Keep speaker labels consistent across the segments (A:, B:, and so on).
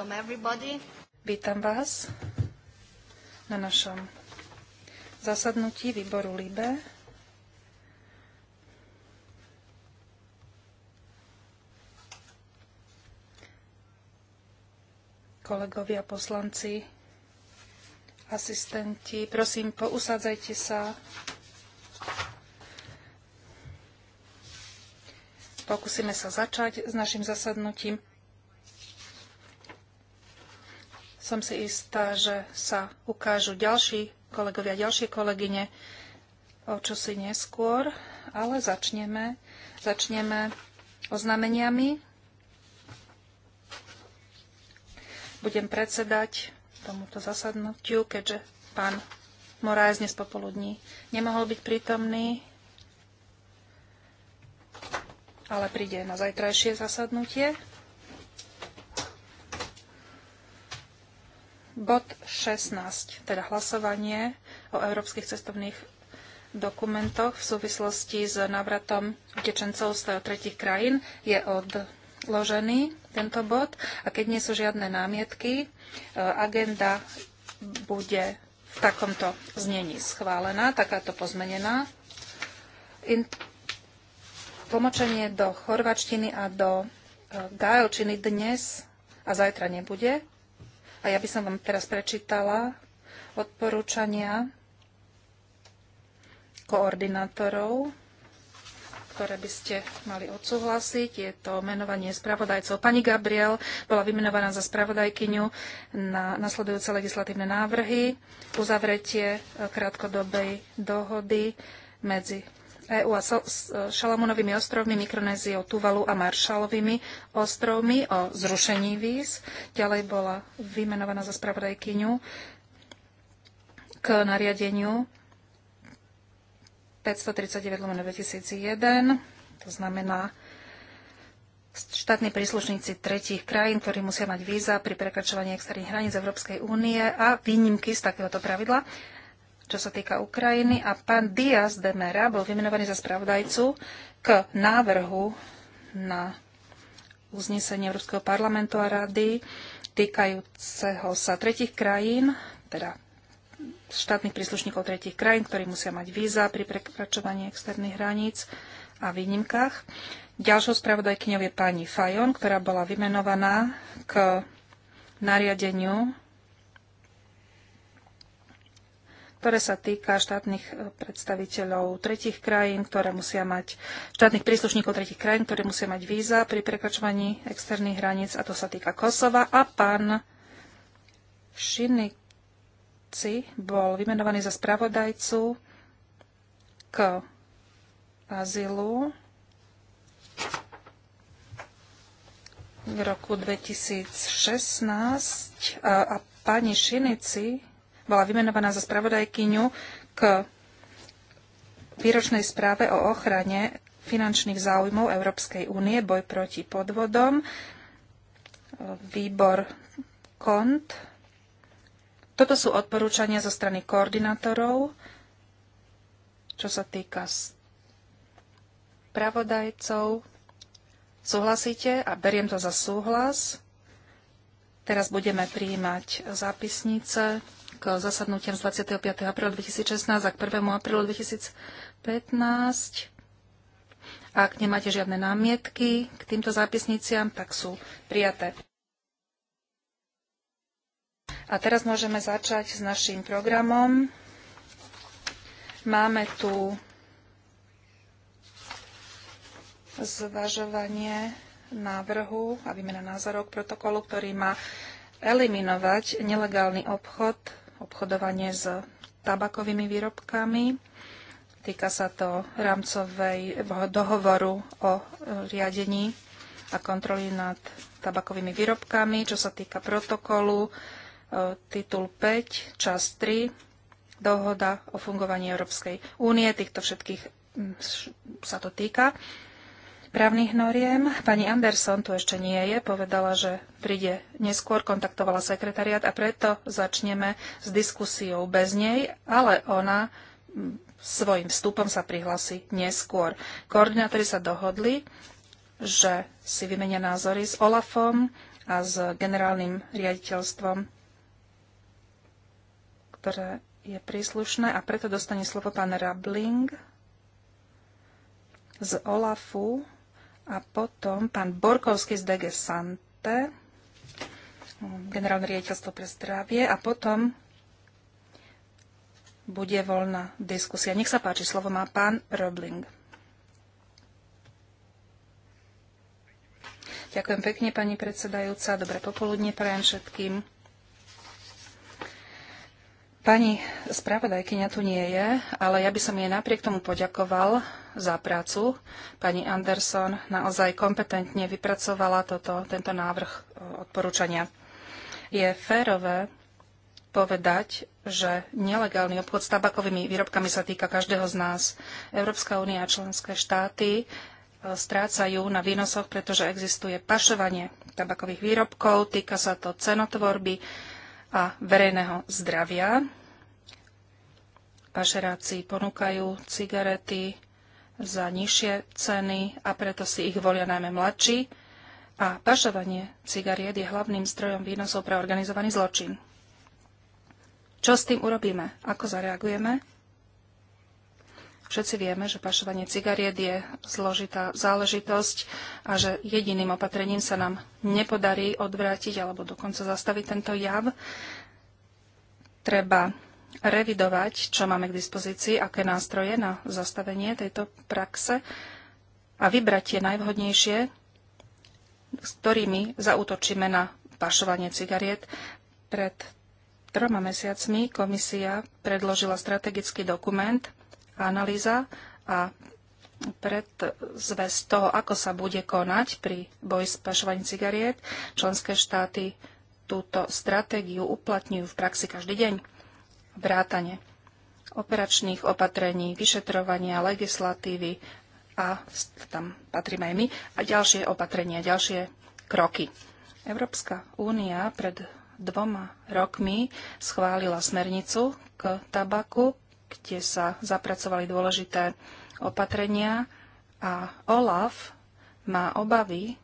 A: Welcome everybody. Vítam vás na našom zasadnutí výboru LIBE. Kolegovia, poslanci, asistenti, prosím, pousádzajte sa. Pokúsime sa začať s našim zasadnutím. Som si istá, že sa ukážu ďalší kolegovia, ďalšie kolegyne o čosi neskôr, ale začneme, začneme oznameniami. Budem predsedať tomuto zasadnutiu, keďže pán Moráez dnes popoludní nemohol byť prítomný, ale príde na zajtrajšie zasadnutie. Bod 16, teda hlasovanie o európskych cestovných dokumentoch v súvislosti s návratom utečencov z tretich krajín je odložený tento bod a keď nie sú žiadne námietky, e, agenda bude v takomto znení schválená, takáto pozmenená. In- tlmočenie do chorvačtiny a do e, gaelčiny dnes a zajtra nebude. A ja by som vám teraz prečítala odporúčania koordinátorov, ktoré by ste mali odsúhlasiť. Je to menovanie spravodajcov. Pani Gabriel bola vymenovaná za spravodajkyňu na nasledujúce legislatívne návrhy, uzavretie krátkodobej dohody medzi EÚ a e, Šalamunovými ostrovmi, Mikronéziou, Tuvalu a Maršalovými ostrovmi o zrušení víz. Ďalej bola vymenovaná za spravodajkyňu k nariadeniu 539 2001, to znamená štátni príslušníci tretích krajín, ktorí musia mať víza pri prekračovaní externých hraníc Európskej únie a výnimky z takéhoto pravidla čo sa týka Ukrajiny a pán Diaz de Mera bol vymenovaný za spravodajcu k návrhu na uznesenie Európskeho parlamentu a rady týkajúceho sa tretich krajín, teda štátnych príslušníkov tretich krajín, ktorí musia mať víza pri prekračovaní externých hraníc a výnimkách. Ďalšou spravodajkyňou je pani Fajon, ktorá bola vymenovaná k nariadeniu ktoré sa týka štátnych e, predstaviteľov tretich krajín, ktoré musia mať, štátnych príslušníkov tretich krajín, ktoré musia mať víza pri prekračovaní externých hraníc, a to sa týka Kosova. A pán Šinici bol vymenovaný za spravodajcu k azylu v roku 2016 a, a pani Šinici bola vymenovaná za spravodajkyňu k výročnej správe o ochrane finančných záujmov Európskej únie, boj proti podvodom, výbor KONT. Toto sú odporúčania zo strany koordinátorov, čo sa týka spravodajcov. Súhlasíte a beriem to za súhlas. Teraz budeme prijímať zápisnice k zasadnutiam z 25. apríla 2016 a k 1. aprílu 2015. Ak nemáte žiadne námietky k týmto zápisniciam, tak sú prijaté. A teraz môžeme začať s našim programom. Máme tu zvažovanie návrhu a výmena názorov k protokolu, ktorý má eliminovať nelegálny obchod obchodovanie s tabakovými výrobkami. Týka sa to rámcovej dohovoru o e, riadení a kontroly nad tabakovými výrobkami, čo sa týka protokolu, e, titul 5, čas 3, dohoda o fungovaní Európskej únie. Týchto všetkých mm, sa to týka právnych noriem. Pani Anderson tu ešte nie je, povedala, že príde neskôr, kontaktovala sekretariat a preto začneme s diskusiou bez nej, ale ona svojim vstupom sa prihlási neskôr. Koordinátori sa dohodli, že si vymenia názory s Olafom a s generálnym riaditeľstvom, ktoré je príslušné a preto dostane slovo pán Rabling z OLAFu a potom pán Borkovský z DG Sante, generálne riaditeľstvo pre zdravie. A potom bude voľná diskusia. Nech sa páči, slovo má pán Robling. Ďakujem pekne, pani predsedajúca. Dobré popoludne prajem všetkým. Pani spravodajkyňa tu nie je, ale ja by som jej napriek tomu poďakoval za prácu. Pani Anderson naozaj kompetentne vypracovala toto, tento návrh e, odporúčania. Je férové povedať, že nelegálny obchod s tabakovými výrobkami sa týka každého z nás. Európska únia a členské štáty e, strácajú na výnosoch, pretože existuje pašovanie tabakových výrobkov, týka sa to cenotvorby a verejného zdravia pašeráci ponúkajú cigarety, za nižšie ceny a preto si ich volia najmä mladší. A pašovanie cigariet je hlavným zdrojom výnosov pre organizovaný zločin. Čo s tým urobíme? Ako zareagujeme? Všetci vieme, že pašovanie cigariet je zložitá záležitosť a že jediným opatrením sa nám nepodarí odvrátiť alebo dokonca zastaviť tento jav. Treba revidovať, čo máme k dispozícii, aké nástroje na zastavenie tejto praxe a vybrať tie najvhodnejšie, s ktorými zautočíme na pašovanie cigariet. Pred troma mesiacmi komisia predložila strategický dokument analýza a pred zväz toho, ako sa bude konať pri boji s pašovaním cigariet, Členské štáty túto stratégiu uplatňujú v praxi každý deň vrátane operačných opatrení, vyšetrovania, legislatívy a tam patríme aj my, a ďalšie opatrenia, ďalšie kroky. Európska únia pred dvoma rokmi schválila smernicu k tabaku, kde sa zapracovali dôležité opatrenia a OLAF má obavy,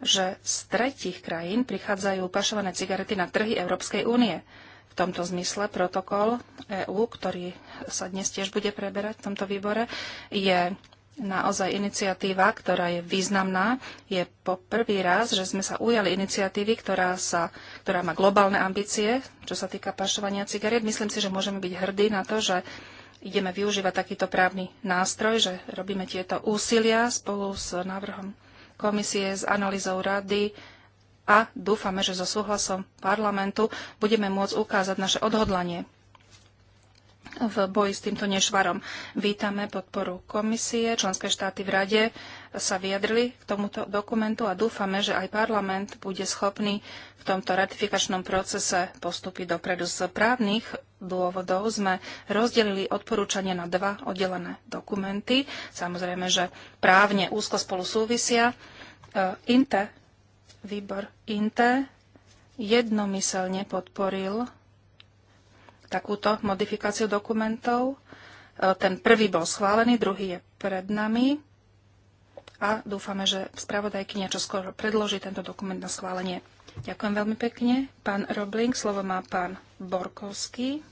A: že z tretich krajín prichádzajú pašované cigarety na trhy Európskej únie. V tomto zmysle protokol EÚ, ktorý sa dnes tiež bude preberať v tomto výbore, je naozaj iniciatíva, ktorá je významná. Je po prvý raz, že sme sa ujali iniciatívy, ktorá, sa, ktorá má globálne ambície, čo sa týka pašovania cigariet. Myslím si, že môžeme byť hrdí na to, že ideme využívať takýto právny nástroj, že robíme tieto úsilia spolu s návrhom komisie s analýzou rady a dúfame, že so súhlasom parlamentu budeme môcť ukázať naše odhodlanie v boji s týmto nešvarom. Vítame podporu komisie, členské štáty v rade sa vyjadrili k tomuto dokumentu a dúfame, že aj parlament bude schopný v tomto ratifikačnom procese postupiť dopredu. Z právnych dôvodov sme rozdelili odporúčania na dva oddelené dokumenty. Samozrejme, že právne úzko spolu súvisia E, INTE, výbor INTE jednomyselne podporil takúto modifikáciu dokumentov. E, ten prvý bol schválený, druhý je pred nami a dúfame, že spravodajky niečo skoro predloží tento dokument na schválenie. Ďakujem veľmi pekne. Pán Robling, slovo má pán Borkovský.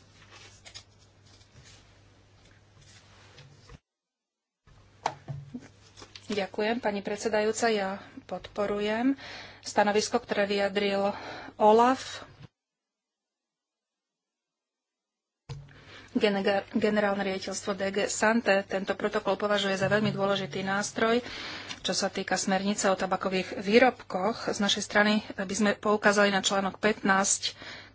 A: Ďakujem, pani predsedajúca. Ja podporujem stanovisko, ktoré vyjadril OLAF. Generálne riaditeľstvo DG Sante tento protokol považuje za veľmi dôležitý nástroj, čo sa týka smernice o tabakových výrobkoch. Z našej strany by sme poukázali na článok 15,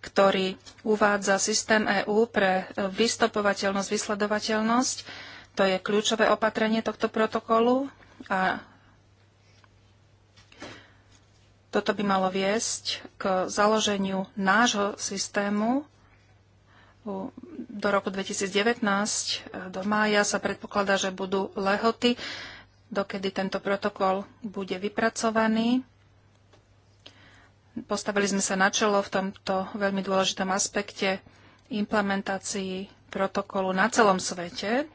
A: ktorý uvádza systém EÚ pre vystopovateľnosť, vysledovateľnosť. To je kľúčové opatrenie tohto protokolu a toto by malo viesť k založeniu nášho systému. Do roku 2019, do mája, sa predpokladá, že budú lehoty, dokedy tento protokol bude vypracovaný. Postavili sme sa na čelo v tomto veľmi dôležitom aspekte implementácii protokolu na celom svete.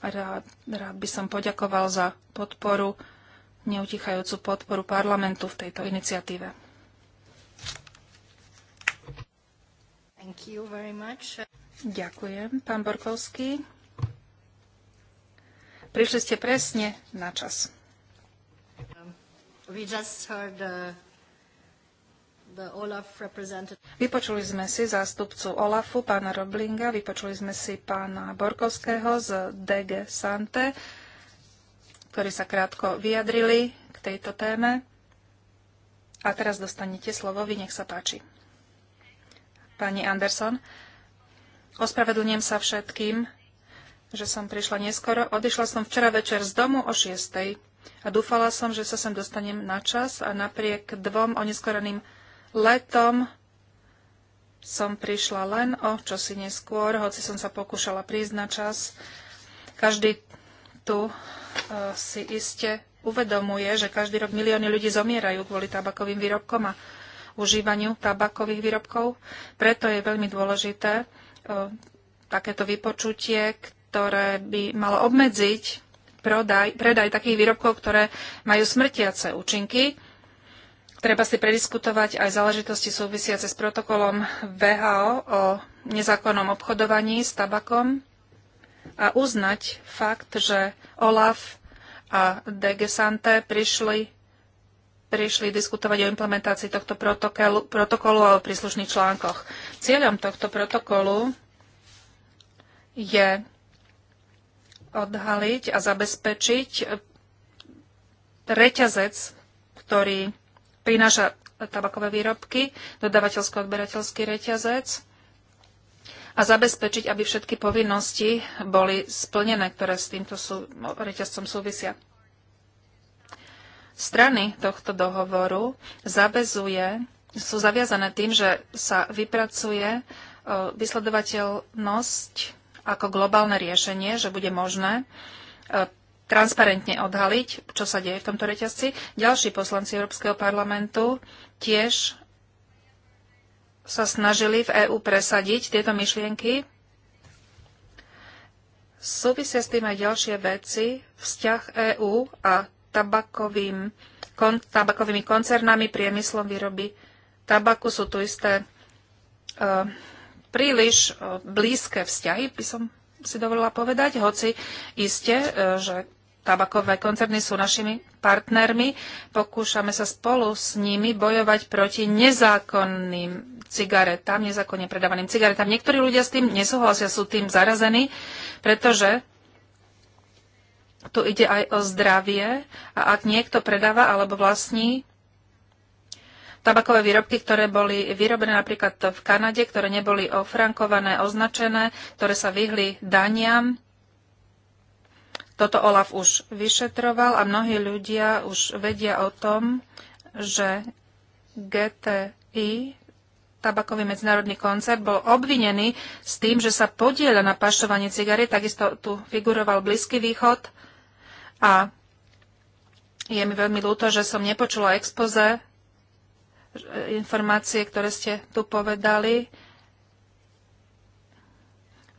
A: Rád, rád by som poďakoval za podporu, neutichajúcu podporu parlamentu v tejto iniciatíve. Thank you very much. Ďakujem, pán Borkovský. Prišli ste presne na čas. we just heard, uh... Vypočuli sme si zástupcu OLAFu, pána Roblinga, vypočuli sme si pána Borkovského z DG Sante, ktorí sa krátko vyjadrili k tejto téme. A teraz dostanete slovo, vy nech sa páči. Pani Anderson, ospravedlňujem sa všetkým, že som prišla neskoro. Odišla som včera večer z domu o 6. A dúfala som, že sa sem dostanem na čas a napriek dvom oneskoreným Letom som prišla len o čosi neskôr, hoci som sa pokúšala prísť na čas. Každý tu e, si iste uvedomuje, že každý rok milióny ľudí zomierajú kvôli tabakovým výrobkom a užívaniu tabakových výrobkov. Preto je veľmi dôležité e, takéto vypočutie, ktoré by malo obmedziť predaj takých výrobkov, ktoré majú smrtiace účinky Treba si prediskutovať aj záležitosti súvisiace s protokolom VHO o nezákonnom obchodovaní s tabakom a uznať fakt, že OLAF a Sante prišli, prišli diskutovať o implementácii tohto protokolu, protokolu a o príslušných článkoch. Cieľom tohto protokolu je odhaliť a zabezpečiť reťazec, ktorý prináša tabakové výrobky, dodavateľsko-odberateľský reťazec a zabezpečiť, aby všetky povinnosti boli splnené, ktoré s týmto sú, reťazcom súvisia. Strany tohto dohovoru zabezuje, sú zaviazané tým, že sa vypracuje e, vysledovateľnosť ako globálne riešenie, že bude možné e, transparentne odhaliť, čo sa deje v tomto reťazci. Ďalší poslanci Európskeho parlamentu tiež sa snažili v EÚ presadiť tieto myšlienky. Súvisia s tým aj ďalšie veci, vzťah EÚ a tabakovým, kon, tabakovými koncernami, priemyslom výroby tabaku sú tu isté uh, príliš uh, blízke vzťahy, by som si dovolila povedať, hoci iste, uh, že tabakové koncerny sú našimi partnermi. Pokúšame sa spolu s nimi bojovať proti nezákonným cigaretám, nezákonne predávaným cigaretám. Niektorí ľudia s tým nesúhlasia, sú tým zarazení, pretože tu ide aj o zdravie a ak niekto predáva alebo vlastní tabakové výrobky, ktoré boli vyrobené napríklad v Kanade, ktoré neboli ofrankované, označené, ktoré sa vyhli daniam, toto Olaf už vyšetroval a mnohí ľudia už vedia o tom, že GTI, tabakový medzinárodný koncert, bol obvinený s tým, že sa podieľa na pašovanie cigary. Takisto tu figuroval Blízky východ a je mi veľmi ľúto, že som nepočula expoze informácie, ktoré ste tu povedali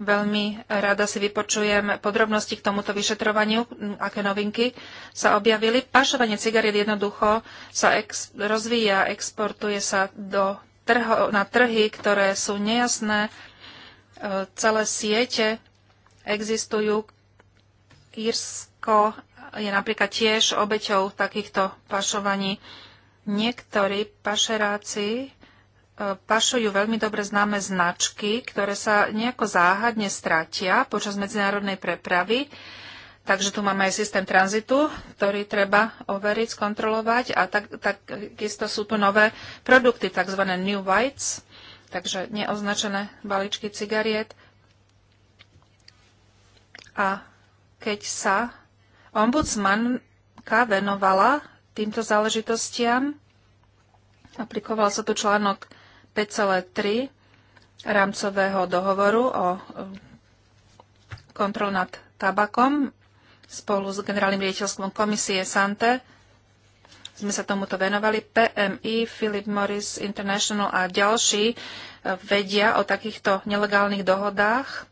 A: Veľmi rada si vypočujem podrobnosti k tomuto vyšetrovaniu, aké novinky sa objavili. Pašovanie cigariet jednoducho sa ex- rozvíja, exportuje sa do trho- na trhy, ktoré sú nejasné. E, celé siete existujú. Írsko je napríklad tiež obeťou takýchto pašovaní. Niektorí pašeráci pašujú veľmi dobre známe značky, ktoré sa nejako záhadne stratia počas medzinárodnej prepravy. Takže tu máme aj systém tranzitu, ktorý treba overiť, skontrolovať a tak, takisto sú tu nové produkty, tzv. new whites, takže neoznačené baličky cigariet. A keď sa ombudsmanka venovala týmto záležitostiam, aplikoval sa tu článok 5,3 rámcového dohovoru o e, kontrol nad tabakom spolu s generálnym riaditeľstvom komisie Sante sme sa tomuto venovali. PMI, Philip Morris International a ďalší e, vedia o takýchto nelegálnych dohodách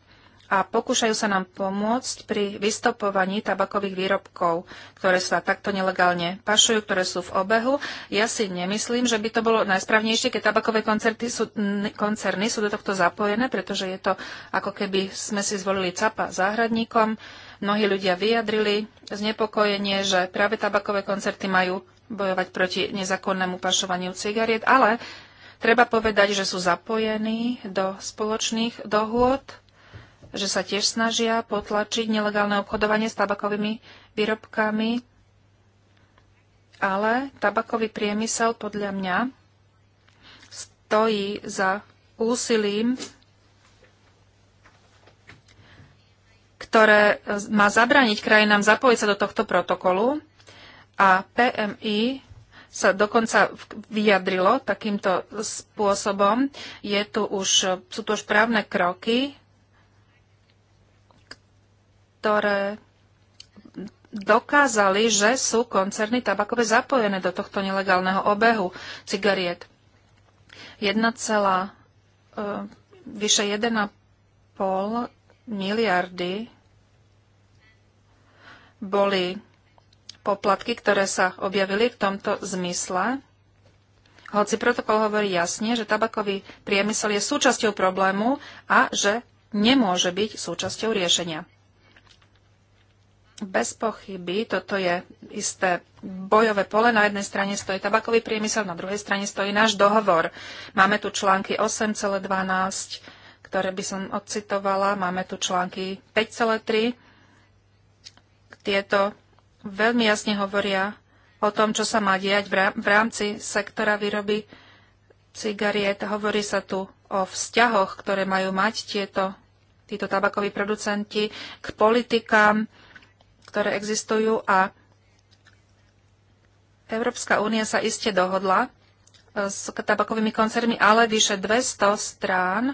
A: a pokúšajú sa nám pomôcť pri vystopovaní tabakových výrobkov, ktoré sa takto nelegálne pašujú, ktoré sú v obehu. Ja si nemyslím, že by to bolo najsprávnejšie, keď tabakové koncerty sú, koncerny sú do tohto zapojené, pretože je to ako keby sme si zvolili capa záhradníkom. Mnohí ľudia vyjadrili znepokojenie, že práve tabakové koncerty majú bojovať proti nezákonnému pašovaniu cigariet, ale treba povedať, že sú zapojení do spoločných dohôd že sa tiež snažia potlačiť nelegálne obchodovanie s tabakovými výrobkami, ale tabakový priemysel podľa mňa stojí za úsilím, ktoré má zabrániť krajinám zapojiť sa do tohto protokolu a PMI sa dokonca vyjadrilo takýmto spôsobom. Je tu už, sú tu už právne kroky, ktoré dokázali, že sú koncerny tabakové zapojené do tohto nelegálneho obehu cigariet. 1, e, vyše 1,5 miliardy boli poplatky, ktoré sa objavili v tomto zmysle. Hoci protokol hovorí jasne, že tabakový priemysel je súčasťou problému a že nemôže byť súčasťou riešenia bez pochyby toto je isté bojové pole. Na jednej strane stojí tabakový priemysel, na druhej strane stojí náš dohovor. Máme tu články 8,12, ktoré by som odcitovala. Máme tu články 5,3. Tieto veľmi jasne hovoria o tom, čo sa má diať v rámci sektora výroby cigariet. Hovorí sa tu o vzťahoch, ktoré majú mať tieto, títo tabakoví producenti k politikám, ktoré existujú a Európska únia sa iste dohodla e, s tabakovými koncernmi, ale vyše 200 strán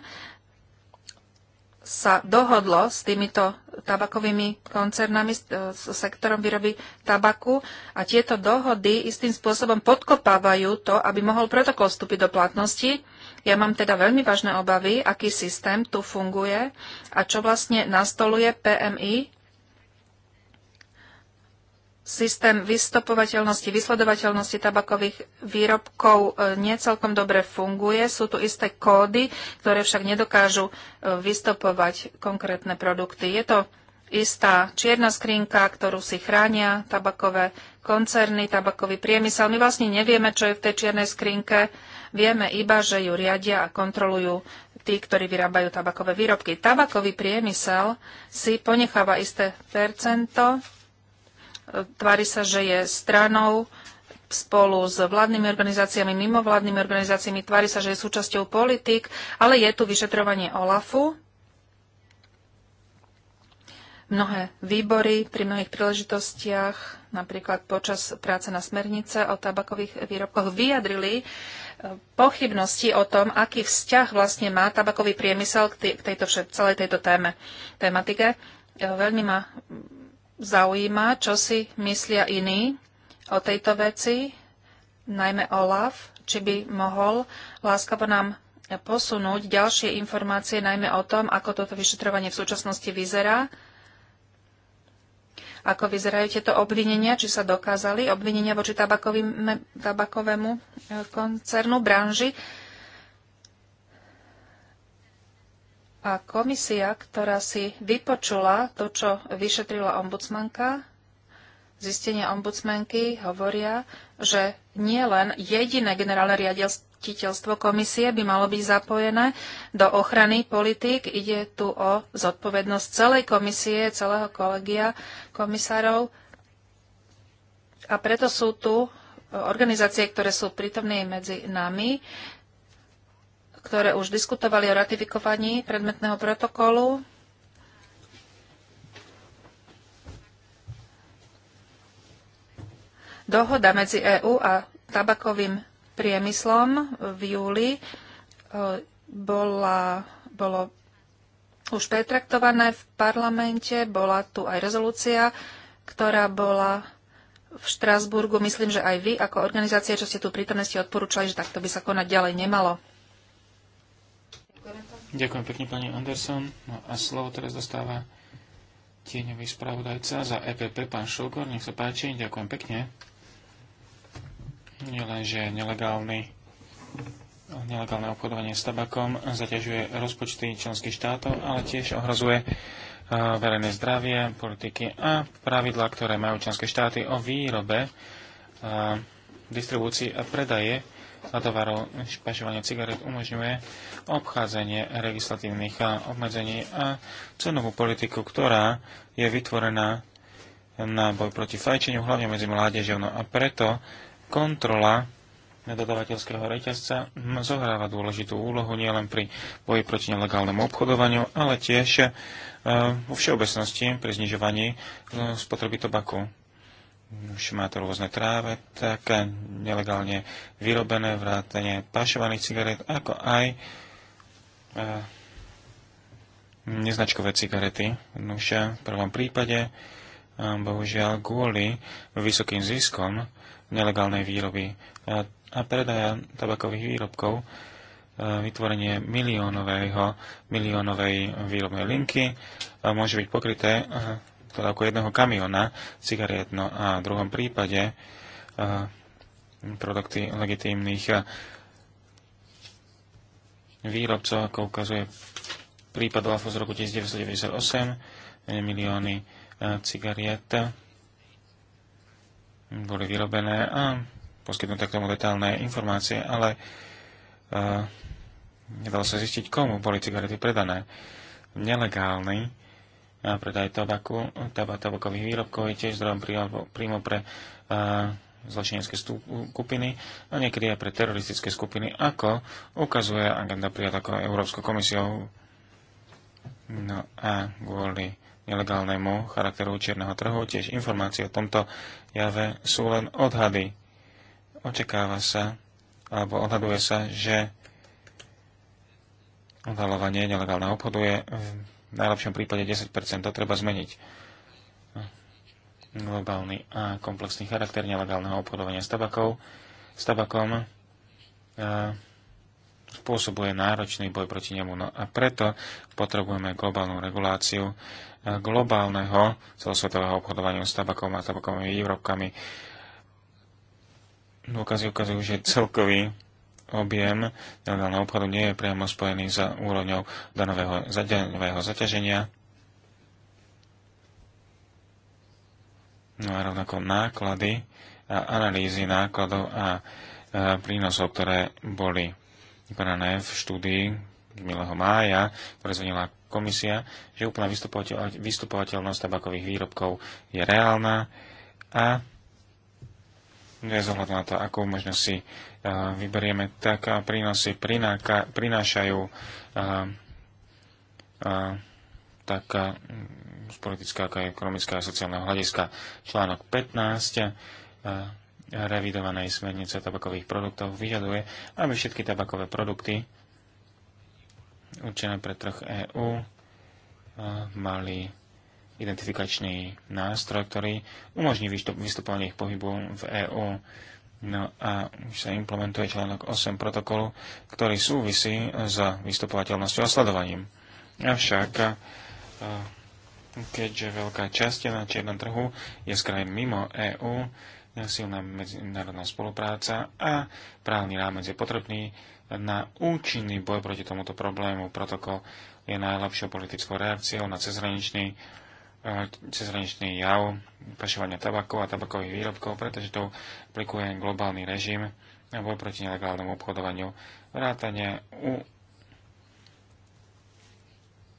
A: sa dohodlo s týmito tabakovými koncernami, e, s sektorom výroby tabaku a tieto dohody istým spôsobom podkopávajú to, aby mohol protokol vstúpiť do platnosti. Ja mám teda veľmi vážne obavy, aký systém tu funguje a čo vlastne nastoluje PMI systém vystopovateľnosti, vysledovateľnosti tabakových výrobkov e, nie celkom dobre funguje. Sú tu isté kódy, ktoré však nedokážu e, vystopovať konkrétne produkty. Je to istá čierna skrinka, ktorú si chránia tabakové koncerny, tabakový priemysel. My vlastne nevieme, čo je v tej čiernej skrinke. Vieme iba, že ju riadia a kontrolujú tí, ktorí vyrábajú tabakové výrobky. Tabakový priemysel si ponecháva isté percento Tvári sa, že je stranou spolu s vládnymi organizáciami, mimovládnymi organizáciami. Tvári sa, že je súčasťou politik, ale je tu vyšetrovanie OLAFu. Mnohé výbory pri mnohých príležitostiach, napríklad počas práce na smernice o tabakových výrobkoch, vyjadrili e, pochybnosti o tom, aký vzťah vlastne má tabakový priemysel k, tejto, celej tejto téme, tematike. E, veľmi ma zaujíma, čo si myslia iní o tejto veci, najmä Olaf, či by mohol láskavo nám posunúť ďalšie informácie, najmä o tom, ako toto vyšetrovanie v súčasnosti vyzerá, ako vyzerajú tieto obvinenia, či sa dokázali obvinenia voči tabakovému e, koncernu, branži, A komisia, ktorá si vypočula to, čo vyšetrila ombudsmanka, zistenia ombudsmanky hovoria, že nie len jediné generálne riaditeľstvo komisie by malo byť zapojené do ochrany politík. Ide tu o zodpovednosť celej komisie, celého kolegia komisárov. A preto sú tu organizácie, ktoré sú prítomné medzi nami ktoré už diskutovali o ratifikovaní predmetného protokolu. Dohoda medzi EÚ a tabakovým priemyslom v júli e, bola, bolo už pretraktované v parlamente, bola tu aj rezolúcia, ktorá bola v Štrásburgu. Myslím, že aj vy ako organizácia, čo ste tu prítomnosti odporúčali, že takto by sa konať ďalej nemalo.
B: Ďakujem pekne pani Anderson. No a slovo teraz dostáva tieňový spravodajca za EPP, pán Šogor. Nech sa páči, ďakujem pekne. Nielenže nelegálny nelegálne obchodovanie s tabakom zaťažuje rozpočty členských štátov, ale tiež ohrozuje eh, verejné zdravie, politiky a pravidlá, ktoré majú členské štáty o výrobe, eh, distribúcii a predaje a tovarov špašovania cigaret umožňuje obchádzanie legislatívnych eh, obmedzení a cenovú politiku, ktorá je vytvorená na boj proti fajčeniu, hlavne medzi mládežou. No a preto kontrola dodavateľského reťazca hm, zohráva dôležitú úlohu nielen pri boji proti nelegálnemu obchodovaniu, ale tiež eh, vo všeobecnosti pri znižovaní eh, spotreby tobaku už má to rôzne tráve, také nelegálne vyrobené vrátanie pašovaných cigaret, ako aj e, neznačkové cigarety. Už v prvom prípade, e, bohužiaľ, kvôli vysokým ziskom nelegálnej výroby a predaja tabakových výrobkov, e, vytvorenie miliónovej výrobnej linky môže byť pokryté teda ako jedného kamiona cigariet. No a v druhom prípade a, eh, produkty legitímnych eh, výrobcov, ako ukazuje prípad Valfo z roku 1998, eh, milióny cigariet boli vyrobené a poskytnuté k tomu detálne informácie, ale nedalo sa zistiť, komu boli cigarety predané. Nelegálny predaj tabaku, taba, tabakových výrobkov je tiež zdrojom príjmu pre zločinecké skupiny a niekedy aj pre teroristické skupiny, ako ukazuje agenda prijatá Európskou komisiou. No a kvôli nelegálnemu charakteru čierneho trhu tiež informácie o tomto jave sú len odhady. Očakáva sa, alebo odhaduje sa, že odhalovanie nelegálneho obchodu je najlepšom prípade 10 to treba zmeniť. Globálny a komplexný charakter nelegálneho obchodovania s, tabakou. s tabakom a, e, spôsobuje náročný boj proti nemu. No a preto potrebujeme globálnu reguláciu e, globálneho celosvetového obchodovania s tabakom a tabakovými výrobkami. Dôkazy ukazujú, že celkový objem nelegálneho obchodu nie je priamo spojený s úrovňou danového, daňového zaťaženia. No a rovnako náklady a analýzy nákladov a e, prínosov, ktoré boli vykonané v štúdii z milého mája, ktoré zvenila komisia, že úplná vystupovateľnosť tabakových výrobkov je reálna a nezohľadom na to, akú možnosť si eh, vyberieme, tak eh, prínosy prinášajú eh, tak z politického, ako aj ekonomického a sociálneho hľadiska článok 15 revidovanej smernice tabakových produktov vyžaduje, aby všetky tabakové produkty určené pre trh EÚ mali identifikačný nástroj, ktorý umožní vystupovanie ich pohybu v EÚ. No a už sa implementuje článok 8 protokolu, ktorý súvisí s vystupovateľnosťou a sledovaním. Avšak, e, keďže veľká časť na čiernom trhu je z krajín mimo EÚ, silná medzinárodná spolupráca a právny rámec je potrebný na účinný boj proti tomuto problému. Protokol je najlepšou politickou reakciou na cezhraničný cezhraničný jav pašovania tabakov a tabakových výrobkov, pretože to aplikuje globálny režim a boj proti nelegálnemu obchodovaniu, vrátanie u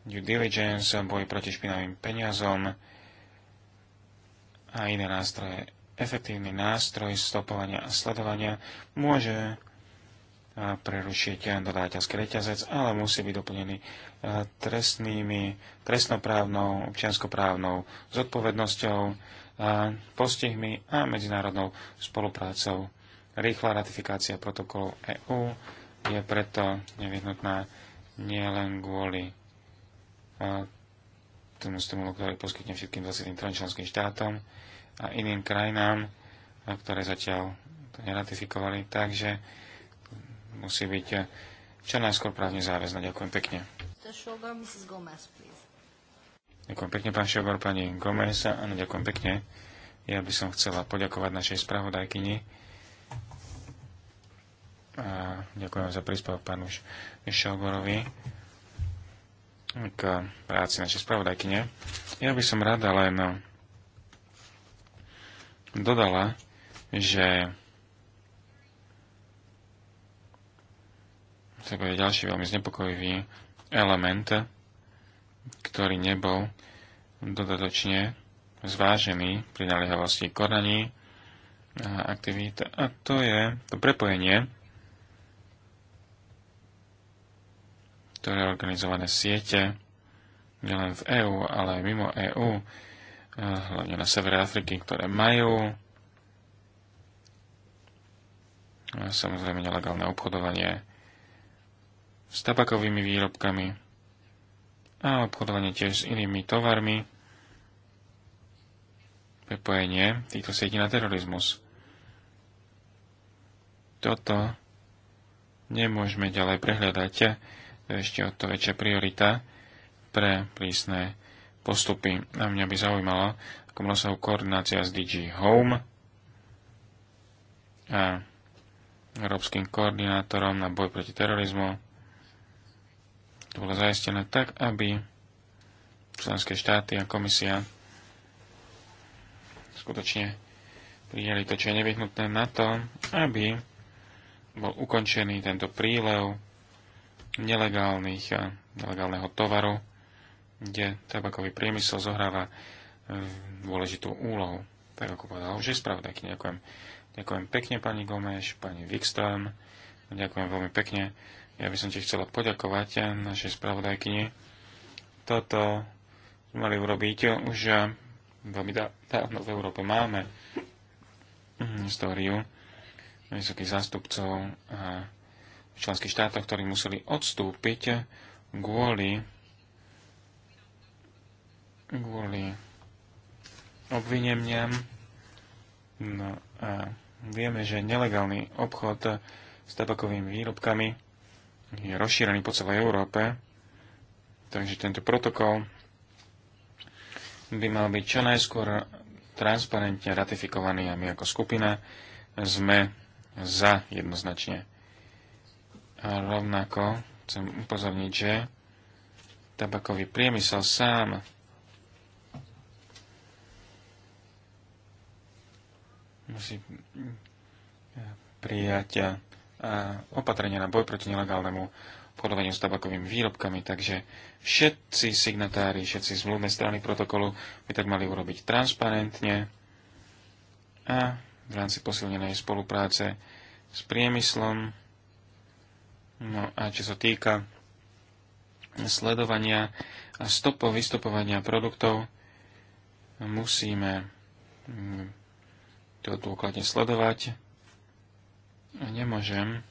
B: due diligence, boj proti špinavým peniazom a iné nástroje. Efektívny nástroj stopovania a sledovania môže prerušiť dodávateľský reťazec, ale musí byť doplnený e, trestnými, trestnoprávnou, občianskoprávnou zodpovednosťou, e, postihmi a medzinárodnou spoluprácou. Rýchla ratifikácia protokolov EÚ je preto nevyhnutná nielen kvôli e, tomu stimulu, ktorý poskytne všetkým 23 členským štátom a iným krajinám, ktoré zatiaľ to neratifikovali. Takže musí byť eh, čo najskôr právne záväzná. Ďakujem pekne. Ďakujem pekne, pán Šogor, pani Gomez. Áno, ďakujem pekne. Ja by som chcela poďakovať našej spravodajkyni. A ďakujem za príspevok pánu Šogorovi k práci našej spravodajkyne. Ja by som rada len dodala, že to je ďalší veľmi znepokojivý element, ktorý nebol dodatočne zvážený pri naliehavosti konaní a aktivít. A to je to prepojenie, ktoré organizované siete, nielen v EÚ, ale aj mimo EÚ, eh, hlavne na severe Afriky, ktoré majú eh, samozrejme nelegálne obchodovanie s tabakovými výrobkami a obchodovanie tiež s inými tovarmi, prepojenie týchto sietí na terorizmus. Toto nemôžeme ďalej prehľadať. To je ešte o to väčšia priorita pre prísne postupy. A mňa by zaujímalo, ako rozsahu koordinácia s DG Home a európskym koordinátorom na boj proti terorizmu to bolo zaistené tak, aby členské štáty a komisia skutočne prijali to, čo je nevyhnutné na to, aby bol ukončený tento prílev nelegálnych a nelegálneho tovaru, kde tabakový priemysel zohráva eh, dôležitú úlohu. Tak ako povedal už je spravda. Ďakujem. Ďakujem pekne pani Gomeš, pani Wikström. Ďakujem veľmi pekne ja by som ti chcela poďakovať eh, našej spravodajkyni. Toto sme mali urobiť eh, už eh, veľmi dávno v Európe máme históriu vysokých zástupcov a členských štátov, ktorí museli odstúpiť kvôli kvôli obvineniam. No a vieme, že nelegálny obchod s tabakovými výrobkami je rozšírený po celej Európe, takže tento protokol by mal byť čo najskôr transparentne ratifikovaný a my ako skupina sme za jednoznačne. A rovnako chcem upozorniť, že tabakový priemysel sám musí prijať opatrenia na boj proti nelegálnemu obchodovaniu s tabakovými výrobkami, takže všetci signatári, všetci zmluvné strany protokolu by tak mali urobiť transparentne a v rámci posilnenej spolupráce s priemyslom. No a čo sa týka sledovania a stopov vystupovania produktov, musíme mm, to dôkladne sledovať nemôžem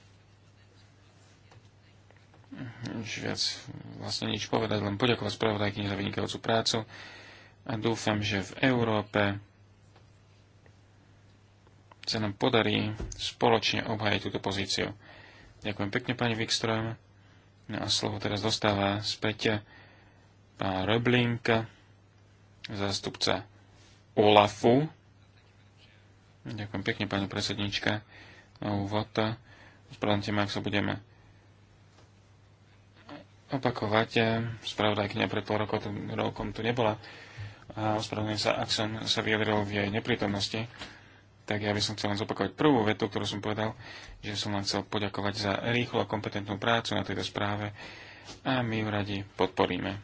B: už viac vlastne nič povedať, len poďakovať spravodajkyni za vynikajúcu prácu a dúfam, že v Európe sa nám podarí spoločne obhajať túto pozíciu. Ďakujem pekne, pani Wikström. No a slovo teraz dostáva späť pán Röbling, zástupca OLAFu. Ďakujem pekne, pani predsednička vota. Ospravedlňte eh, ma, ak sa budeme opakovať. Eh, Spravodajkňa pred pol rokom, rokom tu nebola. A ospravedlňujem sa, ak som sa vyjadril v jej neprítomnosti. Tak ja by som chcel len zopakovať prvú vetu, ktorú som povedal, že som vám chcel poďakovať za rýchlu a kompetentnú prácu na tejto správe a my ju radi podporíme.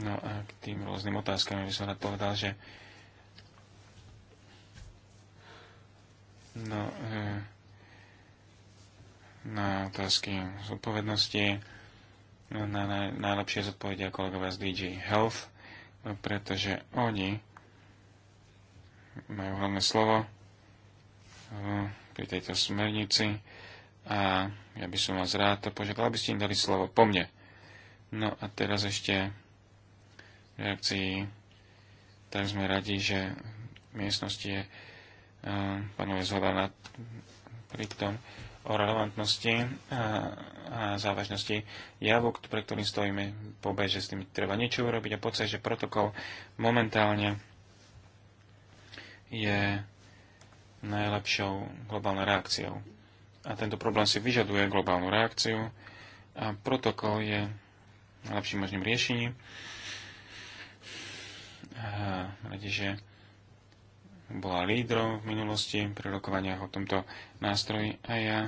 B: No a k tým rôznym otázkam by som rád povedal, že no, e, na otázky zodpovednosti, no, na najlepšie zodpovedia kolegovia z DJ Health, pretože oni majú hlavné slovo e, pri tejto smernici a ja by som vás rád to požiadal, aby ste im dali slovo po mne. No a teraz ešte reakcii, tak sme radi, že v miestnosti je panuje zhoda pri tom o relevantnosti a, a závažnosti javu, pre ktorým stojíme po B, že s tým treba niečo urobiť a pocit, že protokol momentálne je najlepšou globálnou reakciou. A tento problém si vyžaduje globálnu reakciu a protokol je najlepším možným riešením. A radi, že bola lídrom v minulosti pri rokovaniach o tomto nástroji a ja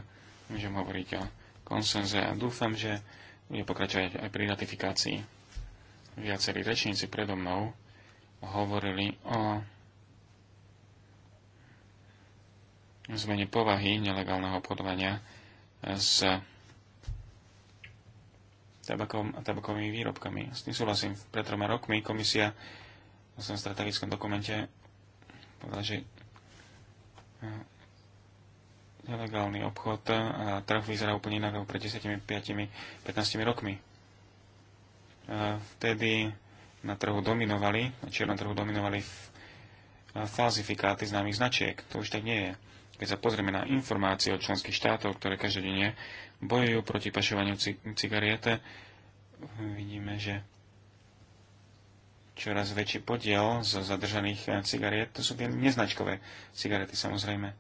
B: môžem hovoriť o konsenze a dúfam, že bude pokračovať aj pri ratifikácii. Viacerí rečníci predo mnou hovorili o zmene povahy nelegálneho obchodovania s tabakom a tabakovými výrobkami. S tým súhlasím. Pred troma rokmi komisia v strategickom dokumente povedať, že eh, nelegálny obchod eh, a trh vyzerá úplne inak ako pred 10, 5, 15 rokmi. Eh, vtedy na trhu dominovali, na čiernom trhu dominovali falzifikáty známych značiek. To už tak nie je. Keď sa pozrieme na informácie od členských štátov, ktoré každodenne bojujú proti pašovaniu cigariete, vidíme, že čoraz väčší podiel zo zadržaných eh, cigariet. To sú tie neznačkové cigarety samozrejme.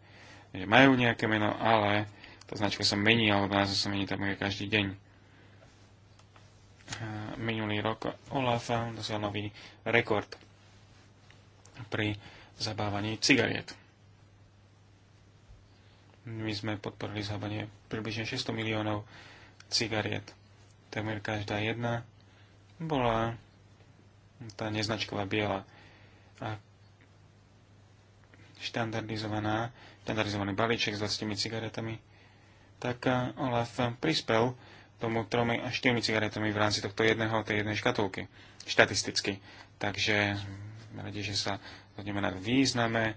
B: Že majú nejaké meno, ale tá značka sa mení, alebo názov sa mení tam každý deň. Eh, minulý rok Olaf dosiahol nový rekord pri zabávaní cigariet. My sme podporili zabanie približne 600 miliónov cigariet. Takmer každá jedna bola tá neznačková biela a štandardizovaná, štandardizovaný balíček s 20 cigaretami, tak eh, Olaf eh, prispel tomu tromi až 4 cigaretami v rámci tohto jedného, tej jednej škatulky, štatisticky. Takže radi, že sa zhodneme na význame eh,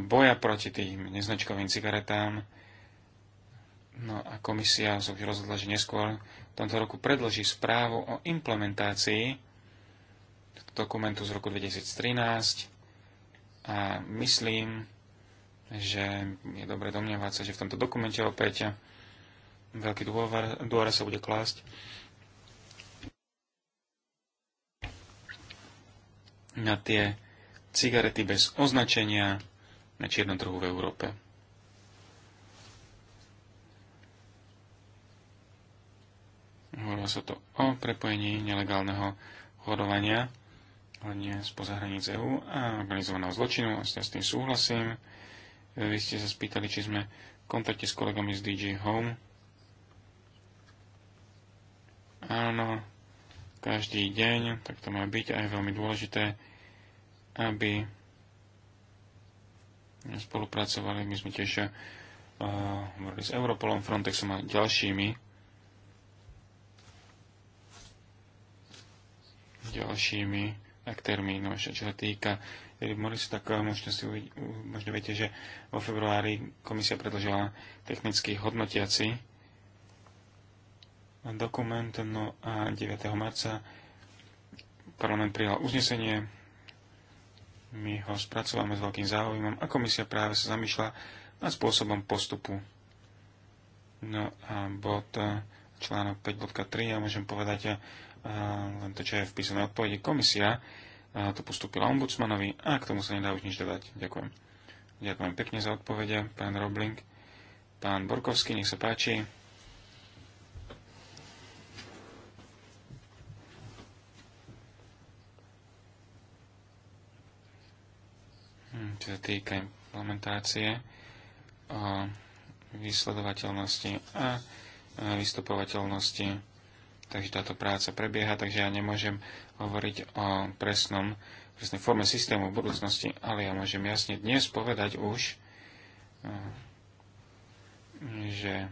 B: boja proti tým neznačkovým cigaretám. No a komisia sa už rozhodla, že neskôr v tomto roku predloží správu o implementácii dokumentu z roku 2013 a myslím, že je dobre domnievať sa, že v tomto dokumente opäť veľký dôraz sa bude klásť na tie cigarety bez označenia na čiernom trhu v Európe. Hovorilo sa to o prepojení nelegálneho hodovania nie spoza hraníc EU a organizovaného zločinu, a ja s tým súhlasím. Vy ste sa spýtali, či sme v kontakte s kolegami z DG Home. Áno, každý deň, tak to má byť a je veľmi dôležité, aby spolupracovali. My sme tiež uh, s Europolom, Frontexom a ďalšími. ďalšími k termínu, ešte čo sa týka e, Morisu, tak e, možno, si, možno viete, že vo februári komisia predložila technicky hodnotiaci dokument, no a 9. marca parlament prijal uznesenie, my ho spracováme s veľkým záujmom a komisia práve sa zamýšľa nad spôsobom postupu. No a bod e, článok 5.3, ja môžem povedať, len to, čo je v písomnej odpovedi. Komisia to postupila ombudsmanovi a k tomu sa nedá už nič dodať. Ďakujem. Ďakujem pekne za odpovede, pán Robling. Pán Borkovský, nech sa páči. Hm, čo sa týka implementácie, o a vystupovateľnosti Takže táto práca prebieha, takže ja nemôžem hovoriť o presnom, presnej forme systému v budúcnosti, ale ja môžem jasne dnes povedať už, eh, že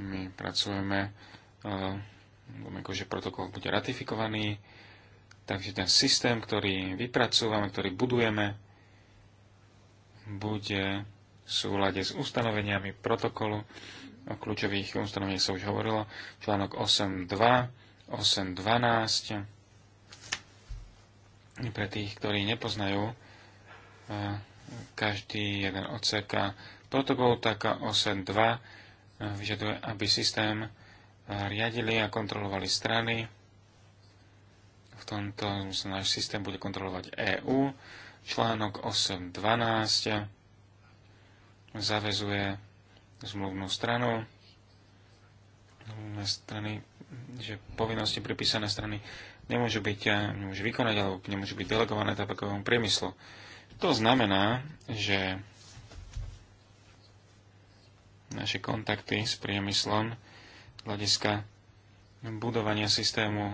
B: my pracujeme, eh, že akože protokol bude ratifikovaný, takže ten systém, ktorý vypracúvame, ktorý budujeme, bude v súlade s ustanoveniami protokolu o kľúčových ustanoveniach sa už hovorilo, článok 8.2, 8.12. Pre tých, ktorí nepoznajú e, každý jeden odsek protokol, tak 8.2 e, vyžaduje, aby systém e, riadili a kontrolovali strany. V tomto náš systém bude kontrolovať EÚ. Článok 8.12 zavezuje zmluvnú stranu, zmluvné strany, že povinnosti pripísané strany nemôžu byť, eh, nemôžu vykonať alebo nemôžu byť delegované tabakovému priemyslu. To znamená, že naše kontakty s priemyslom hľadiska budovania systému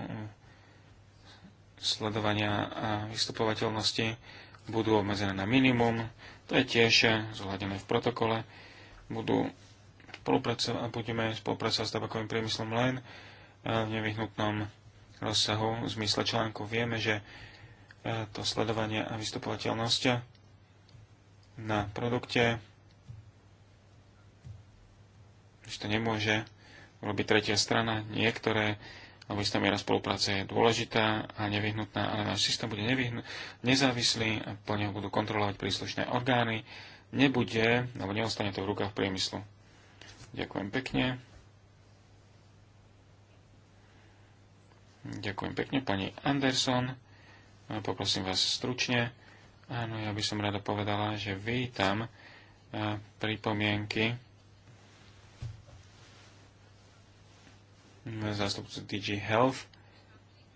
B: sledovania a vystupovateľnosti budú obmedzené na minimum. To je tiež eh, zohľadené v protokole budú spolupracovať, budeme spolupracovať s tabakovým priemyslom len v nevyhnutnom rozsahu. V zmysle článku vieme, že e, to sledovanie a vystupovateľnosť na produkte že to nemôže urobiť tretia strana. Niektoré alebo istá miera spolupráce je dôležitá a nevyhnutná, ale náš systém bude nevyhn- nezávislý a po neho budú kontrolovať príslušné orgány nebude, alebo neostane to v rukách priemyslu. Ďakujem pekne. Ďakujem pekne, pani Anderson. No, poprosím vás stručne. Áno, ja by som rada povedala, že vítam eh, pripomienky zástupcu DG Health,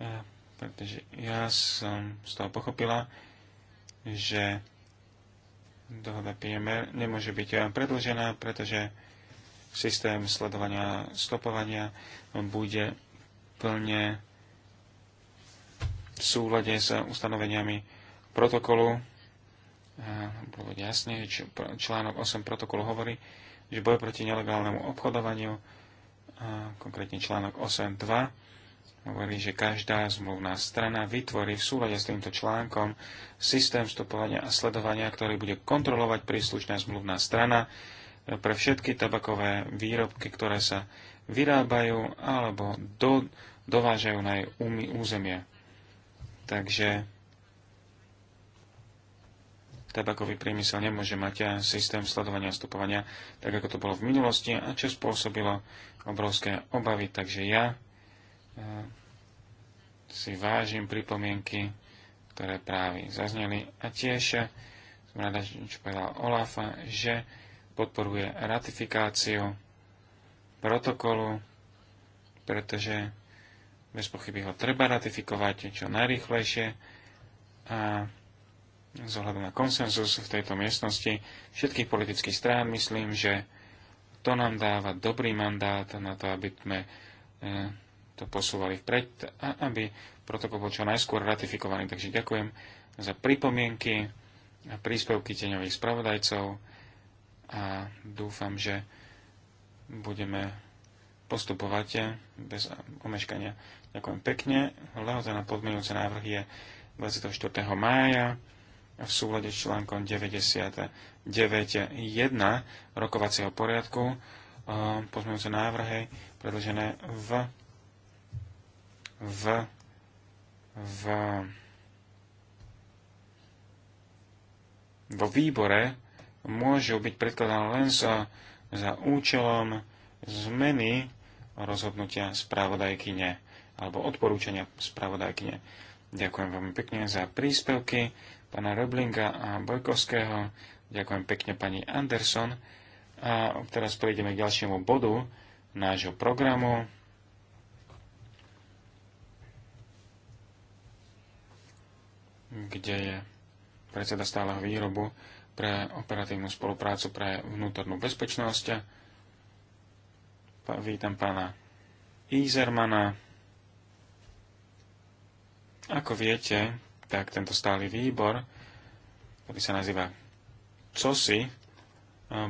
B: eh, pretože ja som z toho pochopila, že dohoda PMR nemôže byť eh, predlžená, pretože systém sledovania stopovania bude plne v súlade s ustanoveniami protokolu. Bolo jasne, článok 8 protokolu hovorí, že boj proti nelegálnemu obchodovaniu, konkrétne článok hovorí, že každá zmluvná strana vytvorí v súlade s týmto článkom systém vstupovania a sledovania, ktorý bude kontrolovať príslušná zmluvná strana e, pre všetky tabakové výrobky, ktoré sa vyrábajú alebo do, dovážajú na jej územie. Takže tabakový priemysel nemôže mať e, systém sledovania a vstupovania, tak ako to bolo v minulosti a čo spôsobilo obrovské obavy. Takže ja E, si vážim pripomienky, ktoré práve zazneli a tiež som rada, čo povedal Olaf, že podporuje ratifikáciu protokolu, pretože bez pochyby ho treba ratifikovať čo najrychlejšie a z na konsenzus v tejto miestnosti všetkých politických strán myslím, že to nám dáva dobrý mandát na to, aby sme e, to posúvali vpred a aby protokol bol čo najskôr ratifikovaný. Takže ďakujem za pripomienky a príspevky teňových spravodajcov a dúfam, že budeme postupovať bez omeškania. Ďakujem pekne. Lehota na podmienujúce návrh je 24. mája v súlade s článkom 99.1 rokovacieho poriadku. Pozmenujúce návrhy predložené v v, v vo výbore môžu byť predkladané len za, za účelom zmeny rozhodnutia správodajkyne alebo odporúčania spravodajkyne. Ďakujem veľmi pekne za príspevky pána Roblinga a Bojkovského. Ďakujem pekne pani Anderson. A teraz prejdeme k ďalšiemu bodu nášho programu. kde je predseda stáleho výrobu pre operatívnu spoluprácu pre vnútornú bezpečnosť. Vítam pána Izermana. Ako viete, tak tento stály výbor, ktorý sa nazýva COSI,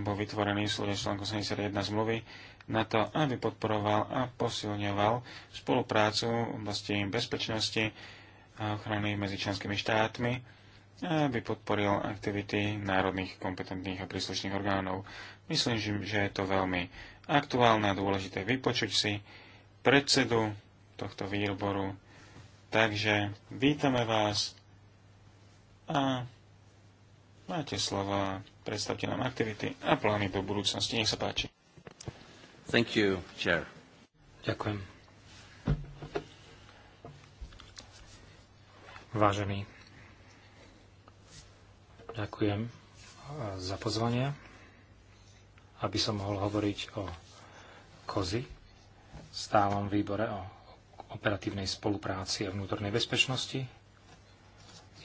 B: bol vytvorený v súde článku 71 zmluvy na to, aby podporoval a posilňoval spoluprácu v oblasti bezpečnosti a ochrany medzi členskými štátmi, aby podporil aktivity národných kompetentných a príslušných orgánov. Myslím, že je to veľmi aktuálne a dôležité vypočuť si predsedu tohto výboru. Takže vítame vás a máte slova, predstavte nám aktivity a plány do budúcnosti. Nech sa páči. Thank you,
C: chair. Ďakujem. Vážený, ďakujem e, za pozvanie, aby som mohol hovoriť o v stálom výbore o operatívnej spolupráci a vnútornej bezpečnosti.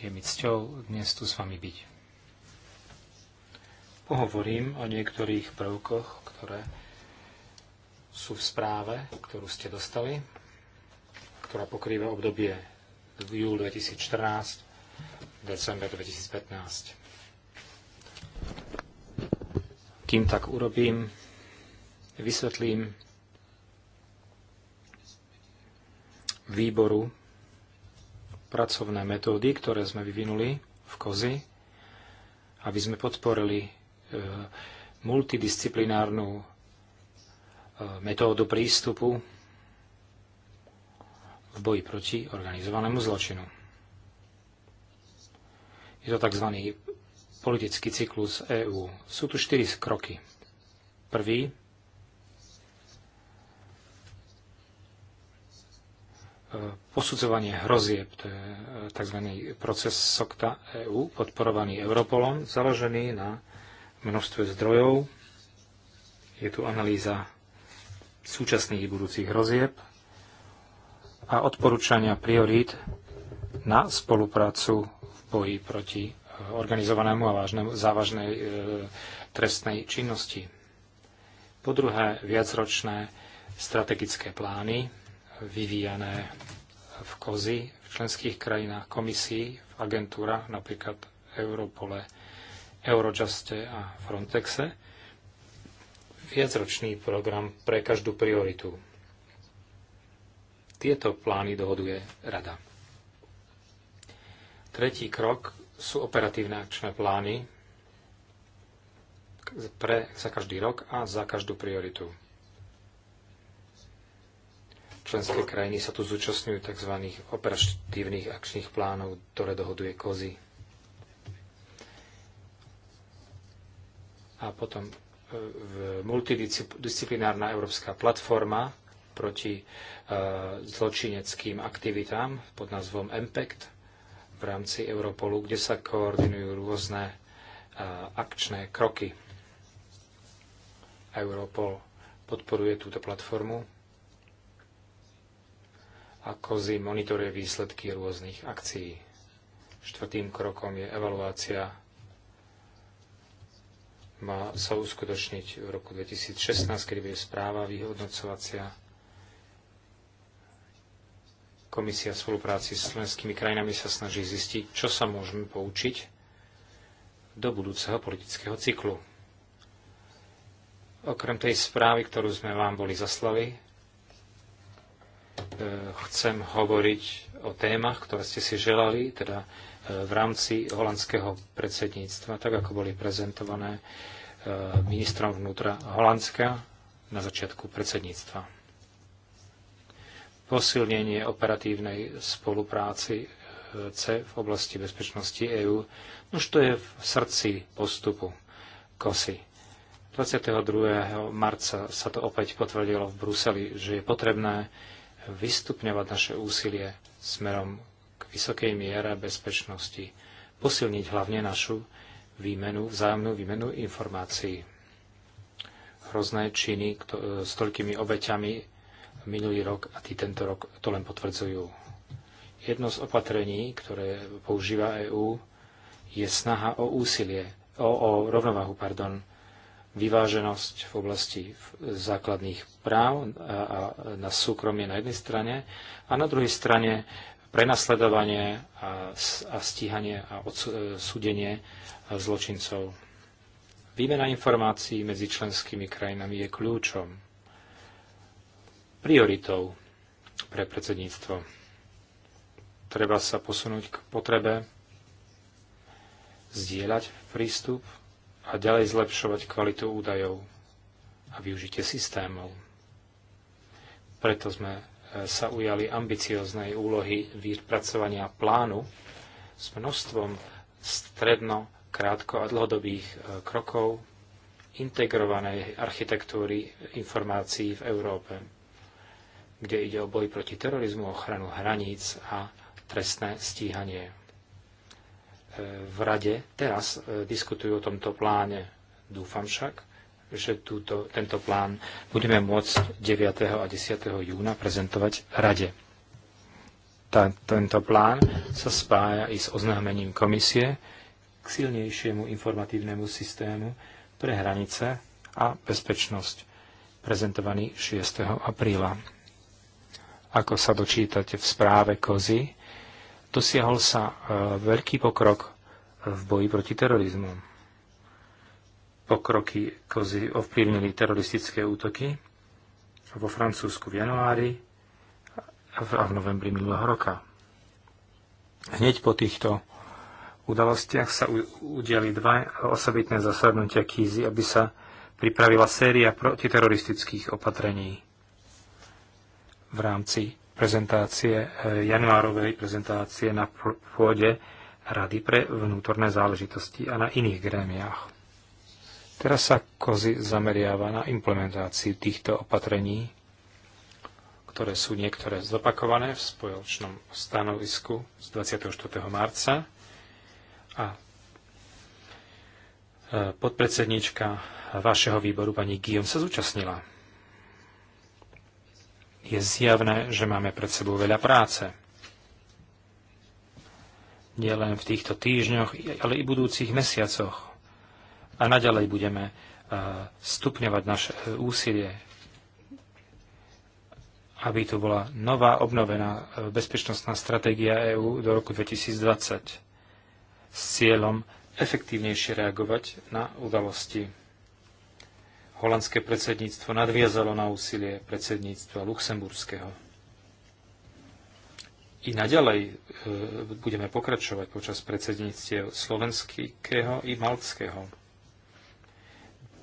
C: Je mi cťou dnes tu s vami byť. Pohovorím o niektorých prvkoch, ktoré sú v správe, ktorú ste dostali, ktorá pokrýva obdobie v júl 2014, december 2015. Kým tak urobím, vysvetlím výboru pracovné metódy, ktoré sme vyvinuli v kozi, aby sme podporili e, multidisciplinárnu e, metódu prístupu v boji proti organizovanému zločinu. Je to tzv. politický cyklus EÚ. Sú tu štyri kroky. Prvý e, posudzovanie hrozieb, to je e, tzv. proces SOCTA EU, podporovaný Europolom, založený na množstve zdrojov. Je tu analýza súčasných budúcich hrozieb, a odporúčania priorít na spoluprácu v boji proti e, organizovanému a vážnemu, závažnej e, trestnej činnosti. Po druhé, viacročné strategické plány vyvíjané v kozi v členských krajinách komisí, v agentúrach, napríklad Europole, Eurojuste a Frontexe, viacročný program pre každú prioritu tieto plány dohoduje Rada. Tretí krok sú operatívne akčné plány pre, za každý rok a za každú prioritu. Členské krajiny sa tu zúčastňujú tzv. operatívnych akčných plánov, ktoré dohoduje kozy. A potom e, multidisciplinárna európska platforma proti E, zločineckým aktivitám pod názvom MPECT v rámci Europolu, kde sa koordinujú rôzne e, akčné kroky. Europol podporuje túto platformu a COZY monitoruje výsledky rôznych akcií. Štvrtým krokom je evaluácia. Má sa uskutočniť v roku 2016, kedy bude správa vyhodnocovacia Komisia v spolupráci s členskými krajinami sa snaží zistiť, čo sa môžeme poučiť do budúceho politického cyklu. Okrem tej správy, ktorú sme vám boli zaslali, e, chcem hovoriť o témach, ktoré ste si želali, teda e, v rámci holandského predsedníctva, tak ako boli prezentované e, ministrom vnútra Holandska na začiatku predsedníctva posilnenie operatívnej spolupráci e, C v oblasti bezpečnosti EÚ. Už to je v srdci postupu KOSY. 22. marca sa to opäť potvrdilo v Bruseli, že je potrebné vystupňovať naše úsilie smerom k vysokej miere bezpečnosti, posilniť hlavne našu výmenu, vzájomnú výmenu informácií. Hrozné činy e, s toľkými obeťami minulý rok a tí tento rok to len potvrdzujú. Jedno z opatrení, ktoré používa EÚ, je snaha o úsilie, o, o rovnováhu, pardon, vyváženosť v oblasti základných práv a, a na súkromie na jednej strane a na druhej strane prenasledovanie a, a stíhanie a odsúdenie e, zločincov. Výmena informácií medzi členskými krajinami je kľúčom prioritou pre predsedníctvo. Treba sa posunúť k potrebe, zdieľať prístup a ďalej zlepšovať kvalitu údajov a využitie systémov. Preto sme e, sa ujali ambicioznej úlohy vypracovania plánu s množstvom stredno, krátko a dlhodobých e, krokov integrovanej architektúry informácií v Európe kde ide o boj proti terorizmu, ochranu hraníc a trestné stíhanie. E, v rade teraz e, diskutujú o tomto pláne. Dúfam však, že túto, tento plán budeme môcť 9. a 10. júna prezentovať rade. Tá, tento plán sa spája i s oznámením komisie k silnejšiemu informatívnemu systému pre hranice a bezpečnosť, prezentovaný 6. apríla ako sa dočítate v správe Kozy, dosiahol sa e, veľký pokrok v boji proti terorizmu. Pokroky Kozy ovplyvnili teroristické útoky vo Francúzsku v januári a v novembri minulého roka. Hneď po týchto udalostiach sa udiali dva osobitné zasadnutia Kýzy, aby sa pripravila séria protiteroristických opatrení v rámci prezentácie, e, januárovej prezentácie na pôde Rady pre vnútorné záležitosti a na iných grémiách. Teraz sa kozy zameriava na implementáciu týchto opatrení, ktoré sú niektoré zopakované v spoločnom stanovisku z 24. marca a e, podpredsednička vašeho výboru pani Guillaume sa zúčastnila je zjavné, že máme pred sebou veľa práce. Nie len v týchto týždňoch, ale i budúcich mesiacoch. A naďalej budeme eh, stupňovať naše eh, úsilie, aby tu bola nová obnovená eh, bezpečnostná stratégia EÚ do roku 2020 s cieľom efektívnejšie reagovať na udalosti holandské predsedníctvo nadviazalo na úsilie predsedníctva luxemburského. I naďalej e, budeme pokračovať počas predsedníctiev slovenského i maltského.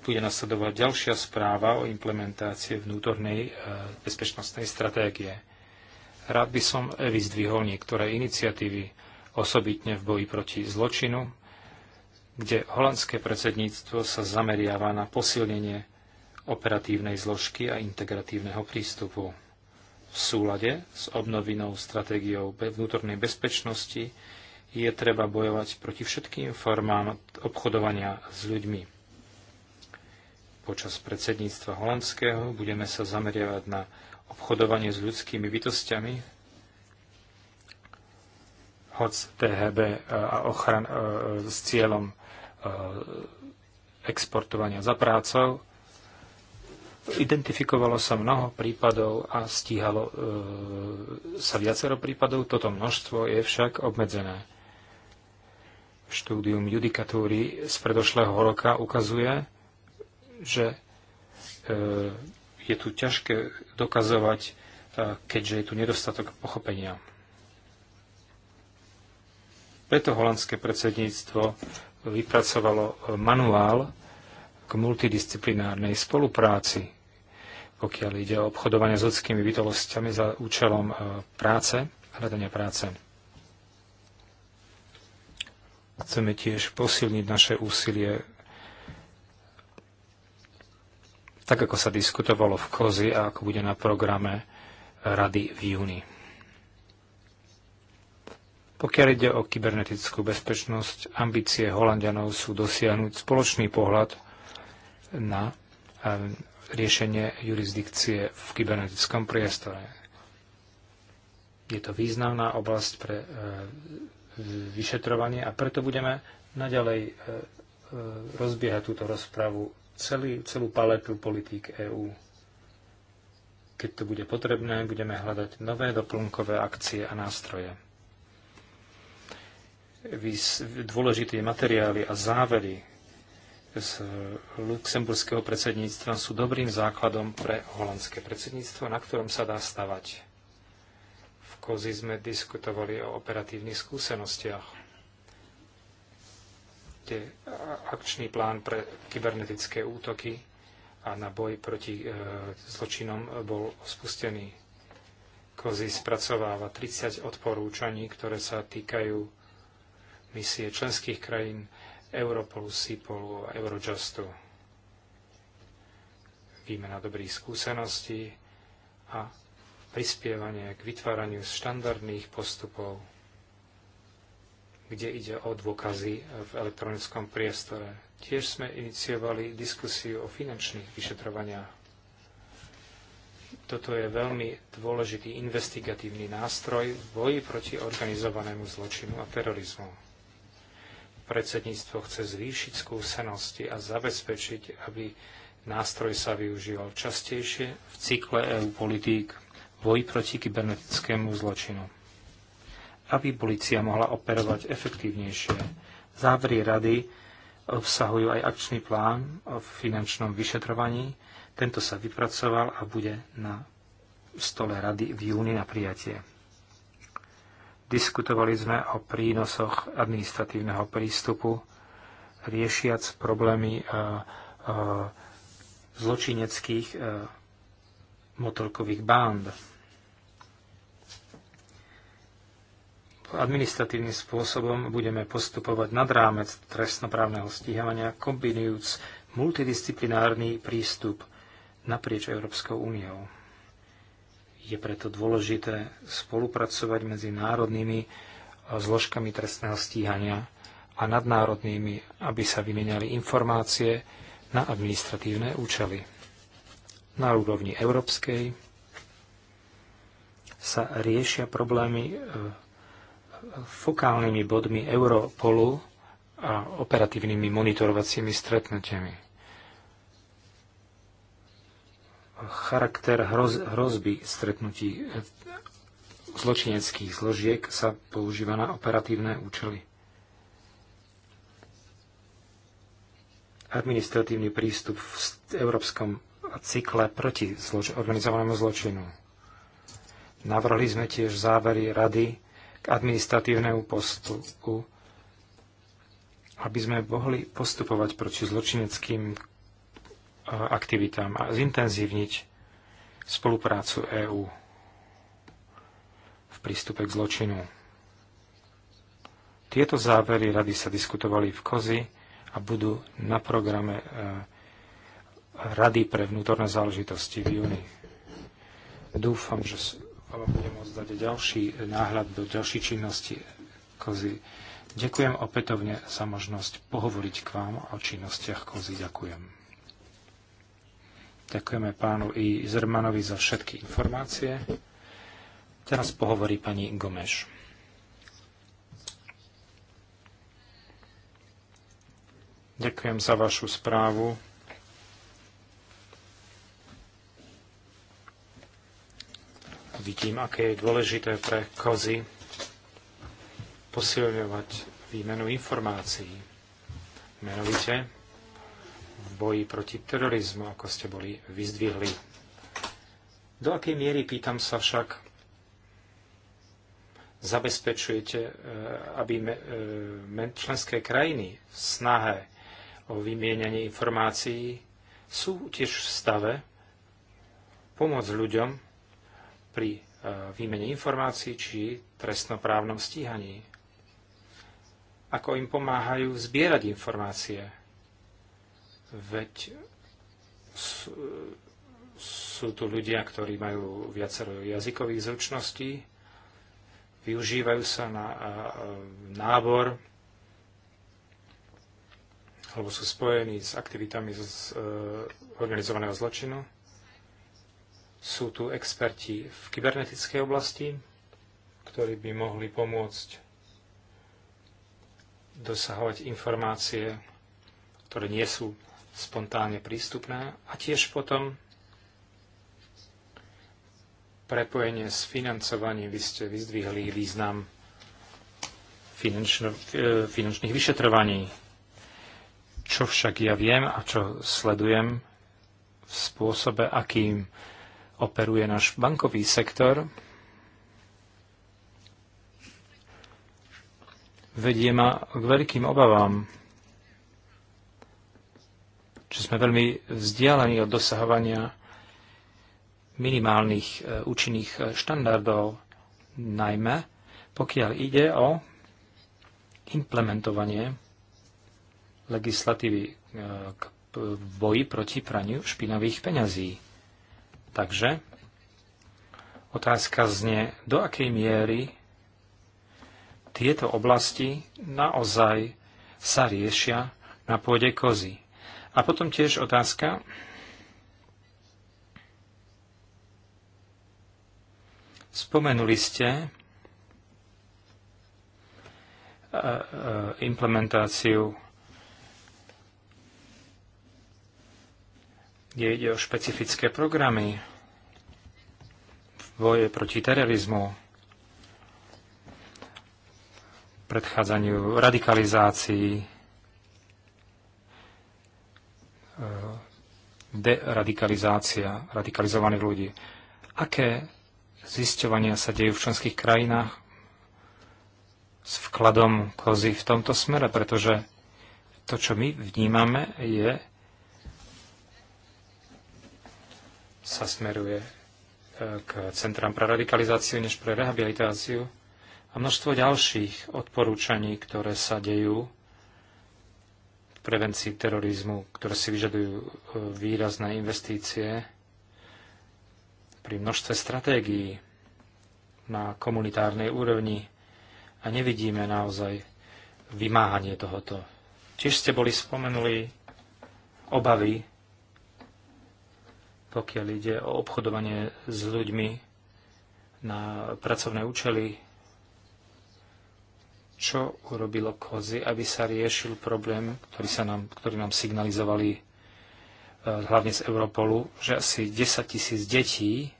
C: Bude nasledovať ďalšia správa o implementácie vnútornej e, bezpečnostnej stratégie. Rád by som e, vyzdvihol niektoré iniciatívy, osobitne v boji proti zločinu, kde holandské predsedníctvo sa zameriava na posilnenie operatívnej zložky a integratívneho prístupu v súlade s obnovinou stratégiou vnútornej bezpečnosti je treba bojovať proti všetkým formám obchodovania s ľuďmi. Počas predsedníctva holandského budeme sa zameriavať na obchodovanie s ľudskými bytostiami, hoc THB a ochran e, s cieľom Eh, exportovania za prácou. Identifikovalo sa mnoho prípadov a stíhalo eh, sa viacero prípadov. Toto množstvo je však obmedzené. Štúdium judikatúry z predošlého roka ukazuje, že eh, je tu ťažké dokazovať, keďže je tu nedostatok pochopenia. Preto holandské predsedníctvo vypracovalo e, manuál k multidisciplinárnej spolupráci, pokiaľ ide o obchodovanie s ľudskými bytolosťami za účelom e, práce, hľadania práce. Chceme tiež posilniť naše úsilie tak ako sa diskutovalo v Kozi a ako bude na programe Rady v júni. Pokiaľ ide o kybernetickú bezpečnosť, ambície Holandianov sú dosiahnuť spoločný pohľad na ehm, riešenie jurisdikcie v kybernetickom priestore. Je to významná oblasť pre ehm, vyšetrovanie a preto budeme naďalej ehm, rozbiehať túto rozpravu celý, celú paletu politík EÚ. Keď to bude potrebné, budeme hľadať nové doplnkové akcie a nástroje dôležité materiály a závery z luxemburského predsedníctva sú dobrým základom pre holandské predsedníctvo, na ktorom sa dá stavať. V Kozi sme diskutovali o operatívnych skúsenostiach, kde akčný plán pre kybernetické útoky a na boj proti e, zločinom bol spustený. Kozi spracováva 30 odporúčaní, ktoré sa týkajú misie členských krajín Europolu, SIPOLu a Eurojustu. Výmena dobrých skúseností a prispievanie k vytváraniu štandardných postupov, kde ide o dôkazy v elektronickom priestore. Tiež sme iniciovali diskusiu o finančných vyšetrovaniach. Toto je veľmi dôležitý investigatívny nástroj v boji proti organizovanému zločinu a terorizmu Predsedníctvo chce zvýšiť skúsenosti a zabezpečiť, aby nástroj sa využíval častejšie v cykle EU politík boji proti kybernetickému zločinu. Aby policia mohla operovať efektívnejšie, závery rady obsahujú aj akčný plán o finančnom vyšetrovaní. Tento sa vypracoval a bude na stole rady v júni na prijatie. Diskutovali sme o prínosoch administratívneho prístupu, riešiac problémy e, e, zločineckých e, motorkových bánd. Administratívnym spôsobom budeme postupovať nad rámec trestnoprávneho stíhania, kombinujúc multidisciplinárny prístup naprieč Európskou úniou. Je preto dôležité spolupracovať medzi národnými e, zložkami trestného stíhania a nadnárodnými, aby sa vymenali informácie na administratívne účely. Na úrovni európskej sa riešia problémy e, fokálnymi bodmi Europolu a operatívnymi monitorovacími stretnutiami. charakter hroz, hrozby stretnutí zločineckých zložiek sa používa na operatívne účely. Administratívny prístup v európskom cykle proti zloč- organizovanému zločinu. Navrhli sme tiež závery rady k administratívnemu postupu, aby sme mohli postupovať proti zločineckým aktivitám a zintenzívniť spoluprácu EÚ v prístupe k zločinu. Tieto závery rady sa diskutovali v Kozi a budú na programe e, Rady pre vnútorné záležitosti v júni. Dúfam, že vám budem môcť dať ďalší náhľad do ďalšej činnosti Kozy. Ďakujem opätovne za možnosť pohovoriť k vám o činnostiach Kozy. Ďakujem. Ďakujeme pánu I. Zermanovi za všetky informácie. Teraz pohovorí pani Gomeš. Ďakujem za vašu správu. Vidím, aké je dôležité pre kozy posilňovať výmenu informácií. Menovite v boji proti terorizmu, ako ste boli vyzdvihli. Do akej miery, pýtam sa však, zabezpečujete, e, aby e, členské krajiny v snahe o vymienianie informácií sú tiež v stave pomôcť ľuďom pri e, výmene informácií či trestnoprávnom stíhaní. Ako im pomáhajú zbierať informácie Veď sú, sú tu ľudia, ktorí majú viacero jazykových zručností, využívajú sa na a, nábor alebo sú spojení s aktivitami z, e, organizovaného zločinu. Sú tu experti v kybernetickej oblasti, ktorí by mohli pomôcť dosahovať informácie, ktoré nie sú spontánne prístupné a tiež potom prepojenie s financovaním. Vy ste vyzdvihli význam finančno, e, finančných vyšetrovaní. Čo však ja viem a čo sledujem v spôsobe, akým operuje náš bankový sektor, vedie ma k veľkým obavám že sme veľmi vzdialení od dosahovania minimálnych e, účinných e, štandardov, najmä pokiaľ ide o implementovanie legislatívy e, k boji proti praniu špinavých peňazí. Takže otázka znie, do akej miery tieto oblasti naozaj sa riešia na pôde kozy. A potom tiež otázka, Spomenuli ste e, e, implementáciu, kde ide o špecifické programy v boje proti terorizmu, predchádzaniu radikalizácií, Eh, deradikalizácia radikalizovaných ľudí. Aké zisťovania sa dejú v členských krajinách s vkladom kozy v tomto smere, pretože to, čo my vnímame, je sa smeruje eh, k centrám pre radikalizáciu než pre rehabilitáciu a množstvo ďalších odporúčaní, ktoré sa dejú prevencii terorizmu, ktoré si vyžadujú e, výrazné investície pri množstve stratégií na komunitárnej úrovni a nevidíme naozaj vymáhanie tohoto. Tiež ste boli spomenuli obavy, pokiaľ ide o obchodovanie s ľuďmi na pracovné účely, čo urobilo kozy, aby sa riešil problém, ktorý, sa nám, ktorý nám signalizovali e, hlavne z Europolu, že asi 10 tisíc detí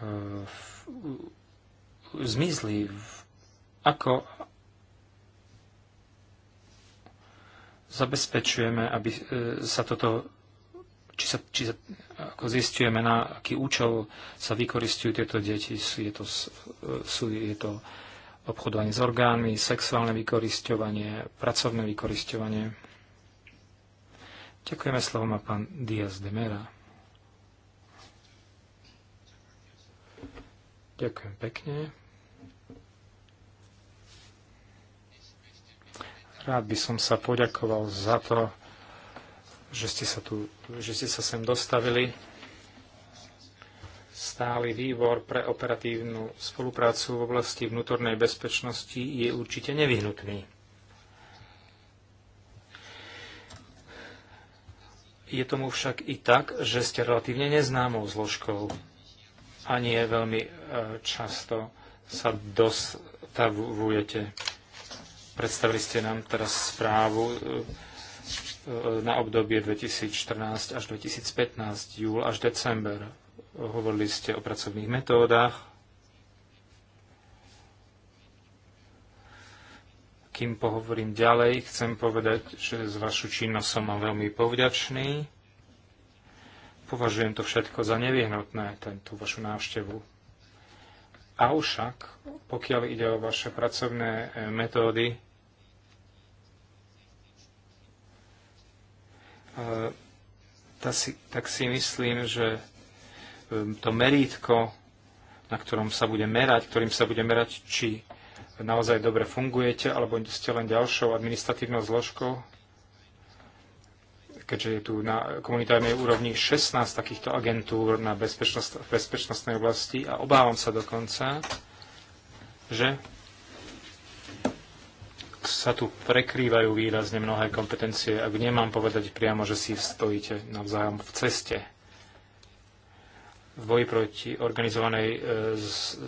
C: e, zmizli. Ako zabezpečujeme, aby e, sa toto či sa, či sa ako zistujeme, na aký účel sa vykoristujú tieto deti. Je to, sú, je to obchodovanie s orgánmi, sexuálne vykoristovanie, pracovné vykoristovanie. Ďakujeme, slovo má pán Diaz de Mera. Ďakujem pekne. Rád by som sa poďakoval za to, že ste sa, tu, že ste sa sem dostavili. Stály výbor pre operatívnu spoluprácu v oblasti vnútornej bezpečnosti je určite nevyhnutný. Je tomu však i tak, že ste relatívne neznámou zložkou a nie veľmi e, často sa dostavujete. Predstavili ste nám teraz správu e, E, na obdobie 2014 až 2015, júl až december. Hovorili ste o pracovných metódach, kým pohovorím ďalej, chcem povedať, že z vašu činnosť som vám veľmi povďačný. Považujem to všetko za nevyhnutné, tú vašu návštevu. Avšak, pokiaľ ide o vaše pracovné e, metódy, tak si myslím, že um, to merítko, na ktorom sa bude merať, ktorým sa bude merať, či naozaj dobre fungujete, alebo ste len ďalšou administratívnou zložkou, keďže je tu na komunitárnej úrovni 16 takýchto agentúr na bezpečnost, bezpečnostnej oblasti a obávam sa dokonca, že sa tu prekrývajú výrazne mnohé kompetencie, ak nemám povedať priamo, že si stojíte navzájom v ceste. V boji proti organizovanej e,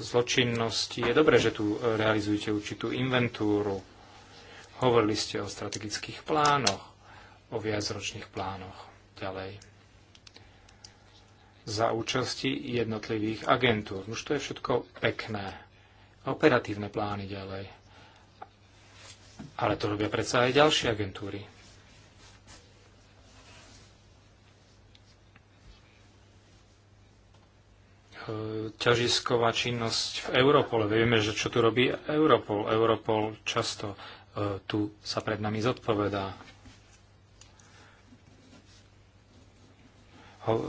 C: zločinnosti je dobré, že tu realizujete určitú inventúru. Hovorili ste o strategických plánoch, o viacročných plánoch ďalej. Za účasti jednotlivých agentúr. Už to je všetko pekné. Operatívne plány ďalej ale to robia predsa aj ďalšie agentúry. ťažisková činnosť v Europole. Vieme, že čo tu robí Europol. Europol často e, tu sa pred nami zodpovedá.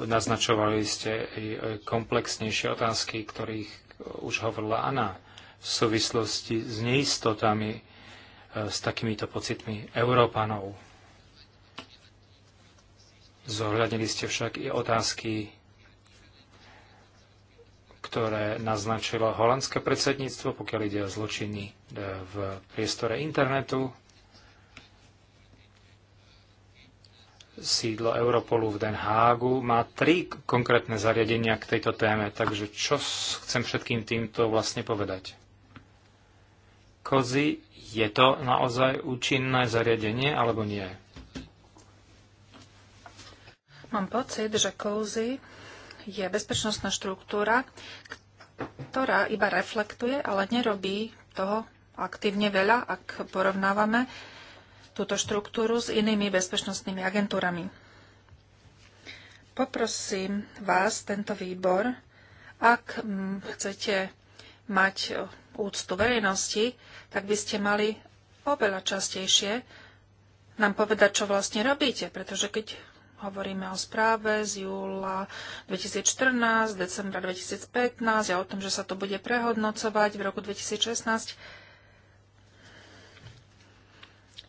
C: Naznačovali ste e, komplexnejšie otázky, ktorých už hovorila Anna v súvislosti s neistotami s takýmito pocitmi Európanov. Zohľadnili ste však i otázky, ktoré naznačilo holandské predsedníctvo, pokiaľ ide o zločiny e, v priestore internetu, sídlo Europolu v Den Hágu má tri konkrétne zariadenia k tejto téme, takže čo chcem všetkým týmto vlastne povedať? Kozy je to naozaj účinné zariadenie alebo nie?
A: Mám pocit, že kouzy je bezpečnostná štruktúra, ktorá iba reflektuje, ale nerobí toho aktívne veľa, ak porovnávame túto štruktúru s inými bezpečnostnými agentúrami. Poprosím vás, tento výbor, ak chcete mať úctu verejnosti, tak by ste mali oveľa častejšie nám povedať, čo vlastne robíte, pretože keď hovoríme o správe z júla 2014, decembra 2015 a o tom, že sa to bude prehodnocovať v roku 2016.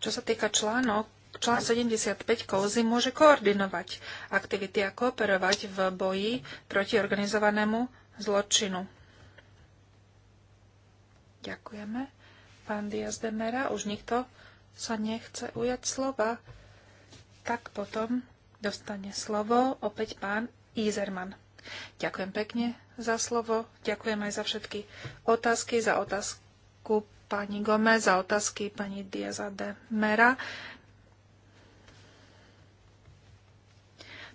A: Čo sa týka článok, člán 75 kozy môže koordinovať aktivity a kooperovať v boji proti organizovanému zločinu. Ďakujeme. Pán Diaz de Mera, už nikto sa nechce ujať slova. Tak potom dostane slovo opäť pán Izerman. Ďakujem pekne za slovo, ďakujem aj za všetky otázky, za otázku pani Gomez, za otázky pani Diaz de Mera.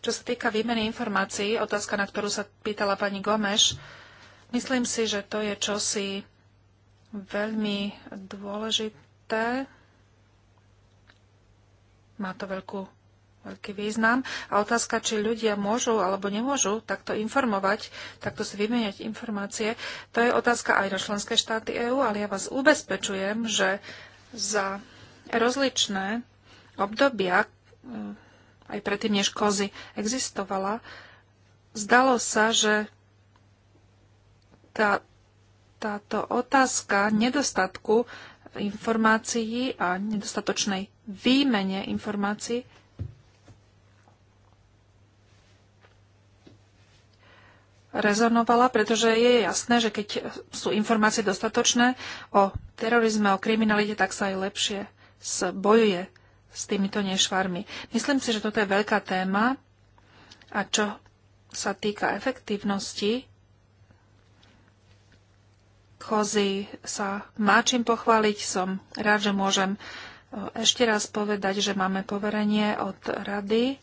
A: Čo sa týka výmeny informácií, otázka, na ktorú sa pýtala pani Gomeš, myslím si, že to je čosi, veľmi dôležité. Má to veľkú, veľký význam. A otázka, či ľudia môžu alebo nemôžu takto informovať, takto si vymeniať informácie, to je otázka aj na členské štáty EÚ, ale ja vás ubezpečujem, že za rozličné obdobia, e, aj predtým, než kozy existovala, zdalo sa, že tá táto otázka nedostatku informácií a nedostatočnej výmene informácií rezonovala, pretože je jasné, že keď sú informácie dostatočné o terorizme, o kriminalite, tak sa aj lepšie bojuje s týmito nešvarmi. Myslím si, že toto je veľká téma a čo sa týka efektívnosti Kozy sa má čím pochváliť. Som rád, že môžem e, ešte raz povedať, že máme poverenie od rady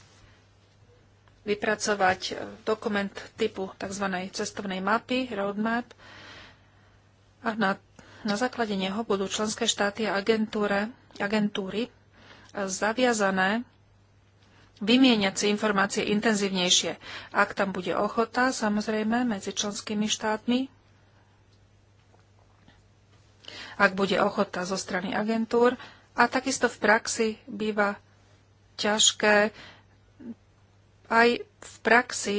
A: vypracovať e, dokument typu tzv. cestovnej mapy, roadmap. A na, na základe neho budú členské štáty a agentúre, agentúry e, zaviazané vymieňať si informácie intenzívnejšie. Ak tam bude ochota, samozrejme, medzi členskými štátmi, ak bude ochota zo strany agentúr. A takisto v praxi býva ťažké aj v praxi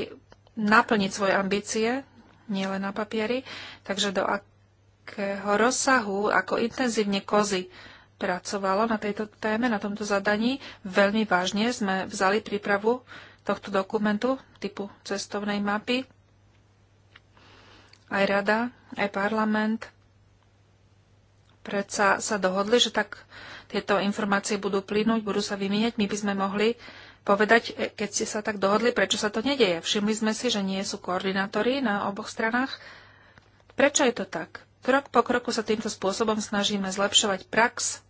A: naplniť svoje ambície, nielen na papieri. Takže do akého rozsahu, ako intenzívne kozy pracovalo na tejto téme, na tomto zadaní, veľmi vážne sme vzali prípravu tohto dokumentu typu cestovnej mapy. Aj rada, aj parlament predsa sa dohodli, že tak tieto informácie budú plynúť, budú sa vymieňať. My by sme mohli povedať, e, keď ste sa tak dohodli, prečo sa to nedeje. Všimli sme si, že nie sú koordinátori na oboch stranách. Prečo je to tak? Krok po kroku sa týmto spôsobom snažíme zlepšovať prax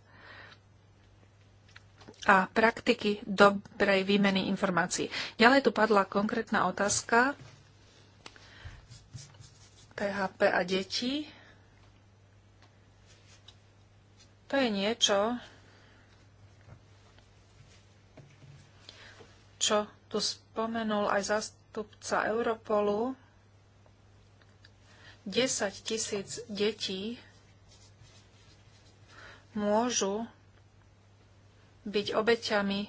A: a praktiky dobrej výmeny informácií. Ďalej tu padla konkrétna otázka THP a detí. To je niečo, čo tu spomenul aj zástupca Europolu. 10 tisíc detí môžu byť obeťami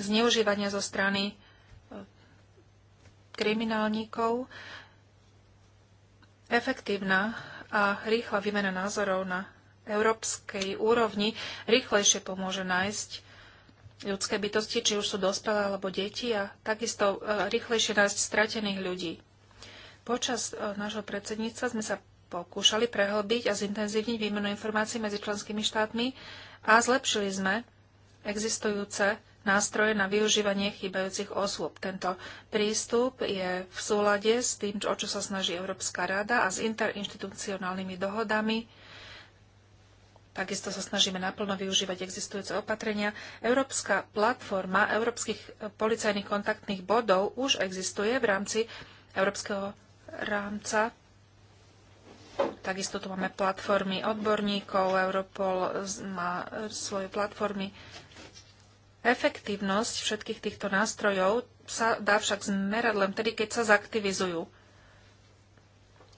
A: zneužívania zo strany e, kriminálníkov. Efektívna a rýchla výmena názorov na európskej úrovni rýchlejšie pomôže nájsť ľudské bytosti, či už sú dospelé alebo deti a takisto e, rýchlejšie nájsť stratených ľudí. Počas e, nášho predsedníctva sme sa pokúšali prehlbiť a zintenzívniť výmenu informácií medzi členskými štátmi a zlepšili sme existujúce nástroje na využívanie chýbajúcich osôb. Tento prístup je v súlade s tým, o čo sa snaží Európska rada a s interinstitucionálnymi dohodami. Takisto sa snažíme naplno využívať existujúce opatrenia. Európska platforma európskych policajných kontaktných bodov už existuje v rámci európskeho rámca Takisto tu máme platformy odborníkov, Europol má svoje platformy Efektívnosť všetkých týchto nástrojov sa dá však zmerať len tedy, keď sa zaktivizujú.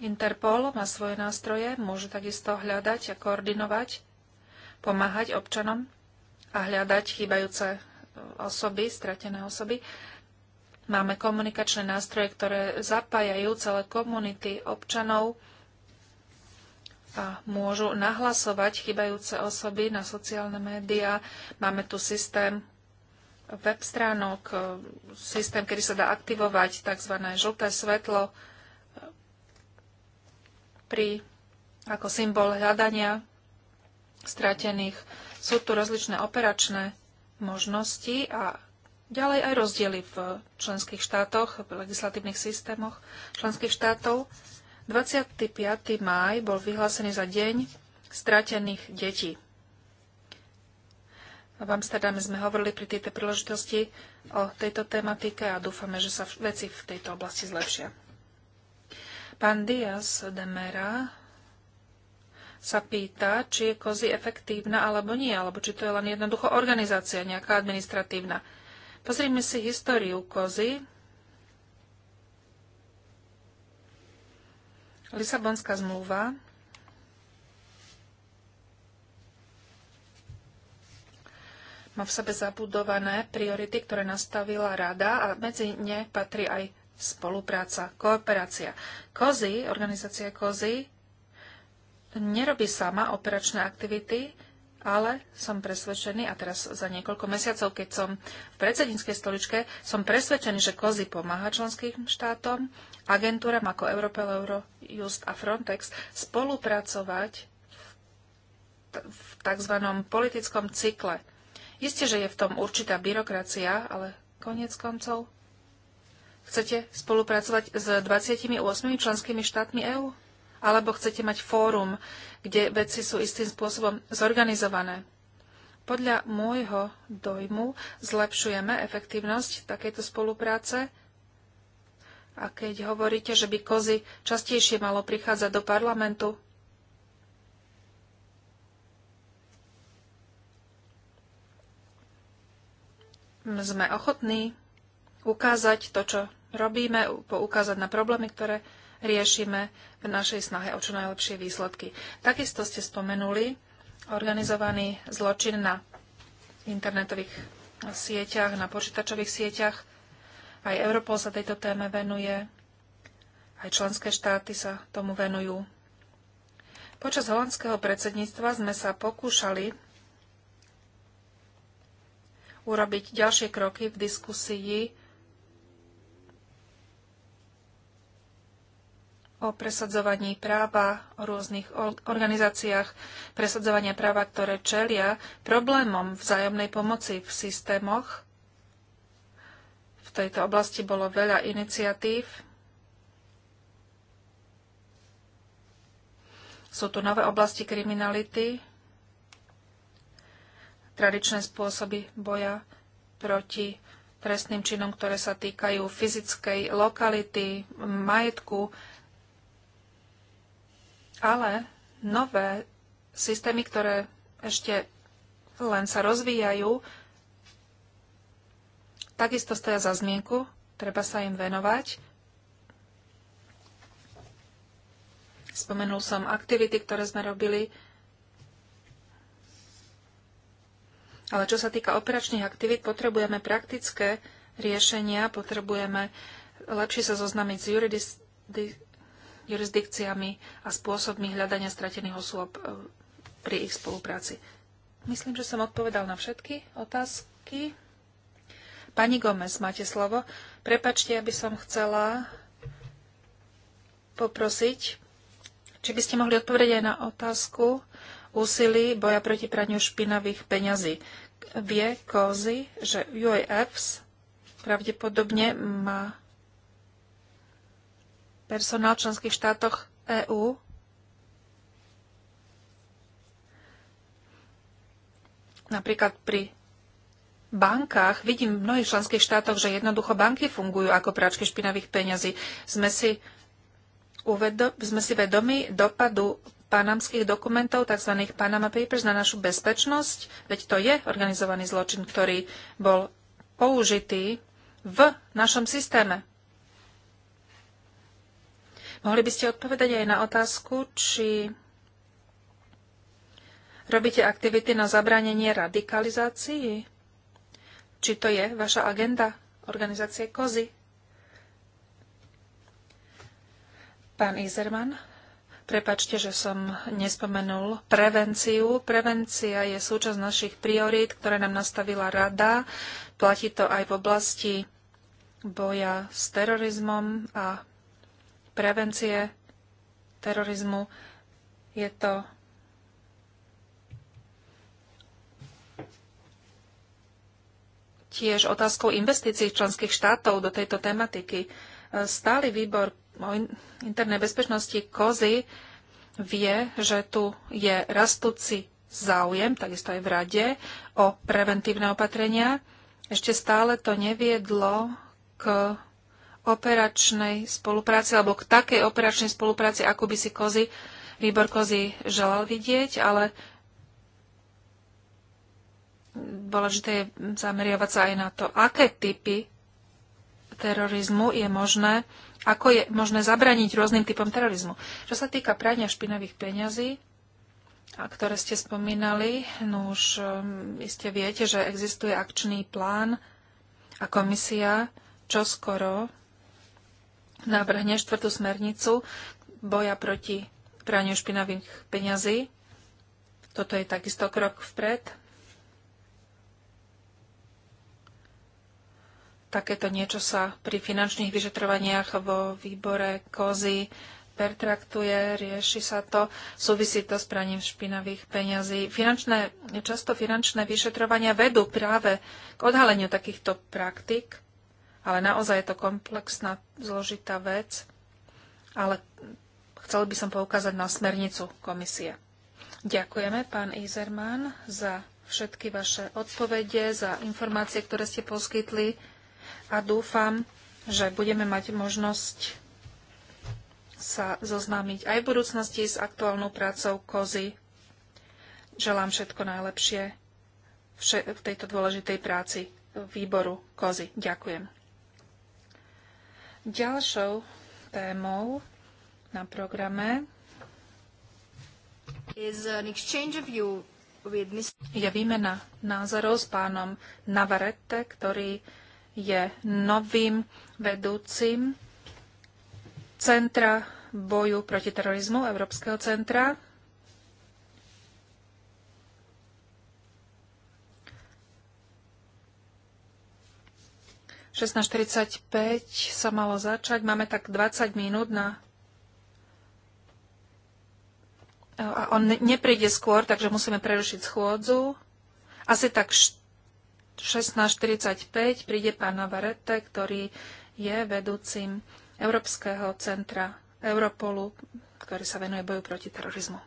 A: Interpol má svoje nástroje, môže takisto hľadať a koordinovať, pomáhať občanom a hľadať chýbajúce e, osoby, stratené osoby. Máme komunikačné nástroje, ktoré zapájajú celé komunity občanov a môžu nahlasovať chybajúce osoby na sociálne médiá. Máme tu systém web stránok, e, systém, kedy sa dá aktivovať tzv. žlté svetlo e, pri, ako symbol hľadania stratených. Sú tu rozličné operačné možnosti a ďalej aj rozdiely v členských štátoch, v legislatívnych systémoch členských štátov. 25. máj bol vyhlásený za deň stratených detí v Amsterdame sme hovorili pri tejto príležitosti o tejto tematike a dúfame, že sa veci v tejto oblasti zlepšia. Pán Diaz de Mera sa pýta, či je kozy efektívna alebo nie, alebo či to je len jednoducho organizácia, nejaká administratívna. Pozrime si históriu kozy. Lisabonská zmluva má v sebe zabudované priority, ktoré nastavila rada a medzi ne patrí aj spolupráca, kooperácia. Kozy, organizácia Kozy, nerobí sama operačné aktivity, ale som presvedčený, a teraz za niekoľko mesiacov, keď som v predsedníckej stoličke, som presvedčený, že Kozy pomáha členským štátom, agentúram ako Europol, Eurojust a Frontex spolupracovať v tzv. politickom cykle Isté, že je v tom určitá byrokracia, ale koniec koncov. Chcete spolupracovať s 28 členskými štátmi EÚ? Alebo chcete mať fórum, kde veci sú istým spôsobom zorganizované? Podľa môjho dojmu zlepšujeme efektívnosť takejto spolupráce, a keď hovoríte, že by kozy častejšie malo prichádzať do parlamentu, sme ochotní ukázať to, čo robíme, poukázať na problémy, ktoré riešime v našej snahe o čo najlepšie výsledky. Takisto ste spomenuli organizovaný zločin na internetových sieťach, na počítačových sieťach. Aj Europol sa tejto téme venuje, aj členské štáty sa tomu venujú. Počas holandského predsedníctva sme sa pokúšali urobiť ďalšie kroky v diskusii o presadzovaní práva, o rôznych organizáciách presadzovania práva, ktoré čelia problémom vzájomnej pomoci v systémoch. V tejto oblasti bolo veľa iniciatív. Sú tu nové oblasti kriminality, tradičné spôsoby boja proti trestným činom, ktoré sa týkajú fyzickej lokality, majetku, ale nové systémy, ktoré ešte len sa rozvíjajú, takisto stoja za zmienku, treba sa im venovať. Spomenul som aktivity, ktoré sme robili Ale čo sa týka operačných aktivít, potrebujeme praktické riešenia, potrebujeme lepšie sa zoznamiť s jurisdikciami a spôsobmi hľadania stratených osôb e, pri ich spolupráci. Myslím, že som odpovedal na všetky otázky. Pani Gomez, máte slovo. Prepačte, aby som chcela poprosiť, či by ste mohli odpovedať aj na otázku úsilí boja proti praniu špinavých peňazí. Vie Kozy, že UAFs pravdepodobne má personál v členských štátoch EÚ napríklad pri bankách, vidím v mnohých členských štátoch, že jednoducho banky fungujú ako práčky špinavých peňazí. Sme si, uvedom, sme si vedomi dopadu panamských dokumentov, tzv. Panama Papers, na našu bezpečnosť, veď to je organizovaný zločin, ktorý bol použitý v našom systéme. Mohli by ste odpovedať aj na otázku, či robíte aktivity na zabránenie radikalizácii? Či to je vaša agenda organizácie COZY? Pán Izerman. Prepačte, že som nespomenul prevenciu. Prevencia je súčasť našich priorít, ktoré nám nastavila rada. Platí to aj v oblasti boja s terorizmom a prevencie terorizmu. Je to tiež otázkou investícií členských štátov do tejto tematiky. Stály výbor o internej bezpečnosti kozy vie, že tu je rastúci záujem, takisto aj v rade, o preventívne opatrenia. Ešte stále to neviedlo k operačnej spolupráci alebo k takej operačnej spolupráci, ako by si kozy, výbor kozy želal vidieť, ale dôležité je zameriavať sa aj na to, aké typy terorizmu je možné ako je možné zabraniť rôznym typom terorizmu. Čo sa týka prania špinavých peňazí, a ktoré ste spomínali, no už um, iste viete, že existuje akčný plán a komisia čo skoro navrhne štvrtú smernicu boja proti praniu špinavých peňazí. Toto je takisto krok vpred. Takéto niečo sa pri finančných vyšetrovaniach vo výbore kozy pertraktuje, rieši sa to, súvisí to s praním špinavých peňazí. Finančné, často finančné vyšetrovania vedú práve k odhaleniu takýchto praktik, ale naozaj je to komplexná, zložitá vec. Ale chcel by som poukázať na smernicu komisie. Ďakujeme, pán Izerman, za všetky vaše odpovede, za informácie, ktoré ste poskytli a dúfam, že budeme mať možnosť sa zoznámiť aj v budúcnosti s aktuálnou prácou kozy. Želám všetko najlepšie v tejto dôležitej práci výboru kozy. Ďakujem. Ďalšou témou na programe je výmena názorov s pánom Navarete, ktorý je novým vedúcim Centra boju proti terorizmu Európskeho centra. V sa malo začať. Máme tak 20 minút na a on nepríde skôr, takže musíme prerušiť schôdzu. Asi tak 4 16.45 príde pán Navarrete, ktorý je vedúcim Európskeho centra Europolu, ktorý sa venuje boju proti terorizmu.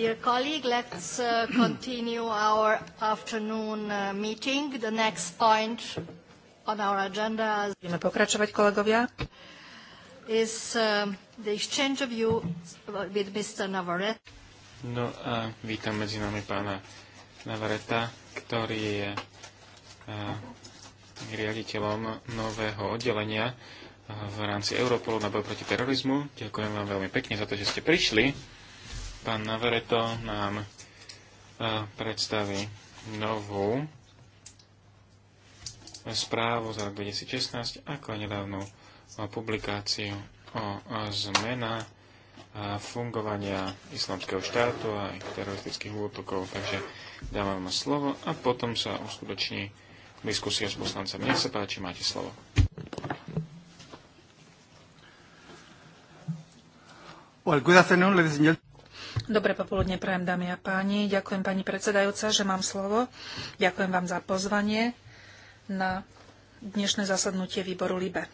A: Dear colleague, let's uh, continue our afternoon uh, meeting. The next point on our agenda Budeme pokračovať, kolegovia. is uh, the exchange of views with Mr. Navarrete.
B: No a vítam medzi nami pána Navareta, ktorý je uh, riaditeľom nového oddelenia uh, v rámci Europolu na boj proti terorizmu. Ďakujem vám veľmi pekne za to, že ste prišli. Pán Navareto nám e, predstaví novú správu za rok 2016, ako nedávnu publikáciu o zmena e, fungovania islamského štátu a teroristických útokov. Takže dávam vám slovo a potom sa uskutoční diskusia s poslancami. Nech sa páči, máte slovo.
A: Well, good afternoon, ladies and Dobré popoludne prajem, dámy a páni. Ďakujem pani predsedajúca, že mám slovo. Ďakujem vám za pozvanie na dnešné zasadnutie výboru LIBE.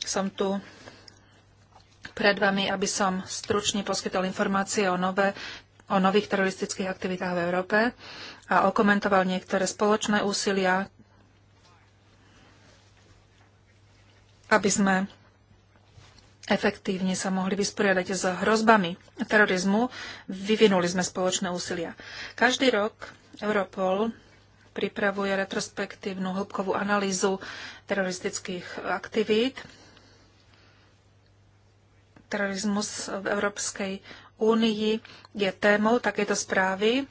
A: Som tu pred vami, aby som stručne poskytol informácie o, nové, o nových teroristických aktivitách v Európe a okomentoval niektoré spoločné úsilia, aby sme efektívne sa mohli vysporiadať s hrozbami terorizmu, vyvinuli sme spoločné úsilia. Každý rok Europol pripravuje retrospektívnu hĺbkovú analýzu teroristických aktivít. Terorizmus v Európskej únii je témou takéto správy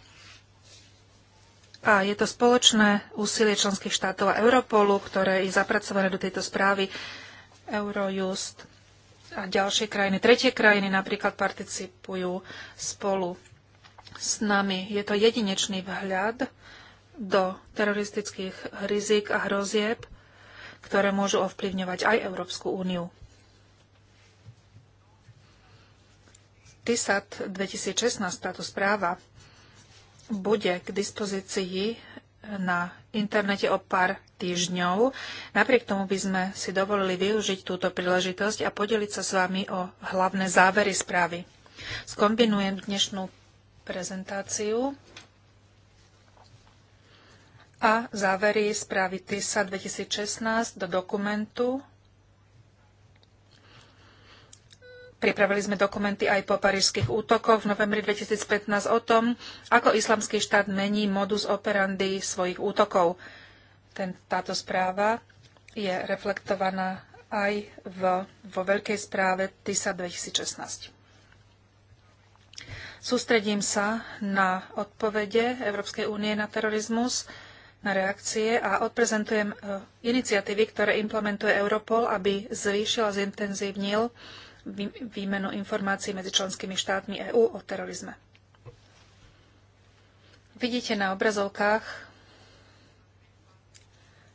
A: a je to spoločné úsilie členských štátov a Europolu, ktoré je zapracované do tejto správy Eurojust a ďalšie krajiny, tretie krajiny napríklad participujú spolu s nami. Je to jedinečný vhľad do teroristických rizik a hrozieb, ktoré môžu ovplyvňovať aj Európsku úniu. TISAT 2016, táto správa, bude k dispozícii na internete o pár týždňov. Napriek tomu by sme si dovolili využiť túto príležitosť a podeliť sa s vami o hlavné závery správy. Skombinujem dnešnú prezentáciu a závery správy TISA 2016 do dokumentu Pripravili sme dokumenty aj po parížských útokoch v novembri 2015 o tom, ako islamský štát mení modus operandi svojich útokov. Ten, táto správa je reflektovaná aj v, vo veľkej správe TISA 2016. Sústredím sa na odpovede Európskej únie na terorizmus, na reakcie a odprezentujem e, iniciatívy, ktoré implementuje Europol, aby zvýšil a zintenzívnil výmenu informácií medzi členskými štátmi EÚ o terorizme. Vidíte na obrazovkách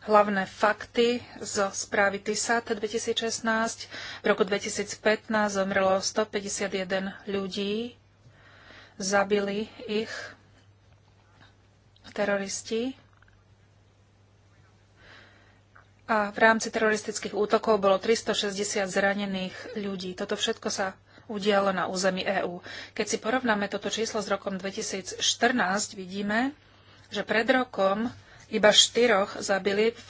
A: hlavné fakty zo správy TISAT 2016. V roku 2015 zomrelo 151 ľudí, zabili ich teroristi a v rámci teroristických útokov bolo 360 zranených ľudí. Toto všetko sa udialo na území EÚ. Keď si porovnáme toto číslo s rokom 2014, vidíme, že pred rokom iba štyroch zabili v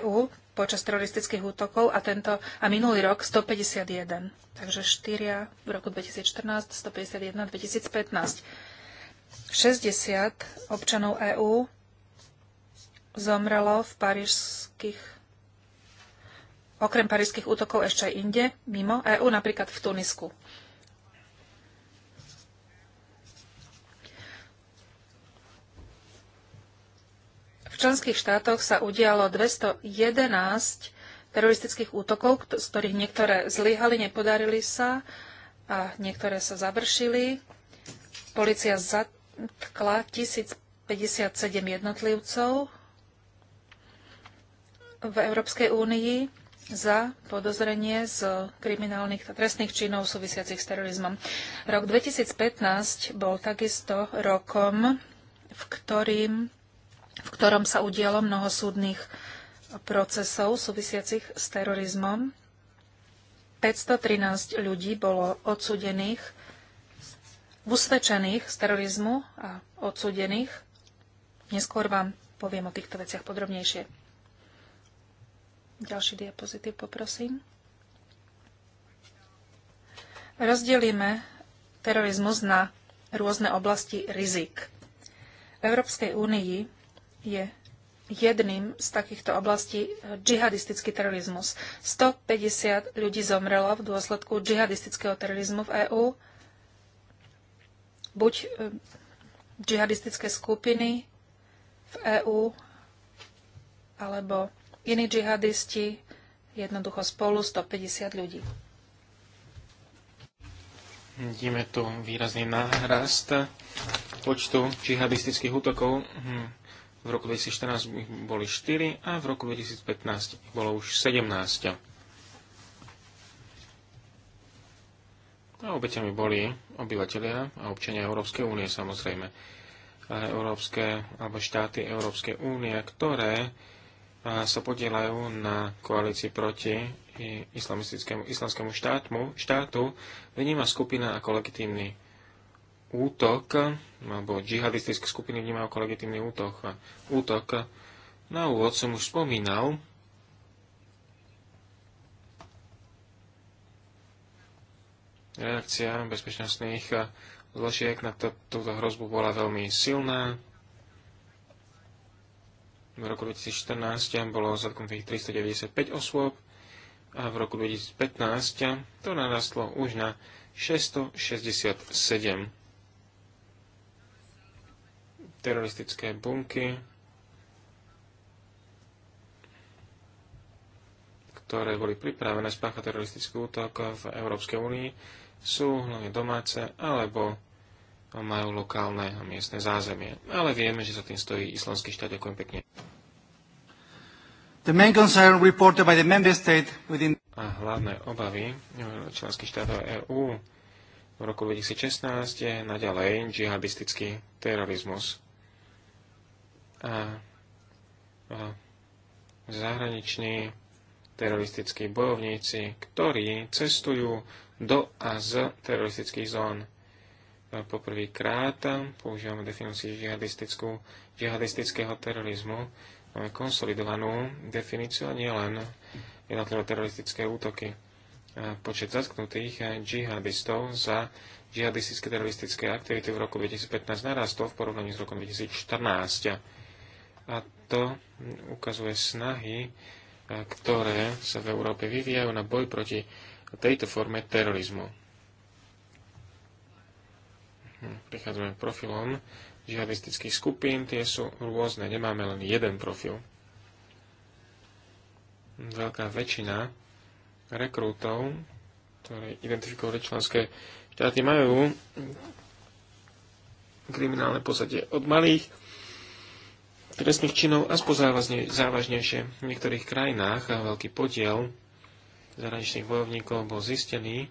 A: EÚ počas teroristických útokov a, tento, a minulý rok 151. Takže štyria, v roku 2014, 151, 2015. 60 občanov EÚ zomrelo v parížských okrem parížských útokov ešte aj inde, mimo EÚ, napríklad v Tunisku. V členských štátoch sa udialo 211 teroristických útokov, z ktorých niektoré zlyhali, nepodarili sa a niektoré sa završili. Polícia zatkla 1057 jednotlivcov v Európskej únii za podozrenie z kriminálnych trestných činov súvisiacich s terorizmom. Rok 2015 bol takisto rokom, v, ktorým, v ktorom sa udialo mnoho súdnych procesov súvisiacich s terorizmom. 513 ľudí bolo odsudených, usvedčených z terorizmu a odsudených. Neskôr vám poviem o týchto veciach podrobnejšie. Ďalší diapozitív poprosím. Rozdelíme terorizmus na rôzne oblasti rizik. V Európskej únii je jedným z takýchto oblastí džihadistický terorizmus. 150 ľudí zomrelo v dôsledku džihadistického terorizmu v EÚ. Buď e, džihadistické skupiny v EÚ alebo iní džihadisti, jednoducho spolu 150 ľudí.
B: Vidíme tu výrazný nárast počtu džihadistických útokov. Hm. V roku 2014 boli 4 a v roku 2015 bolo už 17. A obeťami boli obyvateľia a občania Európskej únie samozrejme. európske, alebo štáty Európskej únie, ktoré sa podielajú na koalícii proti islamistickému islamskému štátmu, štátu, vníma skupina ako legitímny útok, alebo džihadistické skupiny vnímajú ako legitímny útok. útok. Na úvod som už spomínal, reakcia bezpečnostných zložiek na túto hrozbu bola veľmi silná. V roku 2014 bolo zatknutých 395 osôb a v roku 2015 to narastlo už na 667 teroristické bunky, ktoré boli pripravené spáchať teroristický útok v Európskej únii, sú hlavne domáce alebo majú lokálne a miestne zázemie. Ale vieme, že za tým stojí islamský štát. Ďakujem pekne.
A: The main concern reported
C: by the member state
B: within... A hlavné obavy členských štátov EÚ v roku 2016 je naďalej džihadistický terorizmus. A, a zahraniční teroristickí bojovníci, ktorí cestujú do a z teroristických zón poprvýkrát používame definíciu džihadistického terorizmu. Máme konsolidovanú definíciu a nielen jednotlivé teroristické útoky. Počet zatknutých džihadistov za džihadistické teroristické aktivity v roku 2015 narastol v porovnaní s rokom 2014. A to ukazuje snahy, ktoré sa v Európe vyvíjajú na boj proti tejto forme terorizmu Hm, prichádzame k profilom žihadistických skupín, tie sú rôzne, nemáme len jeden profil. Veľká väčšina rekrútov, ktoré identifikovali členské štáty, majú kriminálne posadie od malých trestných činov a spozávazne závažnejšie. V niektorých krajinách veľký podiel zahraničných bojovníkov bol zistený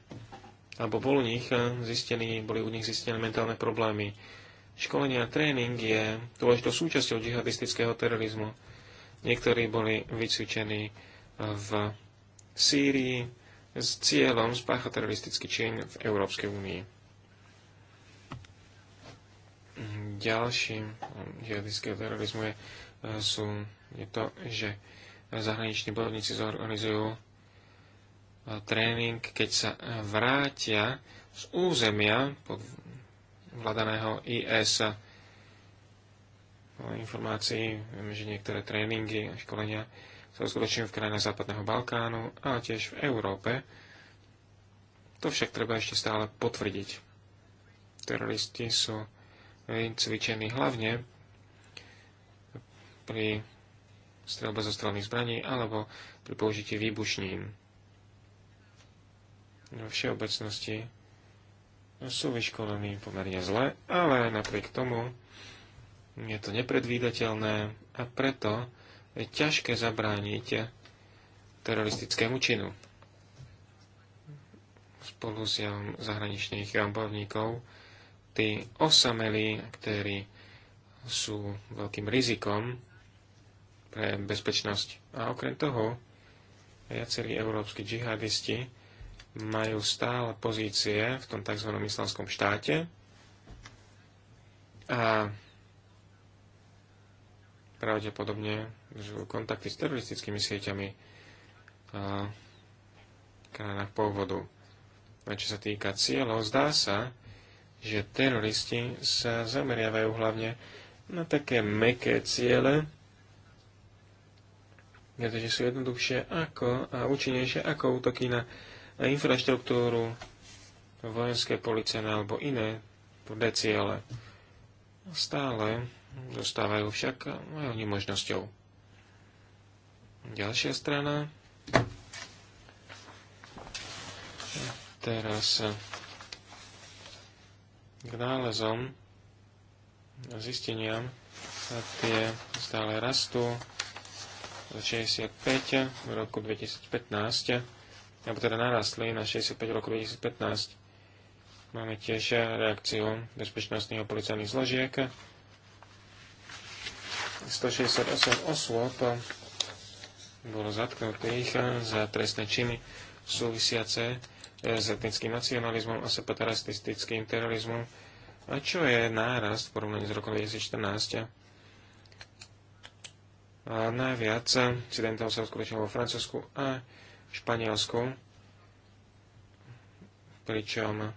B: alebo bol nich e, zistený, boli u nich zistené mentálne problémy. Školenie a tréning je dôležitou súčasťou džihadistického terorizmu. Niektorí boli vycvičení e, v Sýrii s cieľom spáchať teroristický čin v Európskej únii. Ďalším džihadistického terorizmu je, e, sú, je to, že zahraniční bojovníci zorganizujú E, tréning, keď sa vrátia z územia pod vladaného IS. Podľa informácii vieme, že niektoré tréningy a školenia sa uskutočňujú v krajinách Západného Balkánu, ale tiež v Európe. To však treba ešte stále potvrdiť. Teroristi sú cvičení hlavne pri strelbe zo strelných zbraní alebo pri použití výbušnín vo všeobecnosti sú vyškolení pomerne zle, ale napriek tomu je to nepredvídateľné a preto je ťažké zabrániť teroristickému činu. Spolu s zahraničných bojovníkov tí osamelí ktorí sú veľkým rizikom pre bezpečnosť. A okrem toho, viacerí európsky džihadisti majú stále pozície v tom tzv. islamskom štáte a pravdepodobne sú kontakty s teroristickými sieťami v krajinách pôvodu. A čo sa týka cieľov, zdá sa, že teroristi sa zameriavajú hlavne na také meké ciele, pretože sú jednoduchšie ako a účinnejšie ako útoky na infraštruktúru, vojenské policajné alebo iné podľa ciele. Stále zostávajú však aj oni možnosťou. Ďalšia strana. Teraz k nálezom zisteniam tie stále rastú. 65 v roku 2015 alebo teda narastli na 65 roku 2015. Máme tiež eh, reakciu bezpečnostných a policajných zložiek. 168 osôb bolo zatknutých eh, za trestné činy súvisiace eh, s etnickým nacionalizmom a separatistickým terorizmom, a čo je nárast v porovnaní s rokom 2014. A najviac incidentov sa uskutočnilo vo Francúzsku a Španielsku, pričom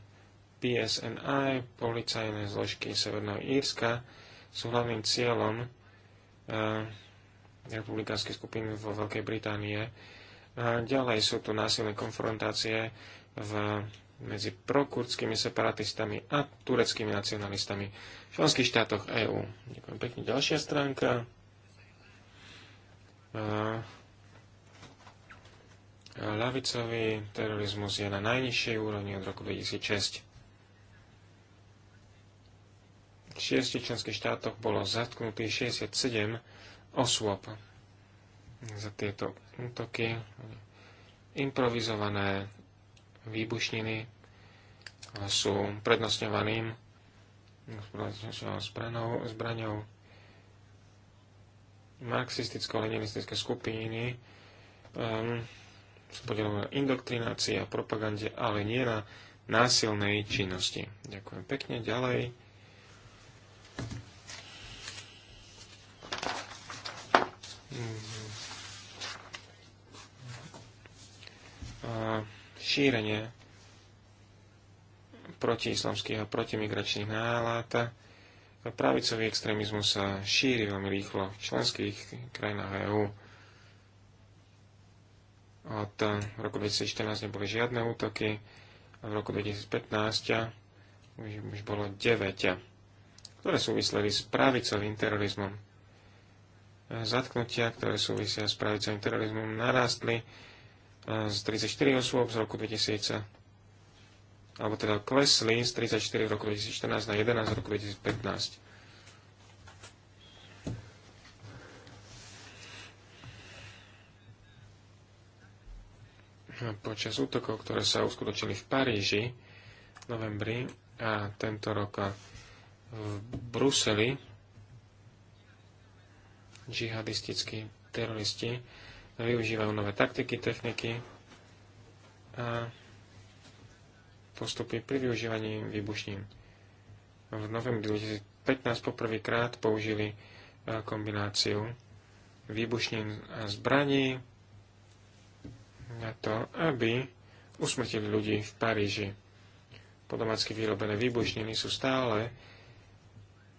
B: PSNI, policajné zložky Severného Írska, sú hlavným cieľom eh, republikánskej skupiny vo Veľkej Británie. A ďalej sú tu násilné konfrontácie v, medzi prokurdskými separatistami a tureckými nacionalistami v členských štátoch EÚ. Ďakujem pekne. Ďalšia stránka. A eh, Lavicový terorizmus je na najnižšej úrovni od roku 2006. V šiestich členských štátoch bolo zatknutých 67 osôb za tieto útoky, improvizované výbušniny sú prednostňovaným zbranou, zbraňou marxisticko-leninistické skupiny um, podielom na indoktrinácii a propagande, ale nie na násilnej činnosti. Ďakujem pekne. Ďalej. Mhm. A šírenie protiislamských a protimigračných nálad. Pravicový extrémizmus sa šíri veľmi rýchlo v členských krajinách EÚ od eh, roku 2014 neboli žiadne útoky a v roku 2015 eh, už, bolo 9, eh, ktoré súvisleli s pravicovým terorizmom. Zatknutia, ktoré súvisia s pravicovým terorizmom, narástli z 34 osôb z roku 2000 alebo teda klesli z 34 v roku 2014 na 11 v roku 2015. počas útokov, ktoré sa uskutočili v Paríži v novembri a tento rok v Bruseli džihadistickí teroristi využívajú nové taktiky, techniky a postupy pri využívaní výbušnín. V novembri 2015 poprvýkrát použili e, kombináciu výbušnín a zbraní, na to, aby usmrtili ľudí v Paríži. Podomácky vyrobené výbušniny sú stále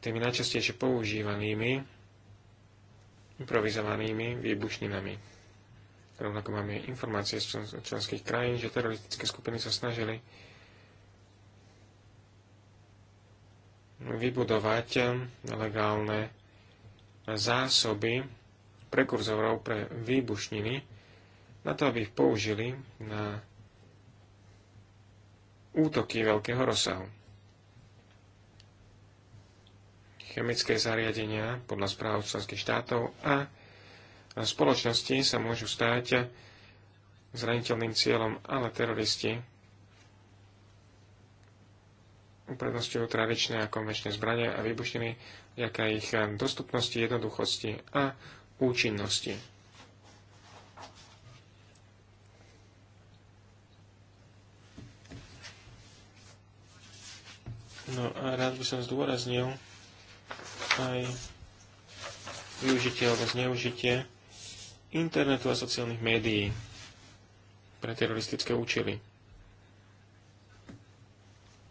B: tými najčastejšie používanými improvizovanými výbušninami. Rovnako máme informácie z členských krajín, že teroristické skupiny sa snažili vybudovať legálne zásoby prekurzorov pre výbušniny, na to, aby ich použili na útoky veľkého rozsahu. Chemické zariadenia podľa správ členských štátov a spoločnosti sa môžu stáť zraniteľným cieľom, ale teroristi uprednostňujú tradičné a konvenčné zbranie a výbušniny vďaka ich dostupnosti, jednoduchosti a účinnosti. No a rád by som zdôraznil aj využitie alebo zneužitie internetu a sociálnych médií pre teroristické účely.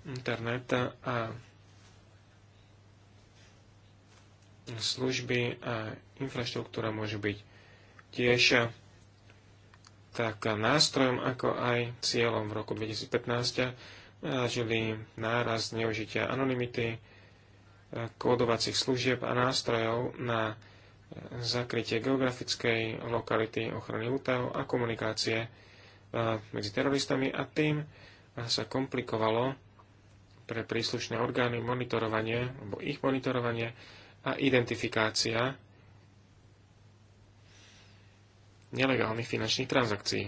B: Interneta a služby a infraštruktúra môže byť tiež tak nástrojom, ako aj cieľom v roku 2015 zažili náraz neužitia anonymity, e, kódovacích služieb a nástrojov na e, zakrytie geografickej lokality ochrany útahu a komunikácie e, medzi teroristami a tým sa komplikovalo pre príslušné orgány monitorovanie, alebo ich monitorovanie a identifikácia nelegálnych finančných transakcií.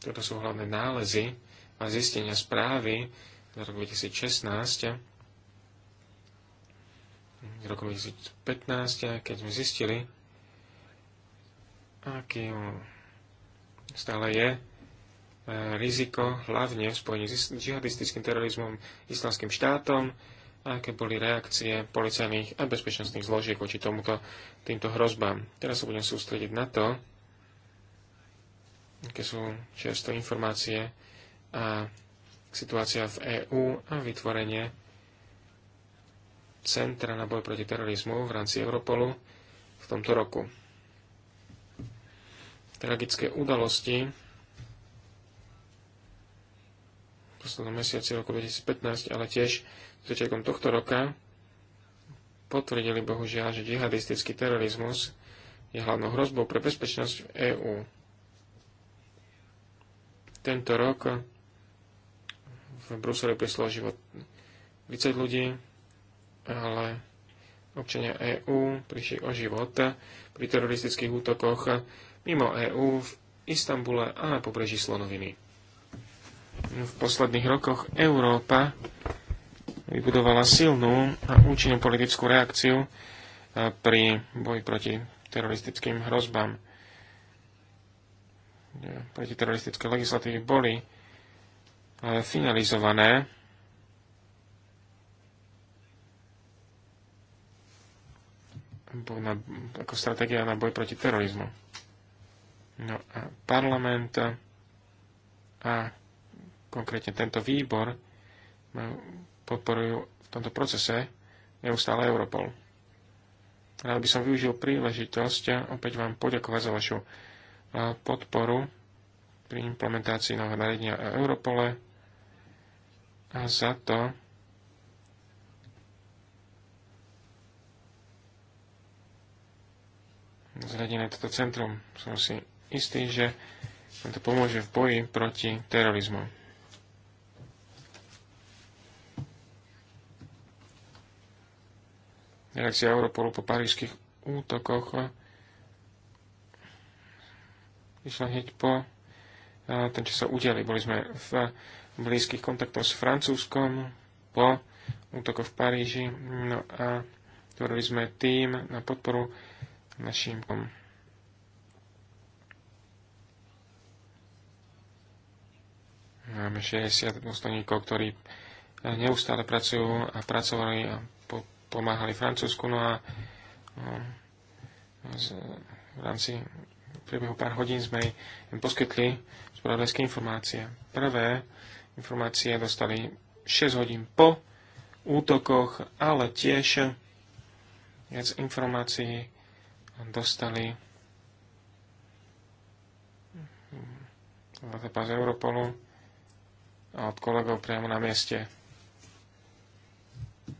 B: Toto sú hlavné nálezy a zistenia správy za rok 2016, v roku 2015, keď sme zistili, aký stále je e, riziko, hlavne v spojení s džihadistickým terorizmom, islamským štátom, a aké boli reakcie policajných a bezpečnostných zložiek voči tomuto, týmto hrozbám. Teraz sa budem sústrediť na to, aké sú často informácie a situácia v EÚ a vytvorenie Centra na boj proti terorizmu v rámci Europolu v tomto roku. Tragické udalosti v poslednom mesiaci roku 2015, ale tiež začiatkom tohto roka potvrdili bohužiaľ, že džihadistický terorizmus je hlavnou hrozbou pre bezpečnosť v e EÚ tento rok v Bruseli prieslo život 30 ľudí, ale občania EÚ prišli o život pri teroristických útokoch mimo EÚ v Istambule a na pobreží Slonoviny. V posledných rokoch Európa vybudovala silnú a účinnú politickú reakciu pri boji proti teroristickým hrozbám protiteroristické legislatívy boli eh, finalizované. Na, ako stratégia na boj proti terorizmu. No a parlament a konkrétne tento výbor podporujú v tomto procese neustále Europol. Rád by som využil príležitosť a opäť vám poďakovať za vašu podporu pri implementácii nového nariadenia o Europole a za to zradené toto centrum. Som si istý, že to pomôže v boji proti terorizmu. Reakcia Europolu po parížských útokoch išla hneď po tom, čo sa udiali. Boli sme v blízkych kontaktoch s Francúzskom po útokoch v Paríži. No a tvorili sme tým na podporu našim Máme 60 dôstojníkov, ktorí neustále pracujú a pracovali a po, pomáhali Francúzsku. No a no, z, v rámci v priebehu pár hodín sme im poskytli spravodajské informácie. Prvé informácie dostali 6 hodín po útokoch, ale tiež viac informácií dostali z Europolu a od kolegov priamo na mieste.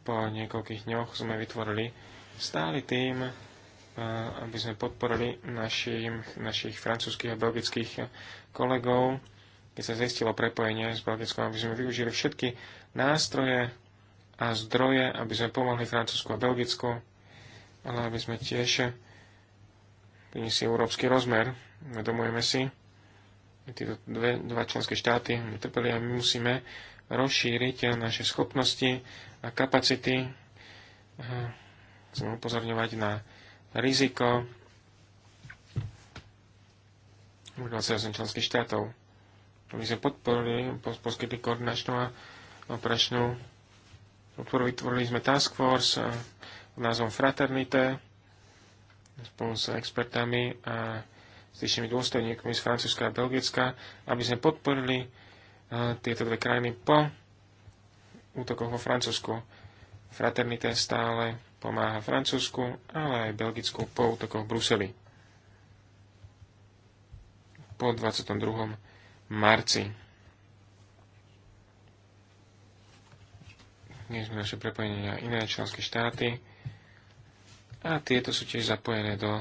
B: Po niekoľkých dňoch sme vytvorili stály tým, aby sme podporili naši, našich francúzskych a belgických kolegov, keď sa zistilo prepojenie s Belgickom, aby sme využili všetky nástroje a zdroje, aby sme pomohli Francúzsku a Belgicku, ale aby sme tiež priniesli európsky rozmer. Vedomujeme si, tieto dve, dva členské štáty trpeli a my musíme rozšíriť naše schopnosti a kapacity. Chcem upozorňovať na riziko 28 členských štátov. My sme podporili, poskytli koordinačnú a operačnú podporu. Vytvorili sme task force pod názvom Fraternité spolu s expertami a styčnými dôstojníkmi z Francúzska a Belgicka, aby sme podporili tieto dve krajiny po útokoch vo Francúzsku. Fraternité stále pomáha Francúzsku, ale aj Belgicku po útokoch v Bruseli. Po 22. marci. Dnes sme naše prepojenie na iné členské štáty a tieto sú tiež zapojené do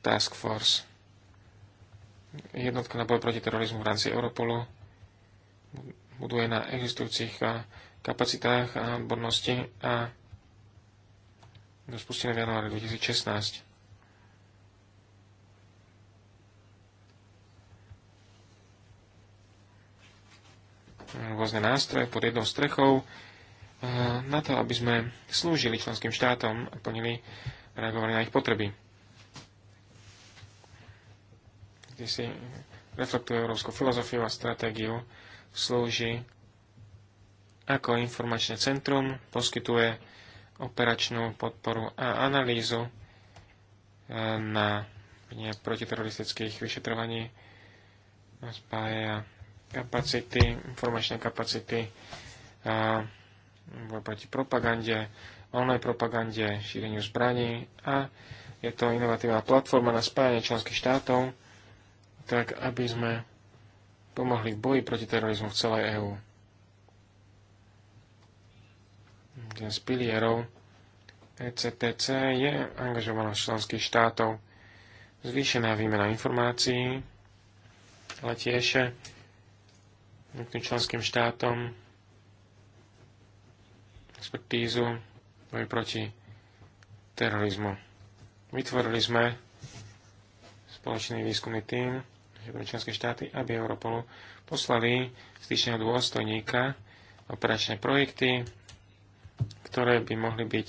B: Task Force. Jednotka na boj proti terorizmu v rámci Europolu buduje na existujúcich kapacitách a odbornosti a spustené v januári 2016. rôzne nástroje pod jednou strechou eh, na to, aby sme slúžili členským štátom a plnili, reagovali na ich potreby. Kde si reflektuje európsku filozofiu a stratégiu, slúži ako informačné centrum, poskytuje operačnú podporu a analýzu e, na protiteroristických vyšetrovaní spája kapacity, informačné kapacity e, proti propagande, online propagande, šíreniu zbraní a je to inovatívna platforma na spájanie členských štátov, tak aby sme pomohli v boji proti terorizmu v celej EÚ. z pilierov ECTC je angažovanosť členských štátov, zvýšená výmena informácií, ale tiež tým členským štátom expertízu boj proti terorizmu. Vytvorili sme spoločný výskumný tím členské štáty, aby Europolu poslali z styčného dôstojníka operačné projekty, ktoré by mohli byť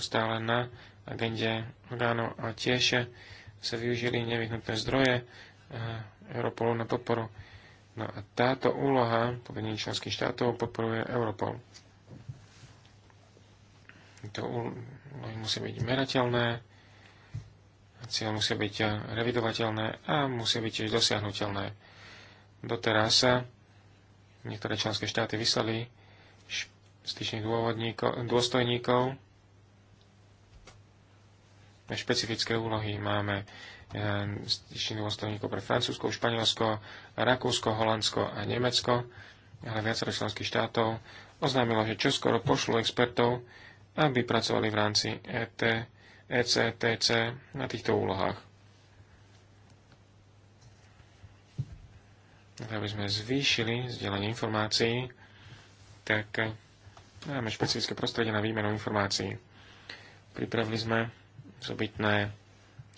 B: stále na agende orgánov a tiež sa využili nevyhnutné zdroje eh, Europolu na podporu. No a táto úloha povedení členských štátov podporuje Europol. To úlohy musia byť merateľné, cieľ musia byť revidovateľné a musia byť tiež dosiahnutelné. Doteraz sa Niektoré členské štáty vyslali styčných dôstojníkov na špecifické úlohy. Máme styčných eh, dôstojníkov pre Francúzsko, Španielsko, Rakúsko, Holandsko a Nemecko, ale viacero členských štátov oznámilo, že čoskoro pošlu expertov, aby pracovali v rámci ET, ECTC na týchto úlohách. aby sme zvýšili zdieľanie informácií, tak eh, máme špecifické prostredie na výmenu informácií. Pripravili sme zobytné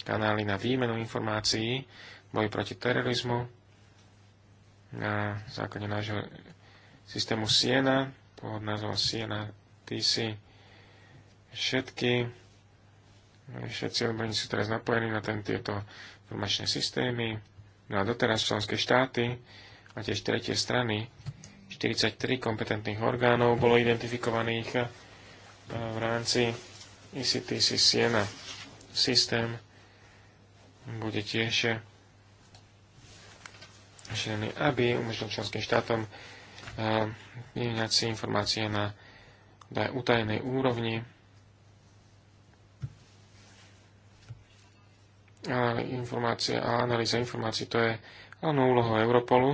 B: kanály na výmenu informácií, boj proti terorizmu, na základe nášho systému Siena, pôvod názov Siena, TC všetky, všetci odborníci sú teraz napojení na ten, tieto informačné systémy, No a doteraz členské štáty a tiež tretie strany 43 kompetentných orgánov bolo identifikovaných eh, v rámci ICTC e Siena. Systém bude tiež šený, eh, aby umožnil členským štátom eh, vymieňať si informácie na utajenej úrovni a informácie a analýza informácií, to je hlavnou úlohou Europolu.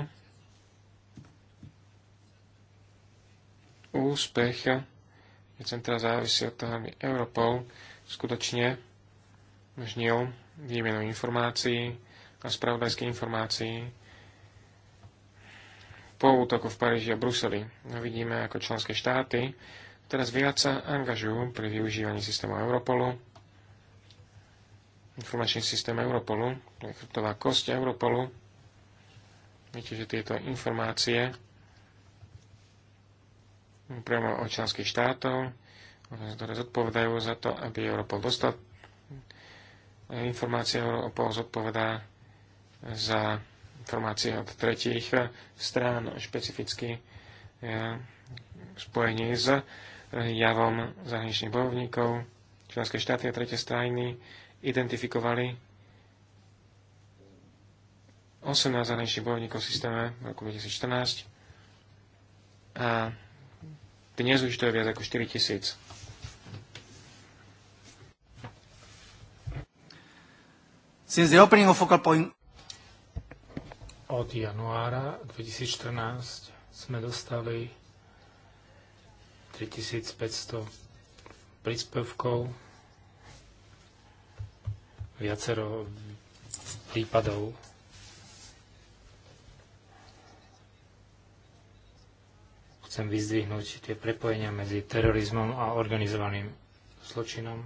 B: Úspech je centra závisí od toho, aby Europol skutočne žnil výmenu informácií a spravodajské informácií po útoku v Paríži a Bruseli. No vidíme, ako členské štáty teraz viac sa angažujú pri využívaní systému Europolu informačný systém Europolu, to je chrbtová kosť Europolu. Viete, že tieto informácie priamo od členských štátov, ktoré zodpovedajú za to, aby Europol dostal e, informácie Europol zodpovedá za informácie od tretích strán, špecificky e, spojení s javom zahraničných bojovníkov, členské štáty a tretie strany identifikovali 18 zahraničných bojovníkov v systéme v roku 2014 a dnes už to je viac ako 4 tisíc.
A: Since the opening of focal point...
C: Od januára 2014 sme dostali 3500 príspevkov viacero prípadov. Chcem vyzdvihnúť tie prepojenia medzi terorizmom a organizovaným zločinom.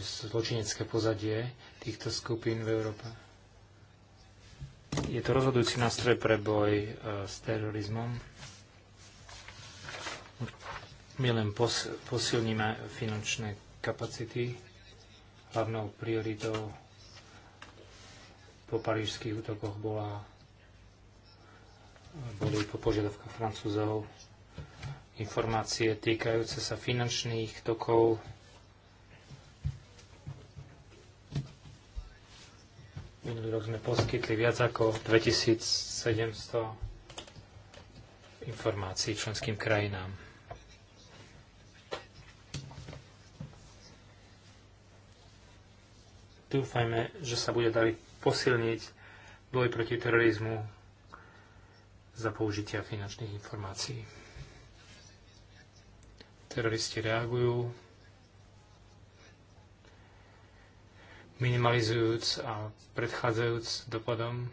C: zločinecké pozadie týchto skupín v Európe. Je to rozhodujúci nástroj pre boj e, s terorizmom. My len pos- posilníme finančné kapacity. Hlavnou prioritou po parížských útokoch bola, boli po požiadavka Francúzov informácie týkajúce sa finančných tokov Minulý rok sme poskytli viac ako 2700 informácií členským krajinám. Dúfajme, že sa bude dali posilniť boj proti terorizmu za použitia finančných informácií. Teroristi reagujú, minimalizujúc a predchádzajúc dopadom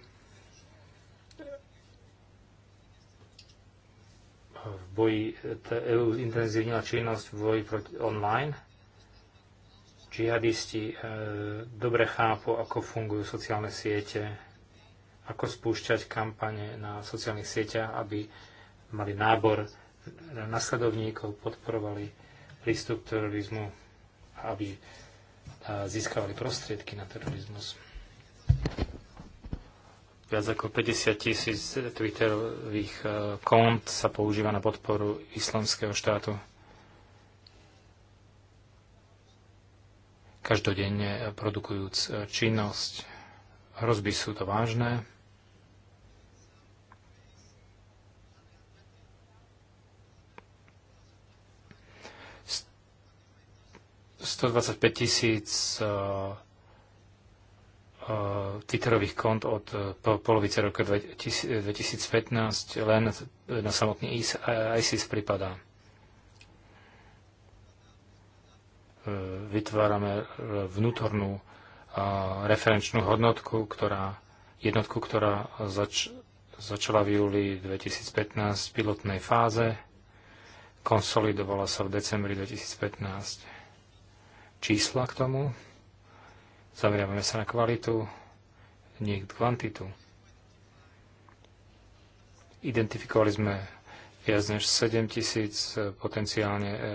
C: v boji EU intenzívnila činnosť v boji proti online. Džihadisti e, dobre chápu, ako fungujú sociálne siete, ako spúšťať kampane na sociálnych sieťach, aby mali nábor nasledovníkov, podporovali prístup k terorizmu, aby a získavali prostriedky na terorizmus. Viac ako 50 tisíc Twitterových e, kont sa používa na podporu islamského štátu. Každodenne produkujúc činnosť. Hrozby sú to vážne. 125 tisíc eh, eh, Twitterových kont od eh, polovice roku 2015 len na samotný ISIS pripadá. Vytvárame vnútornú referenčnú hodnotku, ktorá, jednotku, ktorá zač, začala v júli 2015 v pilotnej fáze, konsolidovala sa v decembri 2015 čísla k tomu, zameriavame sa na kvalitu, nie kvantitu. Identifikovali sme viac než 7 tisíc e, potenciálne e,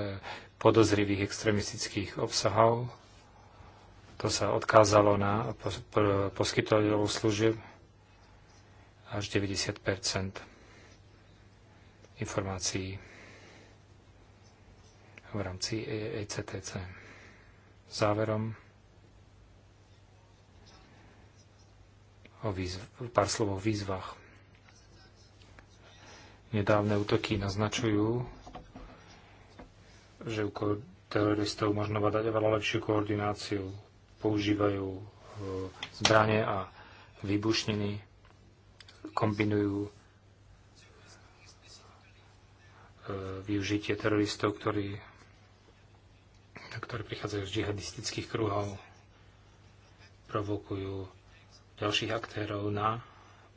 C: podozrivých extremistických obsahov. To sa odkázalo na poskytovateľov služieb až 90 informácií v rámci ECTC. E záverom o výzv- pár slov o výzvach. Nedávne útoky naznačujú, že u teroristov možno badať oveľa lepšiu koordináciu. Používajú e, zbranie a výbušniny, kombinujú e, využitie teroristov, ktorí ktoré prichádzajú z džihadistických kruhov, provokujú ďalších aktérov na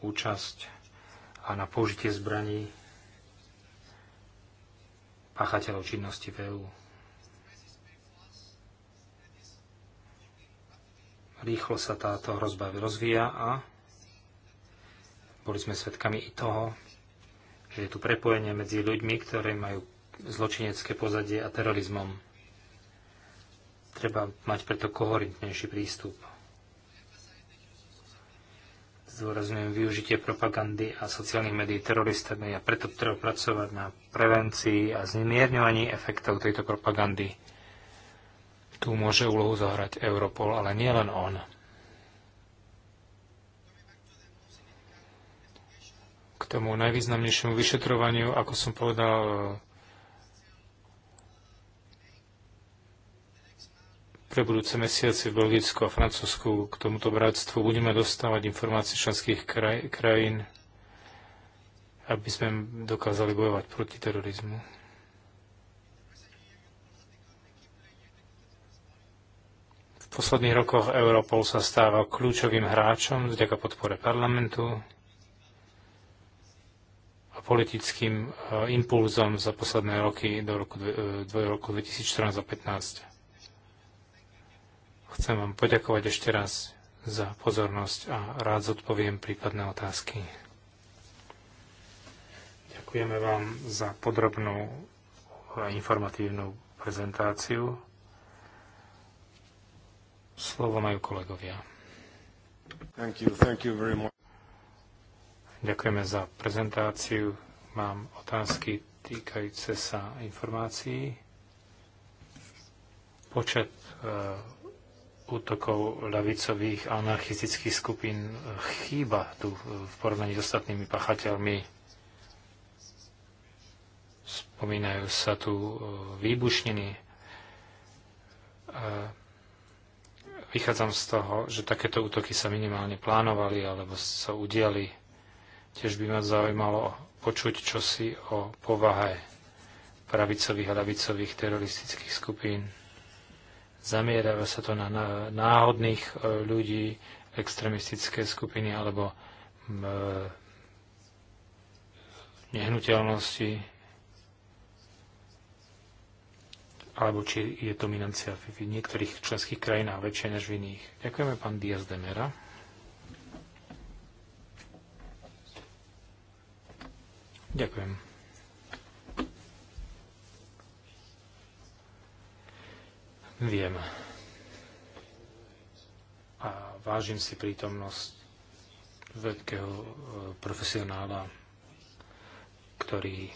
C: účasť a na použitie zbraní páchateľov činnosti v EU. Rýchlo sa táto hrozba rozvíja a boli sme svedkami i toho, že je tu prepojenie medzi ľuďmi, ktorí majú zločinecké pozadie a terorizmom. Treba mať preto koherentnejší prístup. Zdôrazňujem využitie propagandy a sociálnych médií teroristami a preto treba pracovať na prevencii a zmierňovaní efektov tejto propagandy. Tu môže úlohu zahrať Europol, ale nielen on. K tomu najvýznamnejšiemu vyšetrovaniu, ako som povedal, pre budúce mesiace v Belgicku a Francúzsku k tomuto bratstvu budeme dostávať informácie členských kraj, krajín, aby sme dokázali bojovať proti terorizmu. V posledných rokoch Europol sa stáva kľúčovým hráčom vďaka podpore parlamentu a politickým eh, impulzom za posledné roky do roku, do eh, roku 2014 a 2015 Chcem vám poďakovať ešte raz za pozornosť a rád zodpoviem prípadné otázky. Ďakujeme vám za podrobnú a e, informatívnu prezentáciu. Slovo majú kolegovia. Thank you, thank you very much. Ďakujeme za prezentáciu. Mám otázky týkajúce sa informácií. Počet e, útokov ľavicových a anarchistických skupín e, chýba tu e, v porovnaní s ostatnými pachateľmi. Spomínajú sa tu e, výbušniny. Vychádzam z toho, že takéto útoky sa minimálne plánovali alebo sa udiali. Tiež by ma zaujímalo počuť čosi o povahe pravicových a ľavicových teroristických skupín. Zamierajú sa to na náhodných e, ľudí, extremistické skupiny alebo e, nehnuteľnosti, alebo či je dominancia v niektorých členských krajinách väčšia než v iných. Ďakujeme pán Diaz de Mera. Ďakujem. Viem. A vážim si prítomnosť veľkého e, profesionála, ktorý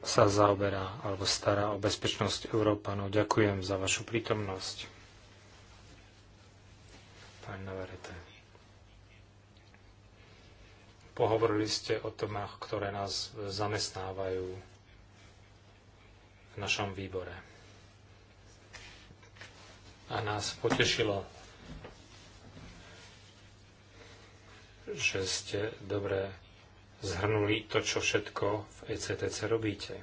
C: sa zaoberá alebo stará o bezpečnosť Európanov. Ďakujem za vašu prítomnosť. Pán Navarete. Pohovorili ste o témach, ktoré nás zamestnávajú v našom výbore a nás potešilo, že ste dobre zhrnuli to, čo všetko v ECTC robíte.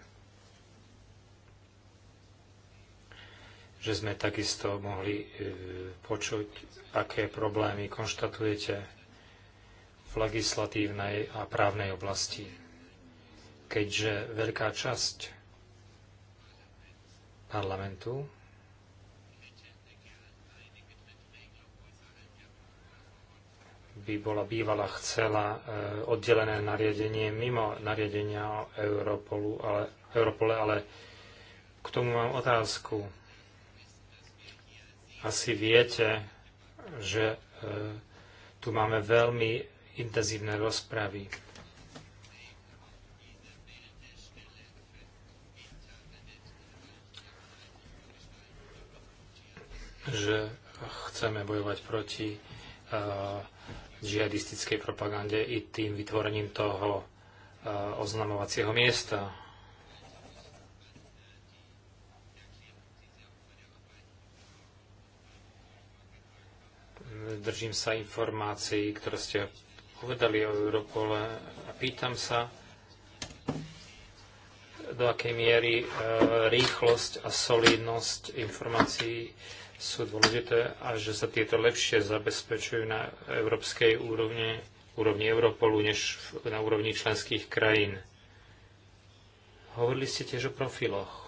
C: Že sme takisto mohli e, počuť, aké problémy konštatujete v legislatívnej a právnej oblasti. Keďže veľká časť parlamentu by bola bývala chcela e, oddelené nariadenie mimo nariadenia o Europolu, ale, Europole, ale k tomu mám otázku. Asi viete, že e, tu máme veľmi intenzívne rozpravy. že chceme bojovať proti uh, džihadistickej propagande i tým vytvorením toho e, oznamovacieho miesta. Držím sa informácií, ktoré ste povedali o Europole a pýtam sa, do akej miery e, rýchlosť a solidnosť informácií sú dôležité a že sa tieto lepšie zabezpečujú na európskej úrovni, úrovni Europolu, než na úrovni členských krajín. Hovorili ste tiež o profiloch.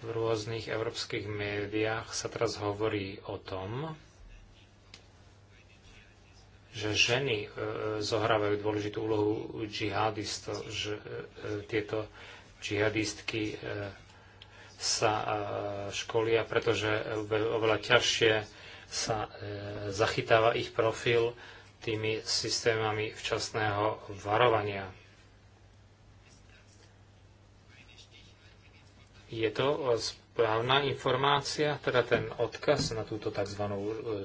C: V rôznych európskych médiách sa teraz hovorí o tom, že ženy e, zohrávajú dôležitú úlohu džihadistov, že e, tieto džihadistky e, sa e, školia, pretože oveľa ťažšie sa e, zachytáva ich profil tými systémami včasného varovania. Je to správna informácia, teda ten odkaz na túto tzv. E,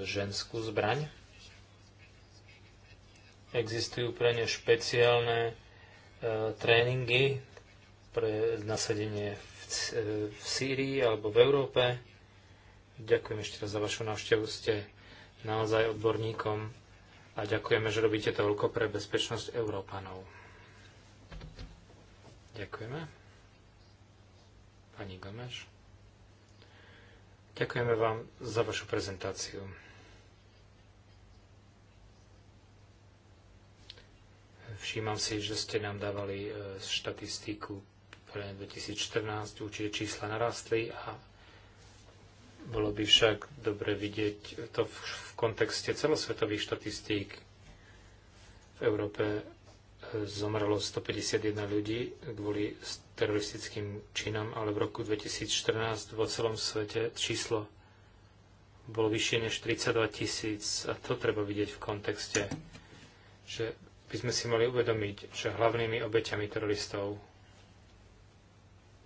C: ženskú zbraň? Existujú pre ne špeciálne e, tréningy pre nasadenie v E, v Sýrii alebo v Európe. Ďakujem ešte raz za vašu návštevu. Ste naozaj odborníkom a ďakujeme, že robíte toľko pre bezpečnosť Európanov. Ďakujeme. Pani Gomeš. Ďakujeme vám za vašu prezentáciu. Všímam si, že ste nám dávali e, štatistiku pre 2014 určite čísla narastli a bolo by však dobre vidieť to v, v kontexte celosvetových štatistík. V Európe e, zomrelo 151 ľudí kvôli teroristickým činom, ale v roku 2014 vo celom svete číslo bolo vyššie než 32 tisíc a to treba vidieť v kontexte, že by sme si mali uvedomiť, že hlavnými obeťami teroristov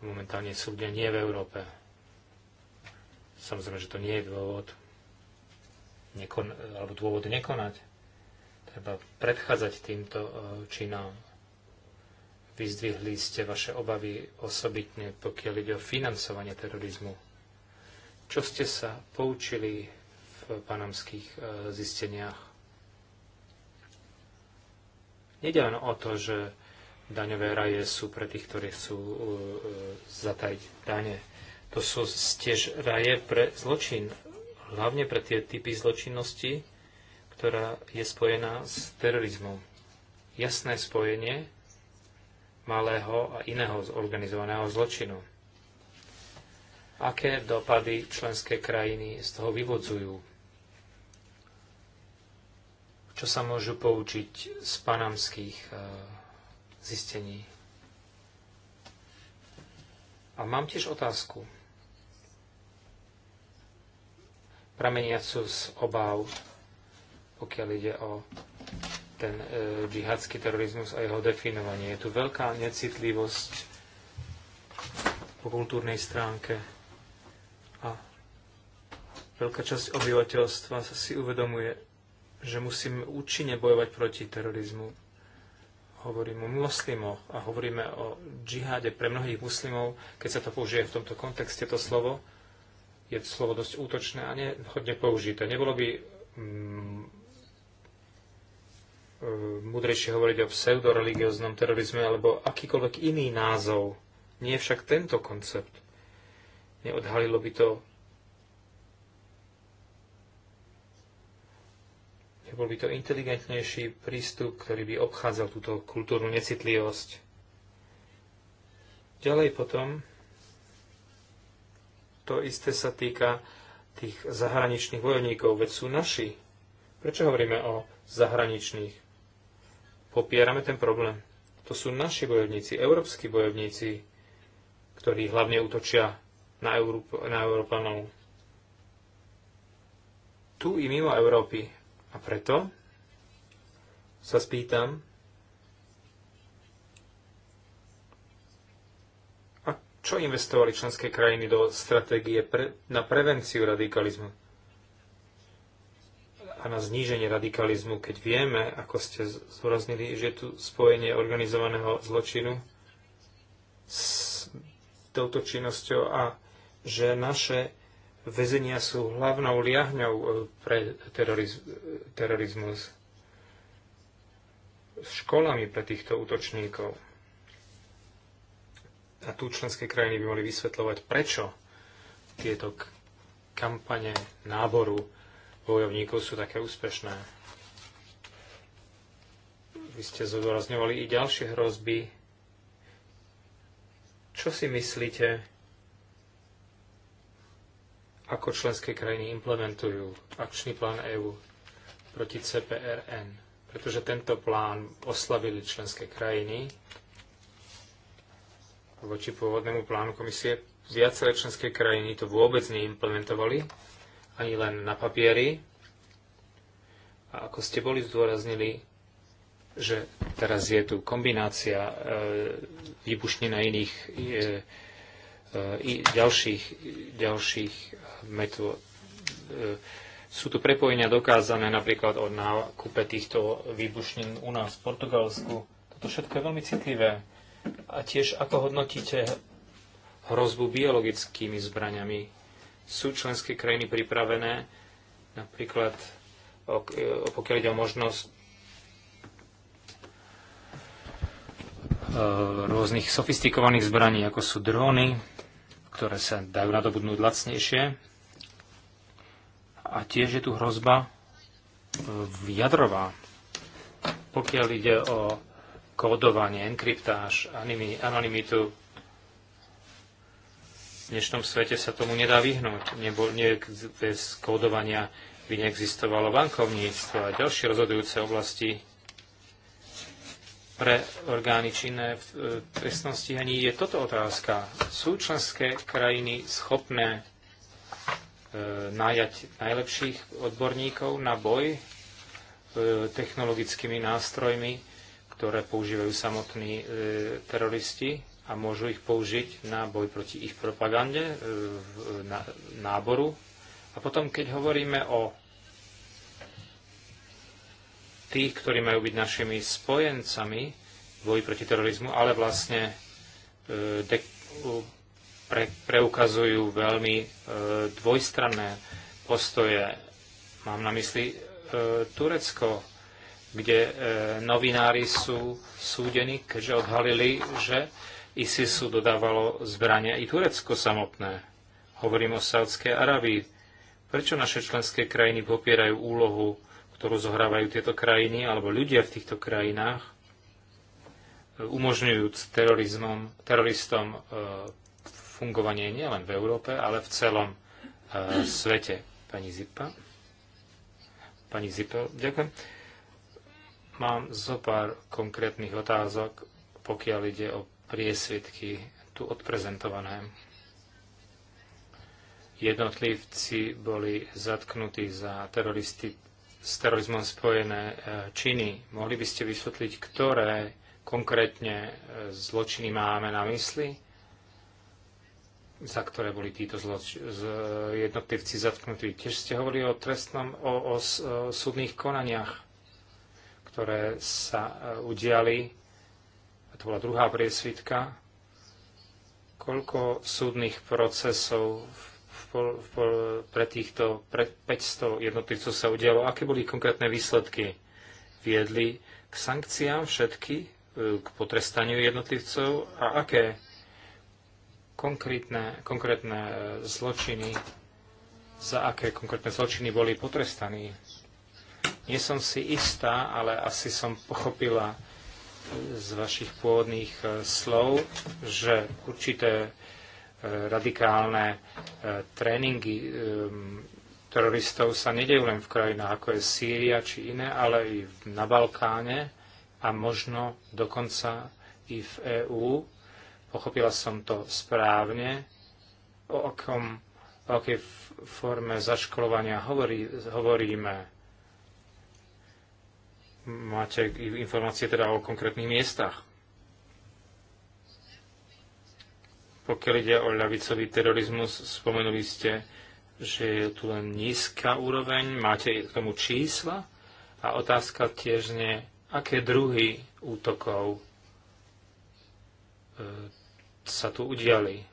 C: momentálne súdne nie v Európe. Samozrejme, že to nie je dôvod nekon, alebo dôvod nekonať. Treba predchádzať týmto e, činom. Vyzdvihli ste vaše obavy osobitne, pokiaľ ide o financovanie terorizmu. Čo ste sa poučili v panamských e, zisteniach? Nedia len o to, že daňové raje sú pre tých, ktorí chcú uh, zatajiť dane. To sú tiež raje pre zločin, hlavne pre tie typy zločinnosti, ktorá je spojená s terorizmom. Jasné spojenie malého a iného zorganizovaného zločinu. Aké dopady členské krajiny z toho vyvodzujú? Čo sa môžu poučiť z panamských uh, zistení. A mám tiež otázku, prameniacu z obáv, pokiaľ ide o ten e, džihadský terorizmus a jeho definovanie. Je tu veľká necitlivosť po kultúrnej stránke a veľká časť obyvateľstva si uvedomuje, že musíme účinne bojovať proti terorizmu hovoríme o muslimoch a hovoríme o džihade pre mnohých muslimov, keď sa to použije v tomto kontexte, to slovo, je to slovo dosť útočné a nehodne použité. Nebolo by mm, e, múdrejšie hovoriť o pseudoreligióznom terorizme alebo akýkoľvek iný názov. Nie však tento koncept. Neodhalilo by to Bol by to inteligentnejší prístup, ktorý by obchádzal túto kultúrnu necitlivosť. Ďalej potom to isté sa týka tých zahraničných vojovníkov. veď sú naši. Prečo hovoríme o zahraničných? Popierame ten problém. To sú naši bojovníci, európsky bojovníci, ktorí hlavne útočia na, Európ- na Európanov. Tu i mimo Európy. A preto sa spýtam, a čo investovali členské krajiny do stratégie pre, na prevenciu radikalizmu a na zníženie radikalizmu, keď vieme, ako ste zdôraznili, že je tu spojenie organizovaného zločinu s touto činnosťou a že naše Vezenia sú hlavnou liahňou e, pre teroriz- terorizmus. Školami pre týchto útočníkov. A tu členské krajiny by mali vysvetľovať, prečo tieto kampane náboru bojovníkov sú také úspešné. Vy ste zodorazňovali i ďalšie hrozby. Čo si myslíte, ako členské krajiny implementujú akčný plán EÚ proti CPRN, pretože tento plán oslabili členské krajiny voči pôvodnému plánu komisie. Viaceré členské krajiny to vôbec neimplementovali, ani len na papieri. A ako ste boli zdôraznili, že teraz je tu kombinácia e, iných e, e, i ďalších, ďalších metu. E, sú tu prepojenia dokázané napríklad od nákupe týchto výbušnín u nás v Portugalsku. Toto všetko je veľmi citlivé. A tiež ako hodnotíte hrozbu biologickými zbraniami? Sú členské krajiny pripravené napríklad e, pokiaľ ide o možnosť e, rôznych sofistikovaných zbraní, ako sú dróny, ktoré sa dajú nadobudnúť lacnejšie. A tiež je tu hrozba e, jadrová. Pokiaľ ide o kódovanie, enkryptáž, anonymitu, v dnešnom svete sa tomu nedá vyhnúť. Nebo, nie, bez kódovania by neexistovalo bankovníctvo a ďalšie rozhodujúce oblasti pre orgány činné v e, trestnosti. Ani Je toto otázka. Sú členské krajiny schopné E, nájať najlepších odborníkov na boj e, technologickými nástrojmi, ktoré používajú samotní e, teroristi a môžu ich použiť na boj proti ich propagande, náboru. A potom, keď hovoríme o tých, ktorí majú byť našimi spojencami v boji proti terorizmu, ale vlastne pre, preukazujú veľmi e, dvojstranné postoje. Mám na mysli e, Turecko, kde e, novinári sú súdení, keďže odhalili, že ISISu dodávalo zbrania i Turecko samotné. Hovorím o Sádskej Arabii. Prečo naše členské krajiny popierajú úlohu, ktorú zohrávajú tieto krajiny alebo ľudia v týchto krajinách, e, umožňujúc terorizmom, teroristom e, fungovanie nielen v Európe, ale v celom uh, svete. Pani Zipa. Pani Zipel, ďakujem. Mám zo pár konkrétnych otázok, pokiaľ ide o priesvitky tu odprezentované. Jednotlivci boli zatknutí za teroristi, s terorizmom spojené eh, činy. Mohli by ste vysvetliť, ktoré konkrétne eh, zločiny máme na mysli? za ktoré boli títo z, jednotlivci zatknutí. Tiež ste hovorili o trestnom, o, o, o súdnych konaniach, ktoré sa e, udiali. A to bola druhá priesvitka. Koľko súdnych procesov v, v, v, pre týchto pre 500 jednotlivcov sa udialo? Aké boli konkrétne výsledky? Viedli k sankciám všetky, e, k potrestaniu jednotlivcov a aké konkrétne, konkrétne e, zločiny, za aké konkrétne zločiny boli potrestaní. Nie som si istá, ale asi som pochopila z vašich pôvodných e, slov, že určité e, radikálne tréningy teroristov sa nedejú len v krajinách ako je Sýria či iné, ale i na Balkáne a možno dokonca i v EÚ pochopila som to správne, o, akom, o akej forme zaškolovania hovorí, hovoríme. Máte informácie teda o konkrétnych miestach. Pokiaľ ide o ľavicový terorizmus, spomenuli ste, že je tu len nízka úroveň, máte k tomu čísla a otázka tiež nie, aké druhy útokov e, sa tu udiali.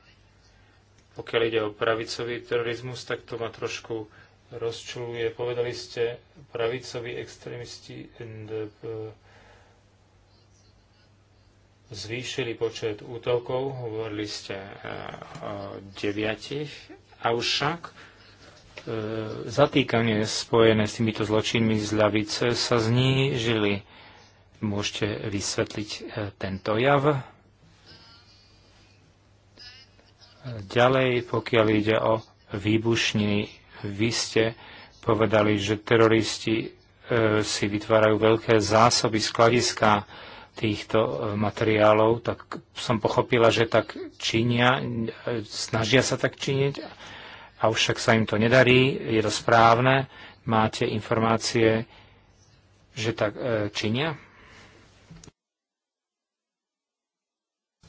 C: Pokiaľ ide o pravicový terorizmus, tak to ma trošku rozčuluje. Povedali ste, pravicoví extrémisti and, uh, eh, zvýšili počet útokov, hovorili ste uh, o deviatich, avšak eh, zatýkanie spojené s týmito zločinmi z ľavice sa znížili. Môžete vysvetliť tento jav? Ďalej, pokiaľ ide o výbušniny, vy ste povedali, že teroristi e, si vytvárajú veľké zásoby skladiska týchto e, materiálov, tak som pochopila, že tak činia, e, snažia sa tak činiť, avšak sa im to nedarí, je to správne, máte informácie, že tak činia?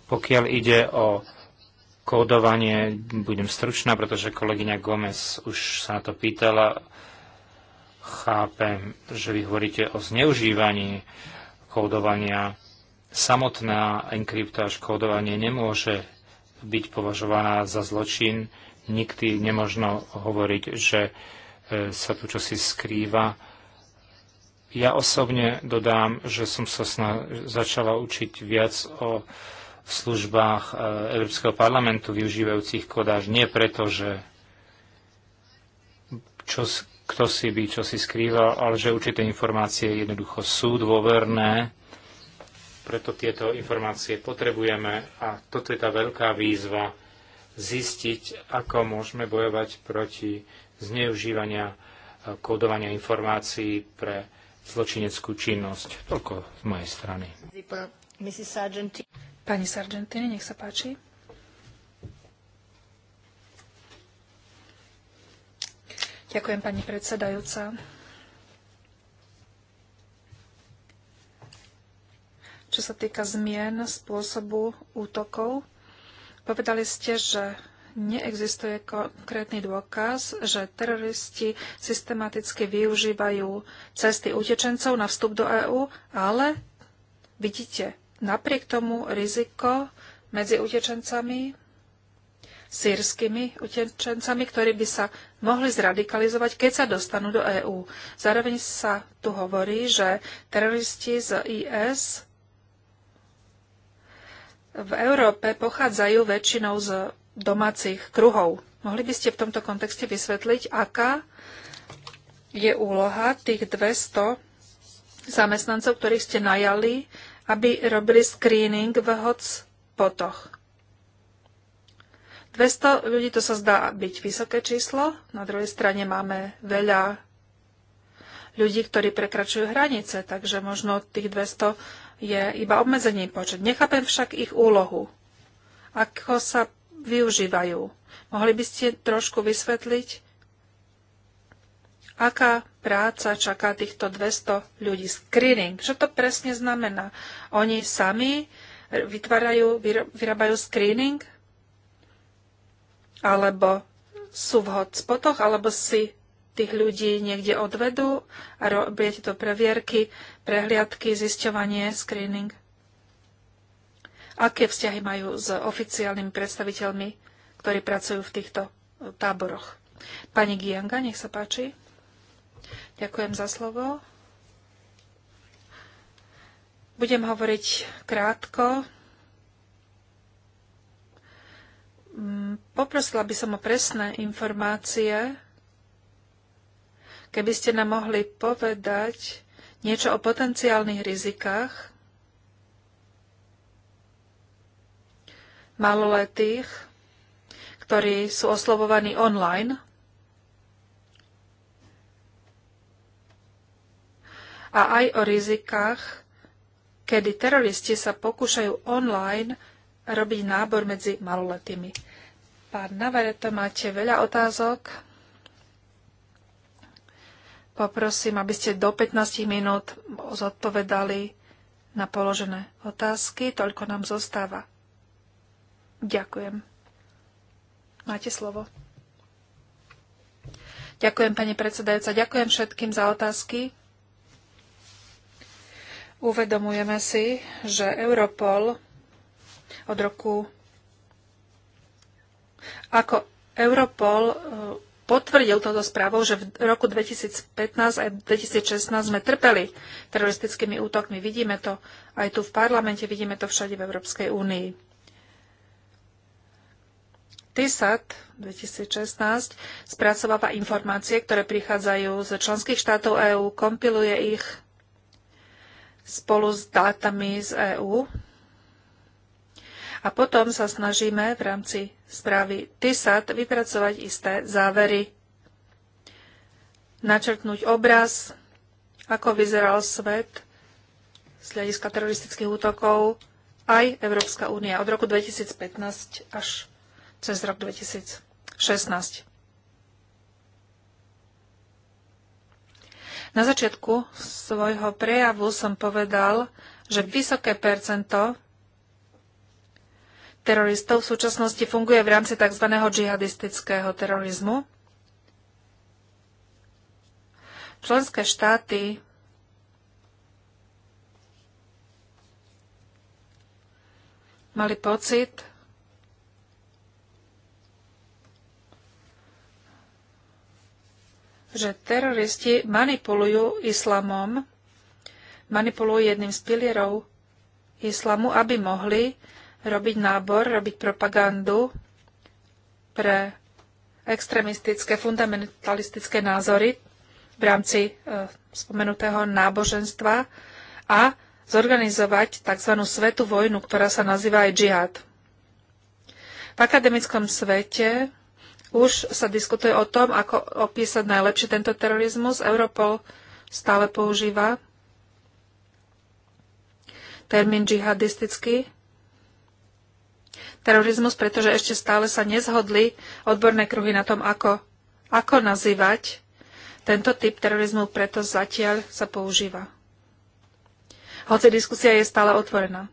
C: Pokiaľ ide o kódovanie. Budem stručná, pretože kolegyňa Gomez už sa na to pýtala. Chápem, že vy hovoríte o zneužívaní kódovania. Samotná enkryptáž kódovanie nemôže byť považovaná za zločin. Nikdy nemožno hovoriť, že e, sa tu čosi skrýva. Ja osobne dodám, že som sa začala učiť viac o v službách e, Európskeho parlamentu využívajúcich kodáž nie preto, že čo, kto si by čo si skrýval, ale že určité informácie jednoducho sú dôverné, preto tieto informácie potrebujeme a toto je tá veľká výzva zistiť, ako môžeme bojovať proti zneužívania e, kódovania informácií pre zločineckú činnosť. Toľko z mojej strany.
A: Pani Sargentini, nech sa páči. Ďakujem, pani predsedajúca. Čo sa týka zmien spôsobu útokov, povedali ste, že neexistuje konkrétny dôkaz, že teroristi systematicky využívajú cesty utečencov na vstup do EÚ, ale vidíte Napriek tomu riziko medzi utečencami, sírskymi utečencami, ktorí by sa mohli zradikalizovať, keď sa dostanú do EÚ. Zároveň sa tu hovorí, že teroristi z IS v Európe pochádzajú väčšinou z domácich kruhov. Mohli by ste v tomto kontexte vysvetliť, aká je úloha tých 200 zamestnancov, ktorých ste najali aby robili screening v potoch. 200 ľudí to sa zdá byť vysoké číslo, na druhej strane máme veľa ľudí, ktorí prekračujú hranice, takže možno tých 200 je iba obmedzený počet. Nechápem však ich úlohu. Ako sa využívajú? Mohli by ste trošku vysvetliť, aká práca čaká týchto 200 ľudí. Screening. Čo to presne znamená? Oni sami vytvárajú, vyrábajú screening? Alebo sú v hotspotoch, alebo si tých ľudí niekde odvedú a robia tieto previerky, prehliadky, zisťovanie, screening? Aké vzťahy majú s oficiálnymi predstaviteľmi, ktorí pracujú v týchto táboroch? Pani Gianga, nech sa páči. Ďakujem za slovo. Budem hovoriť krátko. Mm, poprosila by som o presné informácie, keby ste nám mohli povedať niečo o potenciálnych rizikách maloletých, ktorí sú oslovovaní online a aj o rizikách, kedy teroristi sa pokúšajú online robiť nábor medzi maloletými. Pán Navareto, máte veľa otázok. Poprosím, aby ste do 15 minút zodpovedali na položené otázky. Toľko nám zostáva. Ďakujem. Máte slovo. Ďakujem, pani predsedajúca. Ďakujem všetkým za otázky. Uvedomujeme si, že Europol od roku ako Europol e, potvrdil toto správou, že v roku 2015 aj 2016 sme trpeli teroristickými útokmi. Vidíme to aj tu v parlamente, vidíme to všade v Európskej únii. TISAT 2016 spracováva informácie, ktoré prichádzajú z členských štátov EÚ, kompiluje ich spolu s dátami z EÚ. A potom sa snažíme v rámci správy TISAT vypracovať isté závery, načrtnúť obraz, ako vyzeral svet z hľadiska teroristických útokov aj Európska únia od roku 2015 až cez rok 2016. Na začiatku svojho prejavu som povedal, že vysoké percento teroristov v súčasnosti funguje v rámci tzv. džihadistického terorizmu. Členské štáty mali pocit, že teroristi manipulujú islamom, manipulujú jedným z pilierov islamu, aby mohli robiť nábor, robiť propagandu pre extremistické, fundamentalistické názory v rámci e, spomenutého náboženstva a zorganizovať tzv. svetú vojnu, ktorá sa nazýva aj džihad. V akademickom svete už sa diskutuje o tom, ako opísať najlepšie tento terorizmus. Europol stále používa termín džihadistický terorizmus, pretože ešte stále sa nezhodli odborné kruhy na tom, ako, ako nazývať tento typ terorizmu, preto zatiaľ sa používa. Hoci diskusia je stále otvorená.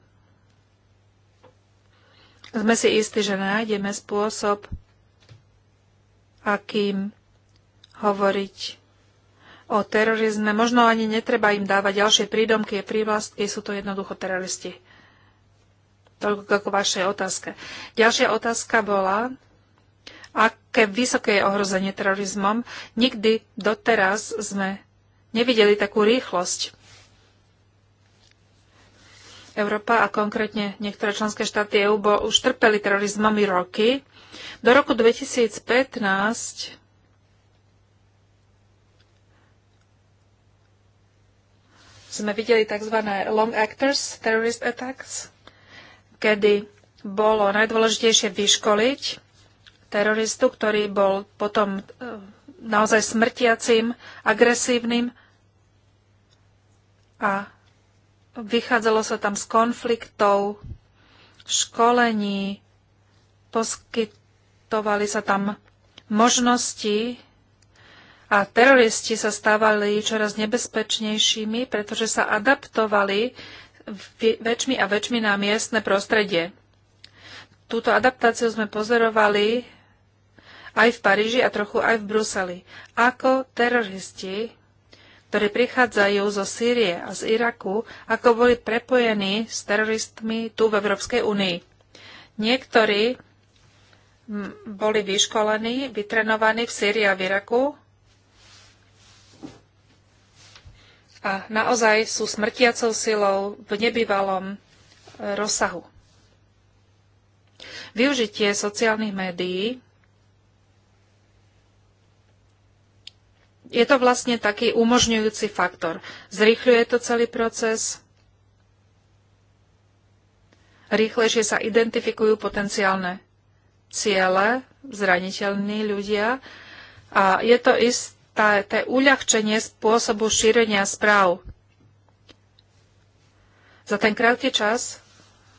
A: Sme si istí, že nájdeme spôsob, akým hovoriť o terorizme. Možno ani netreba im dávať ďalšie prídomky a prívlastky, sú to jednoducho teroristi. Toľko ako vašej otázke. Ďalšia otázka bola, aké vysoké je ohrozenie terorizmom. Nikdy doteraz sme nevideli takú rýchlosť. Európa a konkrétne niektoré členské štáty EU už trpeli terorizmami roky do roku 2015 sme videli tzv. long actors, terrorist attacks, kedy bolo najdôležitejšie vyškoliť teroristu, ktorý bol potom e, naozaj smrtiacím, agresívnym a vychádzalo sa tam z konfliktov, školení, poskyt prezentovali sa tam možnosti a teroristi sa stávali čoraz nebezpečnejšími, pretože sa adaptovali väčšmi a väčšmi na miestne prostredie. Túto adaptáciu sme pozorovali aj v Paríži a trochu aj v Bruseli. Ako teroristi, ktorí prichádzajú zo Sýrie a z Iraku, ako boli prepojení s teroristmi tu v Európskej únii. Niektorí boli vyškolení, vytrenovaní v Syrii a v Iraku a naozaj sú smrtiacou silou v nebývalom e, rozsahu. Využitie sociálnych médií je to vlastne taký umožňujúci faktor. Zrýchľuje to celý proces, rýchlejšie sa identifikujú potenciálne ciele, zraniteľní ľudia. A je to isté uľahčenie spôsobu šírenia správ. Za ten krátky čas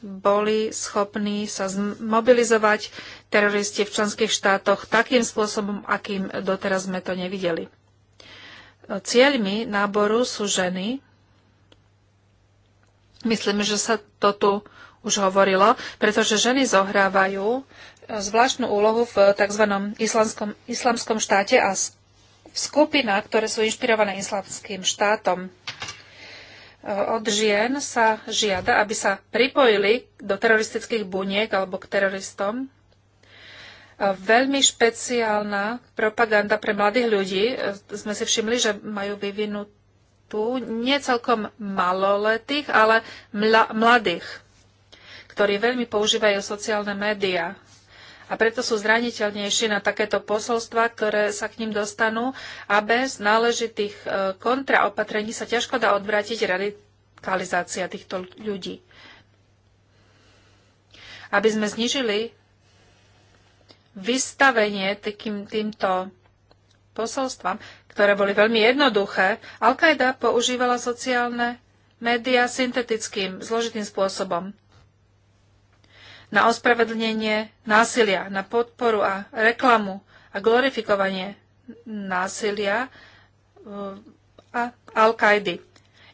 A: boli schopní sa zmobilizovať teroristi v členských štátoch takým spôsobom, akým doteraz sme to nevideli. Cieľmi náboru sú ženy. Myslím, že sa to tu už hovorilo, pretože ženy zohrávajú zvláštnu úlohu v tzv. islamskom, islamskom štáte a v skupinách, ktoré sú inšpirované islamským štátom. E, od žien sa žiada, aby sa pripojili do teroristických buniek alebo k teroristom. E, veľmi špeciálna propaganda pre mladých ľudí. E, sme si všimli, že majú vyvinutú nie celkom maloletých, ale mla- mladých, ktorí veľmi používajú sociálne médiá a preto sú zraniteľnejšie na takéto posolstva, ktoré sa k ním dostanú a bez náležitých e, kontraopatrení sa ťažko dá odvratiť radikalizácia týchto ľudí. Aby sme znižili vystavenie takým, týmto posolstvám, ktoré boli veľmi jednoduché, al qaeda používala sociálne médiá syntetickým, zložitým spôsobom na ospravedlnenie násilia, na podporu a reklamu a glorifikovanie násilia e, a Al-Kaidy.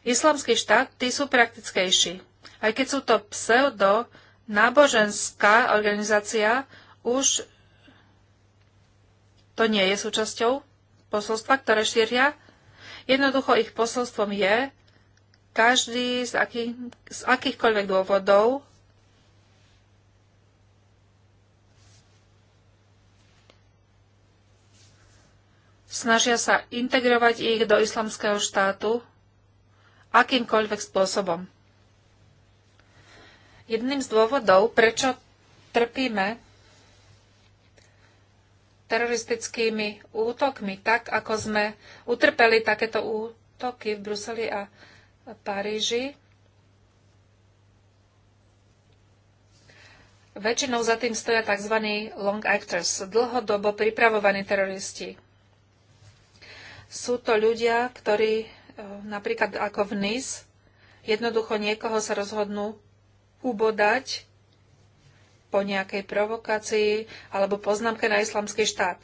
A: Islamský štát, tí sú praktickejší. Aj keď sú to pseudo náboženská organizácia, už to nie je súčasťou posolstva, ktoré šíria. Jednoducho ich posolstvom je, každý z, aký, z akýchkoľvek dôvodov snažia sa integrovať ich do islamského štátu akýmkoľvek spôsobom. Jedným z dôvodov, prečo trpíme teroristickými útokmi, tak ako sme utrpeli takéto útoky v Bruseli a Paríži, Väčšinou za tým stoja tzv. long actors, dlhodobo pripravovaní teroristi. Sú to ľudia, ktorí e, napríklad ako v NIS jednoducho niekoho sa rozhodnú ubodať po nejakej provokácii alebo poznámke na islamský štát.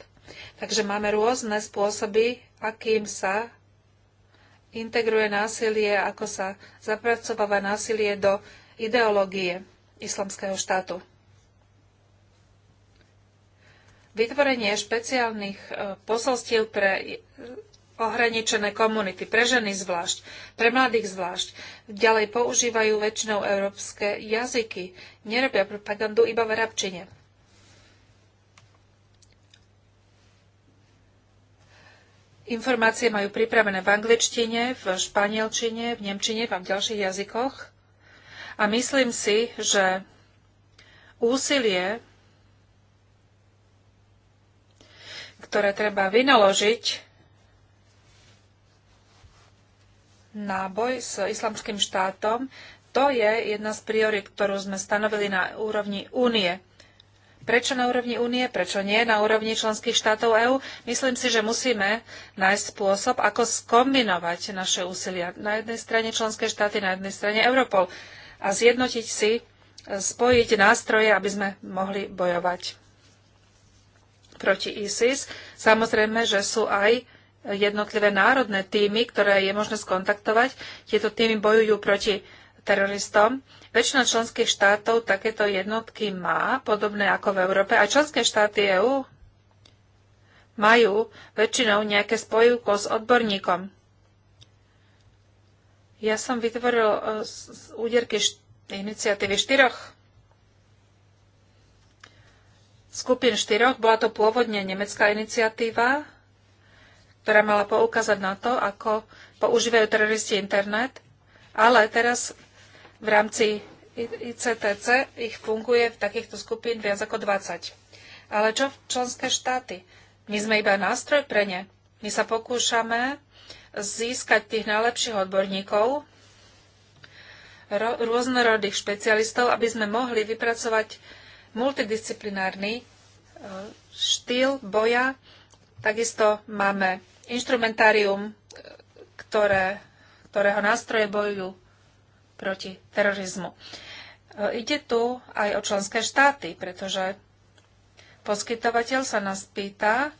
A: Takže máme rôzne spôsoby, akým sa integruje násilie, ako sa zapracováva násilie do ideológie islamského štátu. Vytvorenie špeciálnych e, posolstiev pre ohraničené komunity, pre ženy zvlášť, pre mladých zvlášť. Ďalej používajú väčšinou európske jazyky. Nerobia propagandu iba v arabčine. Informácie majú pripravené v angličtine, v španielčine, v nemčine a v ďalších jazykoch. A myslím si, že úsilie, ktoré treba vynaložiť na boj s islamským štátom, to je jedna z priorit, ktorú sme stanovili na úrovni únie. Prečo na úrovni únie, prečo nie na úrovni členských štátov EÚ? Myslím si, že musíme nájsť spôsob, ako skombinovať naše úsilia. Na jednej strane členské štáty, na jednej strane Europol a zjednotiť si, e, spojiť nástroje, aby sme mohli bojovať proti ISIS. Samozrejme, že sú aj jednotlivé národné týmy, ktoré je možné skontaktovať. Tieto týmy bojujú proti teroristom. Väčšina členských štátov takéto jednotky má, podobné ako v Európe. A členské štáty EÚ majú väčšinou nejaké spojivko s odborníkom. Ja som vytvoril z e, úderky iniciatívy štyroch skupín štyroch. Bola to pôvodne nemecká iniciatíva, ktorá mala poukázať na to, ako používajú teroristi internet, ale teraz v rámci ICTC ich funguje v takýchto skupín viac ako 20. Ale čo členské štáty? My sme iba nástroj pre ne. My sa pokúšame získať tých najlepších odborníkov, rôznorodých špecialistov, aby sme mohli vypracovať multidisciplinárny e, štýl boja. Takisto máme instrumentárium, ktoré, ktorého nástroje bojujú proti terorizmu. E, ide tu aj o členské štáty, pretože poskytovateľ sa nás pýta,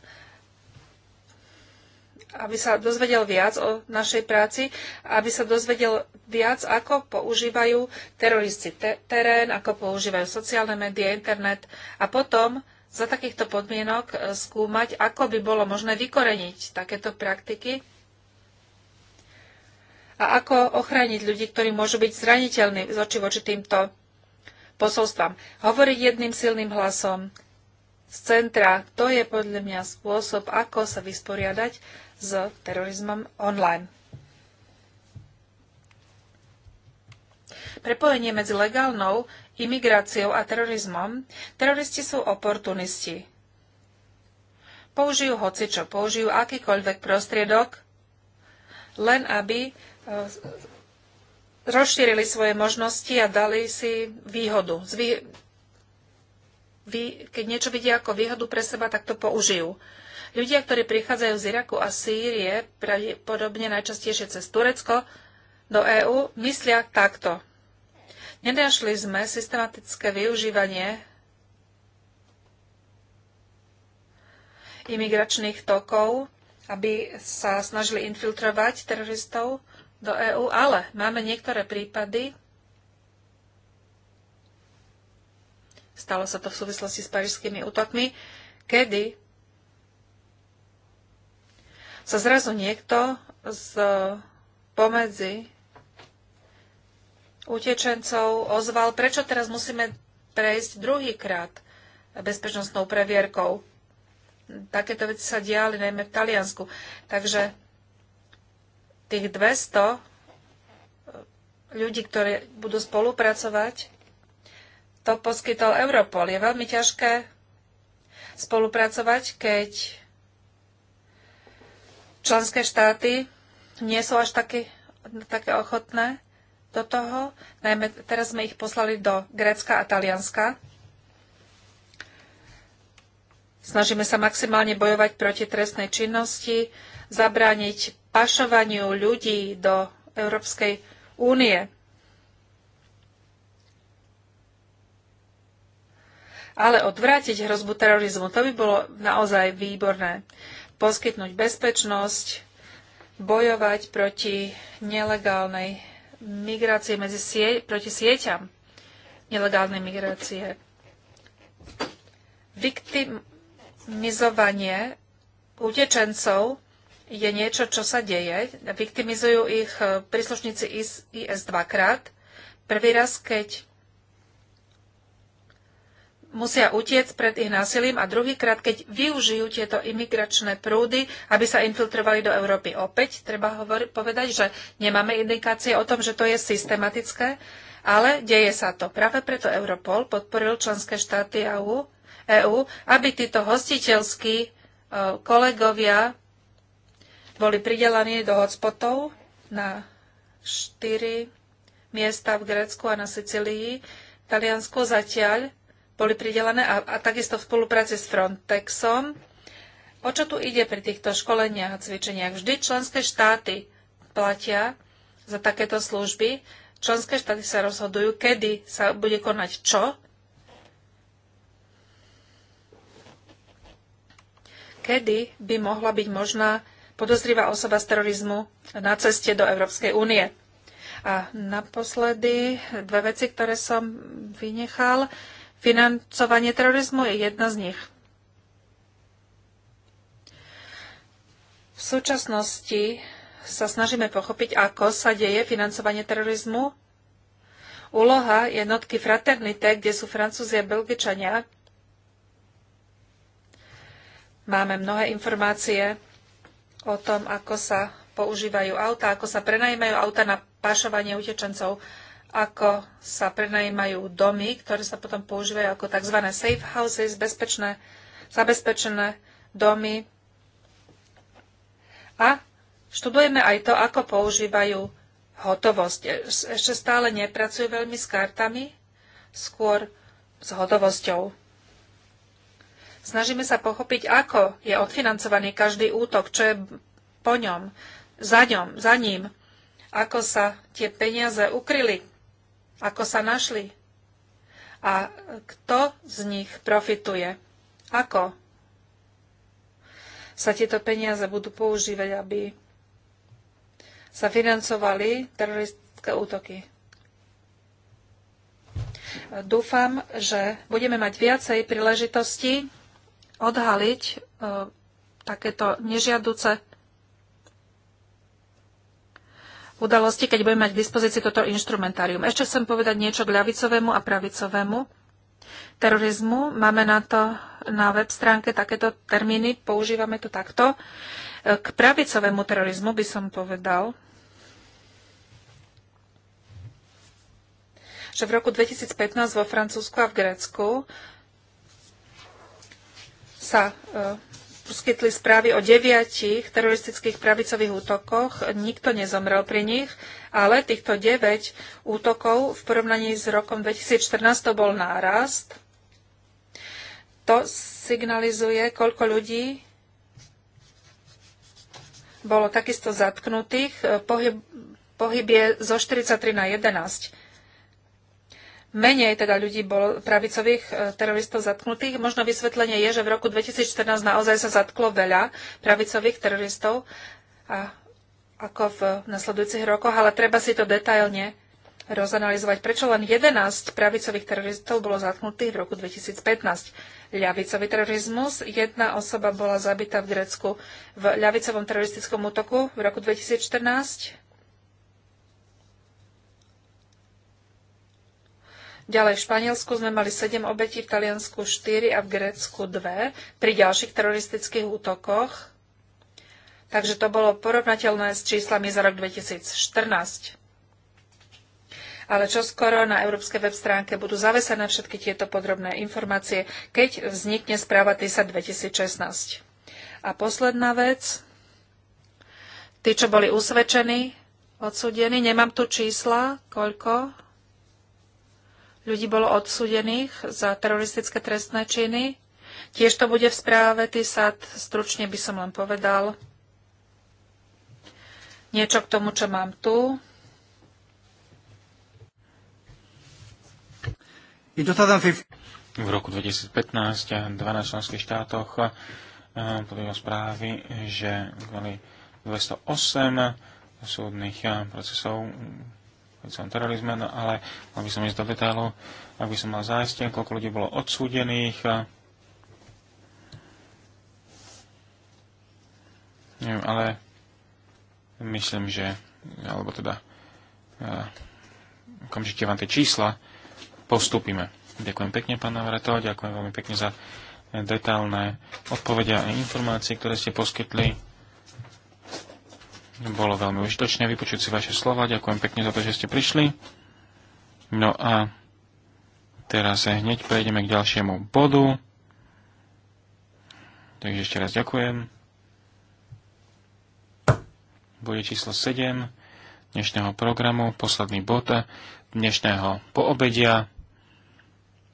A: aby sa dozvedel viac o našej práci, aby sa dozvedel viac, ako používajú teroristi terén, ako používajú sociálne médiá, internet a potom za takýchto podmienok e, skúmať, ako by bolo možné vykoreniť takéto praktiky a ako ochrániť ľudí, ktorí môžu byť zraniteľní z oči voči týmto posolstvám. Hovoriť jedným silným hlasom z centra, to je podľa mňa spôsob, ako sa vysporiadať s terorizmom online. Prepojenie medzi legálnou imigráciou a terorizmom, teroristi sú oportunisti. Použijú hocičo, použijú akýkoľvek prostriedok, len aby e, rozšírili svoje možnosti a dali si výhodu. Zvý... Vy, keď niečo vidia ako výhodu pre seba, tak to použijú. Ľudia, ktorí prichádzajú z Iraku a Sýrie, pravdepodobne najčastejšie cez Turecko do EÚ, myslia takto. Nenašli sme systematické využívanie imigračných tokov, aby sa snažili infiltrovať teroristov do EÚ, ale máme niektoré prípady, stalo sa to v súvislosti s parížskými útokmi, kedy sa zrazu niekto z pomedzi utečencov ozval, prečo teraz musíme prejsť druhýkrát bezpečnostnou previerkou. Takéto veci sa diali najmä v Taliansku. Takže tých 200 eh, ľudí, ktorí budú spolupracovať, to poskytol Europol. Je veľmi ťažké spolupracovať, keď členské štáty nie sú až také, také ochotné do toho. Najmä teraz sme ich poslali do Grécka a Talianska. Snažíme sa maximálne bojovať proti trestnej činnosti, zabrániť pašovaniu ľudí do Európskej únie. Ale odvrátiť hrozbu terorizmu, to by bolo naozaj výborné. Poskytnúť bezpečnosť, bojovať proti nelegálnej migrácie medzi sie- proti sieťam, nelegálnej migrácie. Viktimizovanie utečencov je niečo, čo sa deje. Viktimizujú ich eh, príslušníci IS, IS dvakrát. Prvý raz, keď musia utiec pred ich násilím a druhýkrát, keď využijú tieto imigračné prúdy, aby sa infiltrovali do Európy. Opäť treba hovor- povedať, že nemáme indikácie o tom, že to je systematické, ale deje sa to. Práve preto Europol podporil členské štáty EU, EU aby títo hostiteľskí e, kolegovia boli pridelaní do hotspotov na štyri miesta v Grécku a na Sicílii, Taliansku zatiaľ boli pridelené a, a takisto v spolupráci s Frontexom. O čo tu ide pri týchto školeniach a cvičeniach? Vždy členské štáty platia za takéto služby. Členské štáty sa rozhodujú, kedy sa bude konať čo. Kedy by mohla byť možná podozrivá osoba z terorizmu na ceste do Európskej únie. A naposledy dve veci, ktoré som vynechal. Uh, Financovanie terorizmu je jedna z nich. V súčasnosti sa snažíme pochopiť, ako sa deje financovanie terorizmu. Úloha jednotky Fraternité, kde sú Francúzi a Belgičania. Máme mnohé informácie o tom, ako sa používajú auta, ako sa prenajímajú auta na pašovanie utečencov ako sa prenajímajú domy, ktoré sa potom používajú ako tzv. safe houses, bezpečné, zabezpečené domy. A študujeme aj to, ako používajú hotovosť. Ešte stále nepracujú veľmi s kartami, skôr s hotovosťou. Snažíme sa pochopiť, ako je odfinancovaný každý útok, čo je po ňom, za ňom, za ním, ako sa tie peniaze ukryli, ako sa našli a kto z nich profituje, ako sa tieto peniaze budú používať, aby sa financovali teroristické útoky. Dúfam, že budeme mať viacej príležitosti odhaliť e, takéto nežiaduce udalosti, keď budeme mať k dispozícii toto inštrumentárium. Ešte chcem povedať niečo k ľavicovému a pravicovému terorizmu. Máme na to na web stránke takéto termíny, používame to takto. K pravicovému terorizmu by som povedal, že v roku 2015 vo Francúzsku a v Grécku sa e, poskytli správy o deviatich teroristických pravicových útokoch. Nikto nezomrel pri nich, ale týchto 9 útokov v porovnaní s rokom 2014 to bol nárast. To signalizuje, koľko ľudí bolo takisto zatknutých. Pohyb, pohyb je zo 43 na 11 menej teda ľudí bolo pravicových e, teroristov zatknutých. Možno vysvetlenie je, že v roku 2014 naozaj sa zatklo veľa pravicových teroristov a ako v nasledujúcich rokoch, ale treba si to detailne rozanalizovať, prečo len 11 pravicových teroristov bolo zatknutých v roku 2015. Ľavicový terorizmus, jedna osoba bola zabita v Grécku v ľavicovom teroristickom útoku v roku 2014, Ďalej v Španielsku sme mali 7 obetí, v Taliansku 4 a v Grécku 2 pri ďalších teroristických útokoch. Takže to bolo porovnateľné s číslami za rok 2014. Ale čo skoro na európskej web stránke budú zavesené všetky tieto podrobné informácie, keď vznikne správa TISA 2016. A posledná vec. Tí, čo boli usvedčení, odsudení, nemám tu čísla, koľko ľudí bolo odsudených za teroristické trestné činy. Tiež to bude v správe TISAT, stručne by som len povedal niečo k tomu, čo mám tu.
B: V roku 2015 v 12 členských štátoch eh, podľa správy, že kvôli 208 súdnych eh, procesov som terorizme, no ale mal by som ísť do detailov, aby som mal zájsť, koľko ľudí bolo odsúdených. A... Neviem, ale myslím, že, alebo teda e, okamžite vám tie čísla postupíme. Ďakujem pekne, pán Navrato, ďakujem veľmi pekne za detailné odpovede a informácie, ktoré ste poskytli bolo veľmi užitočné vypočuť si vaše slova. Ďakujem pekne za to, že ste prišli. No a teraz hneď prejdeme k ďalšiemu bodu. Takže ešte raz ďakujem. Bude číslo 7 dnešného programu, posledný bod dnešného poobedia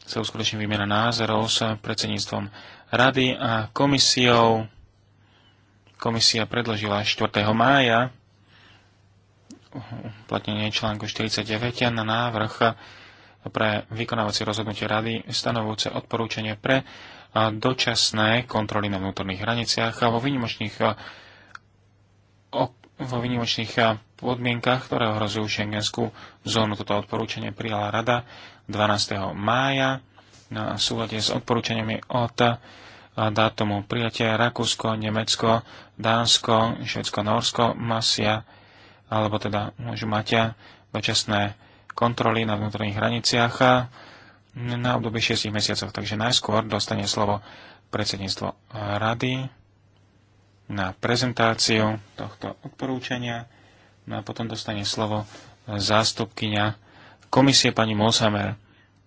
B: sa uskutoční výmena názorov s predsedníctvom rady a komisiou komisia predložila 4. mája uplatnenie článku 49 na návrh pre vykonávacie rozhodnutie rady stanovujúce odporúčanie pre dočasné kontroly na vnútorných hraniciach a vo výnimočných, vo výnimočných podmienkach, ktoré ohrozujú šengenskú zónu. Toto odporúčanie prijala rada 12. mája na súlade s odporúčaniami od dátumu prijatia Rakúsko, Nemecko, Dánsko, Švedsko, Norsko, Masia, alebo teda môžu mať dočasné kontroly na vnútorných hraniciach na obdobie 6 mesiacov. Takže najskôr dostane slovo predsedníctvo rady na prezentáciu tohto odporúčania. No a potom dostane slovo zástupkyňa komisie pani Mosamer.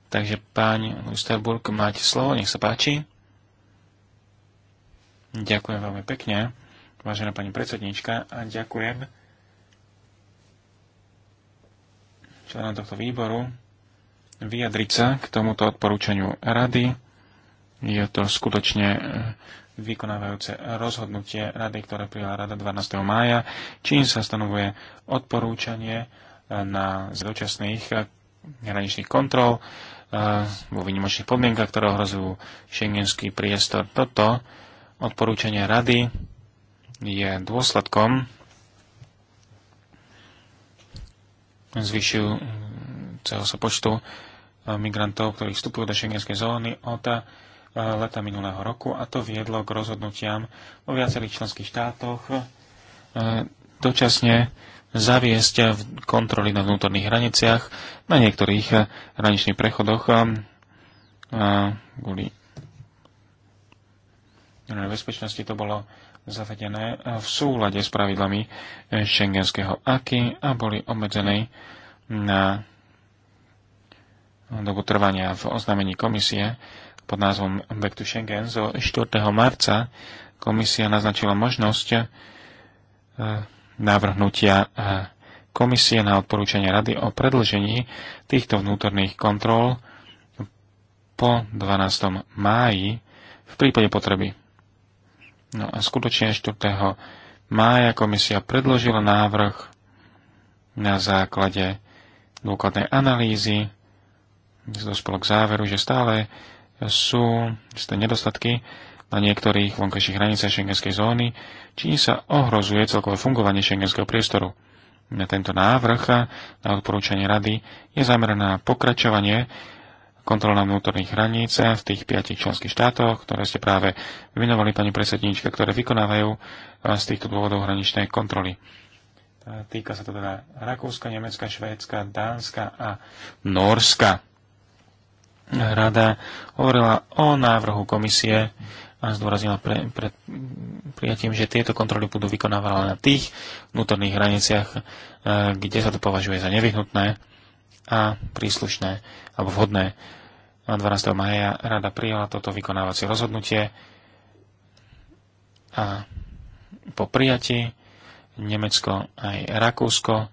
B: Takže pán Lusterburg, máte slovo, nech sa páči. Ďakujem veľmi pekne, vážená pani predsedníčka, a ďakujem členom tohto výboru vyjadriť sa k tomuto odporúčaniu rady. Je to skutočne eh, vykonávajúce rozhodnutie rady, ktoré prijala rada 12. mája, čím sa stanovuje odporúčanie eh, na dočasných eh, hraničných kontrol vo výnimočných podmienkach, ktoré ohrozujú šengenský priestor. Toto odporúčanie rady je dôsledkom zvyšujúceho sa počtu eh, migrantov, ktorí vstupujú do šengenskej zóny od eh, leta minulého roku a to viedlo k rozhodnutiam vo viacerých členských štátoch eh, dočasne zaviesť kontroly na vnútorných hraniciach, na niektorých hraničných prechodoch kvôli bezpečnosti to bolo zavedené v súlade s pravidlami šengenského AKY a boli obmedzené na dobu trvania v oznámení komisie pod názvom Back to Schengen zo 4. marca komisia naznačila možnosť eh, navrhnutia eh, komisie na odporúčanie rady o predlžení týchto vnútorných kontrol po 12. máji v prípade potreby. No a skutočne 4. mája komisia predložila návrh na základe dôkladnej analýzy. Dospelo k záveru, že stále sú isté nedostatky na niektorých vonkajších hraniciach šengenskej zóny, čím sa ohrozuje celkové fungovanie šengenského priestoru. Na tento návrh na odporúčanie rady je zameraná pokračovanie kontrola vnútorných hraníc v tých piatich členských štátoch, ktoré ste práve vymenovali, pani predsednička, ktoré vykonávajú eh, z týchto dôvodov hraničné kontroly. Týka sa to teda Rakúska, Nemecka, Švédska, Dánska a Norska. Rada hovorila o návrhu komisie a zdôraznila pre, pred prijatím, že tieto kontroly budú vykonávané na tých vnútorných hraniciach, eh, kde sa to považuje za nevyhnutné a príslušné alebo vhodné. 12. maja rada prijala toto vykonávacie rozhodnutie a po prijati Nemecko aj Rakúsko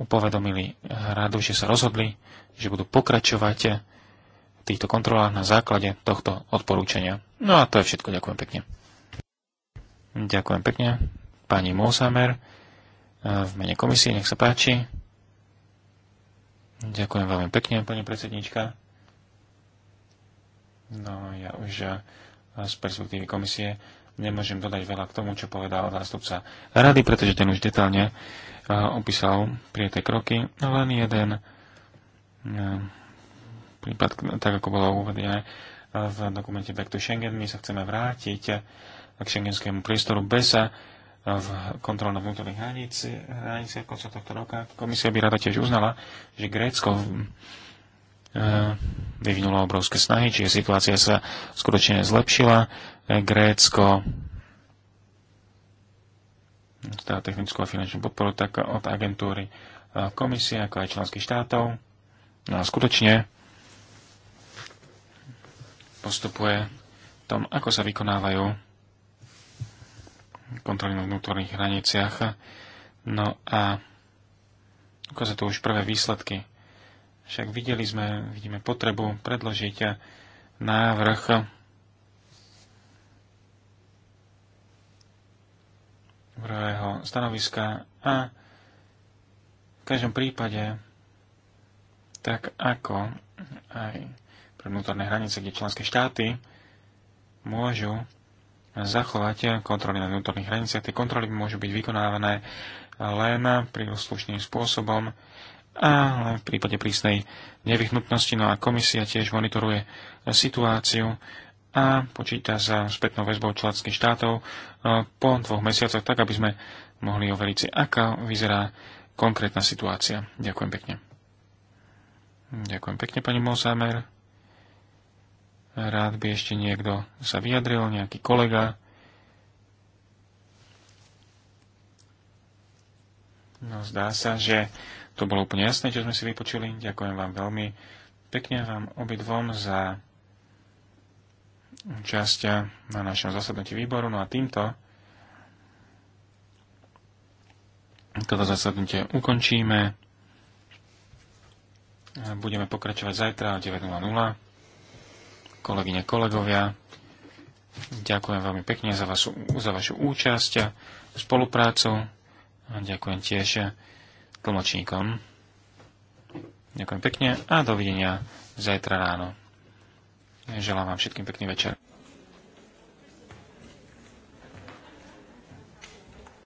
B: upovedomili radu, že sa rozhodli, že budú pokračovať v týchto kontrolách na základe tohto odporúčania. No a to je všetko. Ďakujem pekne. Ďakujem pekne. Pani Mosamer v mene komisie, nech sa páči. Ďakujem veľmi pekne, pani predsednička. No, ja už eh, z perspektívy komisie nemôžem dodať veľa k tomu, čo povedal zástupca rady, pretože ten už detálne eh, opísal prijaté kroky. No, len jeden eh, prípad, tak ako bolo uvedené v dokumente Back to Schengen, my sa chceme vrátiť k šengenskému priestoru bez v kontrolnom vnútorných vnútorných hraníciach hraníci, koncom tohto roka. Komisia by rada tiež uznala, že Grécko E, vyvinulo obrovské snahy, čiže situácia sa skutočne zlepšila. E, Grécko dostáva teda technickú a finančnú podporu tak od agentúry e, komisie, ako aj členských štátov. No a skutočne postupuje v tom, ako sa vykonávajú kontroly na vnútorných hraniciach. No a ukazujú tu už prvé výsledky však videli sme, vidíme potrebu predložiť návrh prvého stanoviska a v každom prípade tak ako aj pre vnútorné hranice, kde členské štáty môžu zachovať kontroly na vnútorných hraniciach. Tie kontroly môžu byť vykonávané len príslušným spôsobom ale v prípade prísnej nevyhnutnosti. No a komisia tiež monitoruje situáciu a počíta sa spätnou väzbou členských štátov no, po dvoch mesiacoch, tak aby sme mohli overiť si, aká vyzerá konkrétna situácia. Ďakujem pekne. Ďakujem pekne, pani Mosamer. Rád by ešte niekto sa vyjadril, nejaký kolega. No, zdá sa, že to bolo úplne jasné, čo sme si vypočuli. Ďakujem vám veľmi pekne vám obidvom za časť na našom zasadnutí výboru. No a týmto toto zasadnutie ukončíme. Budeme pokračovať zajtra o 9.00. Kolegyne, kolegovia, ďakujem veľmi pekne za, vašu, za vašu účasť, spoluprácu. A ďakujem tiež tlmočníkom. Ďakujem pekne a dovidenia zajtra ráno. Želám vám všetkým pekný večer.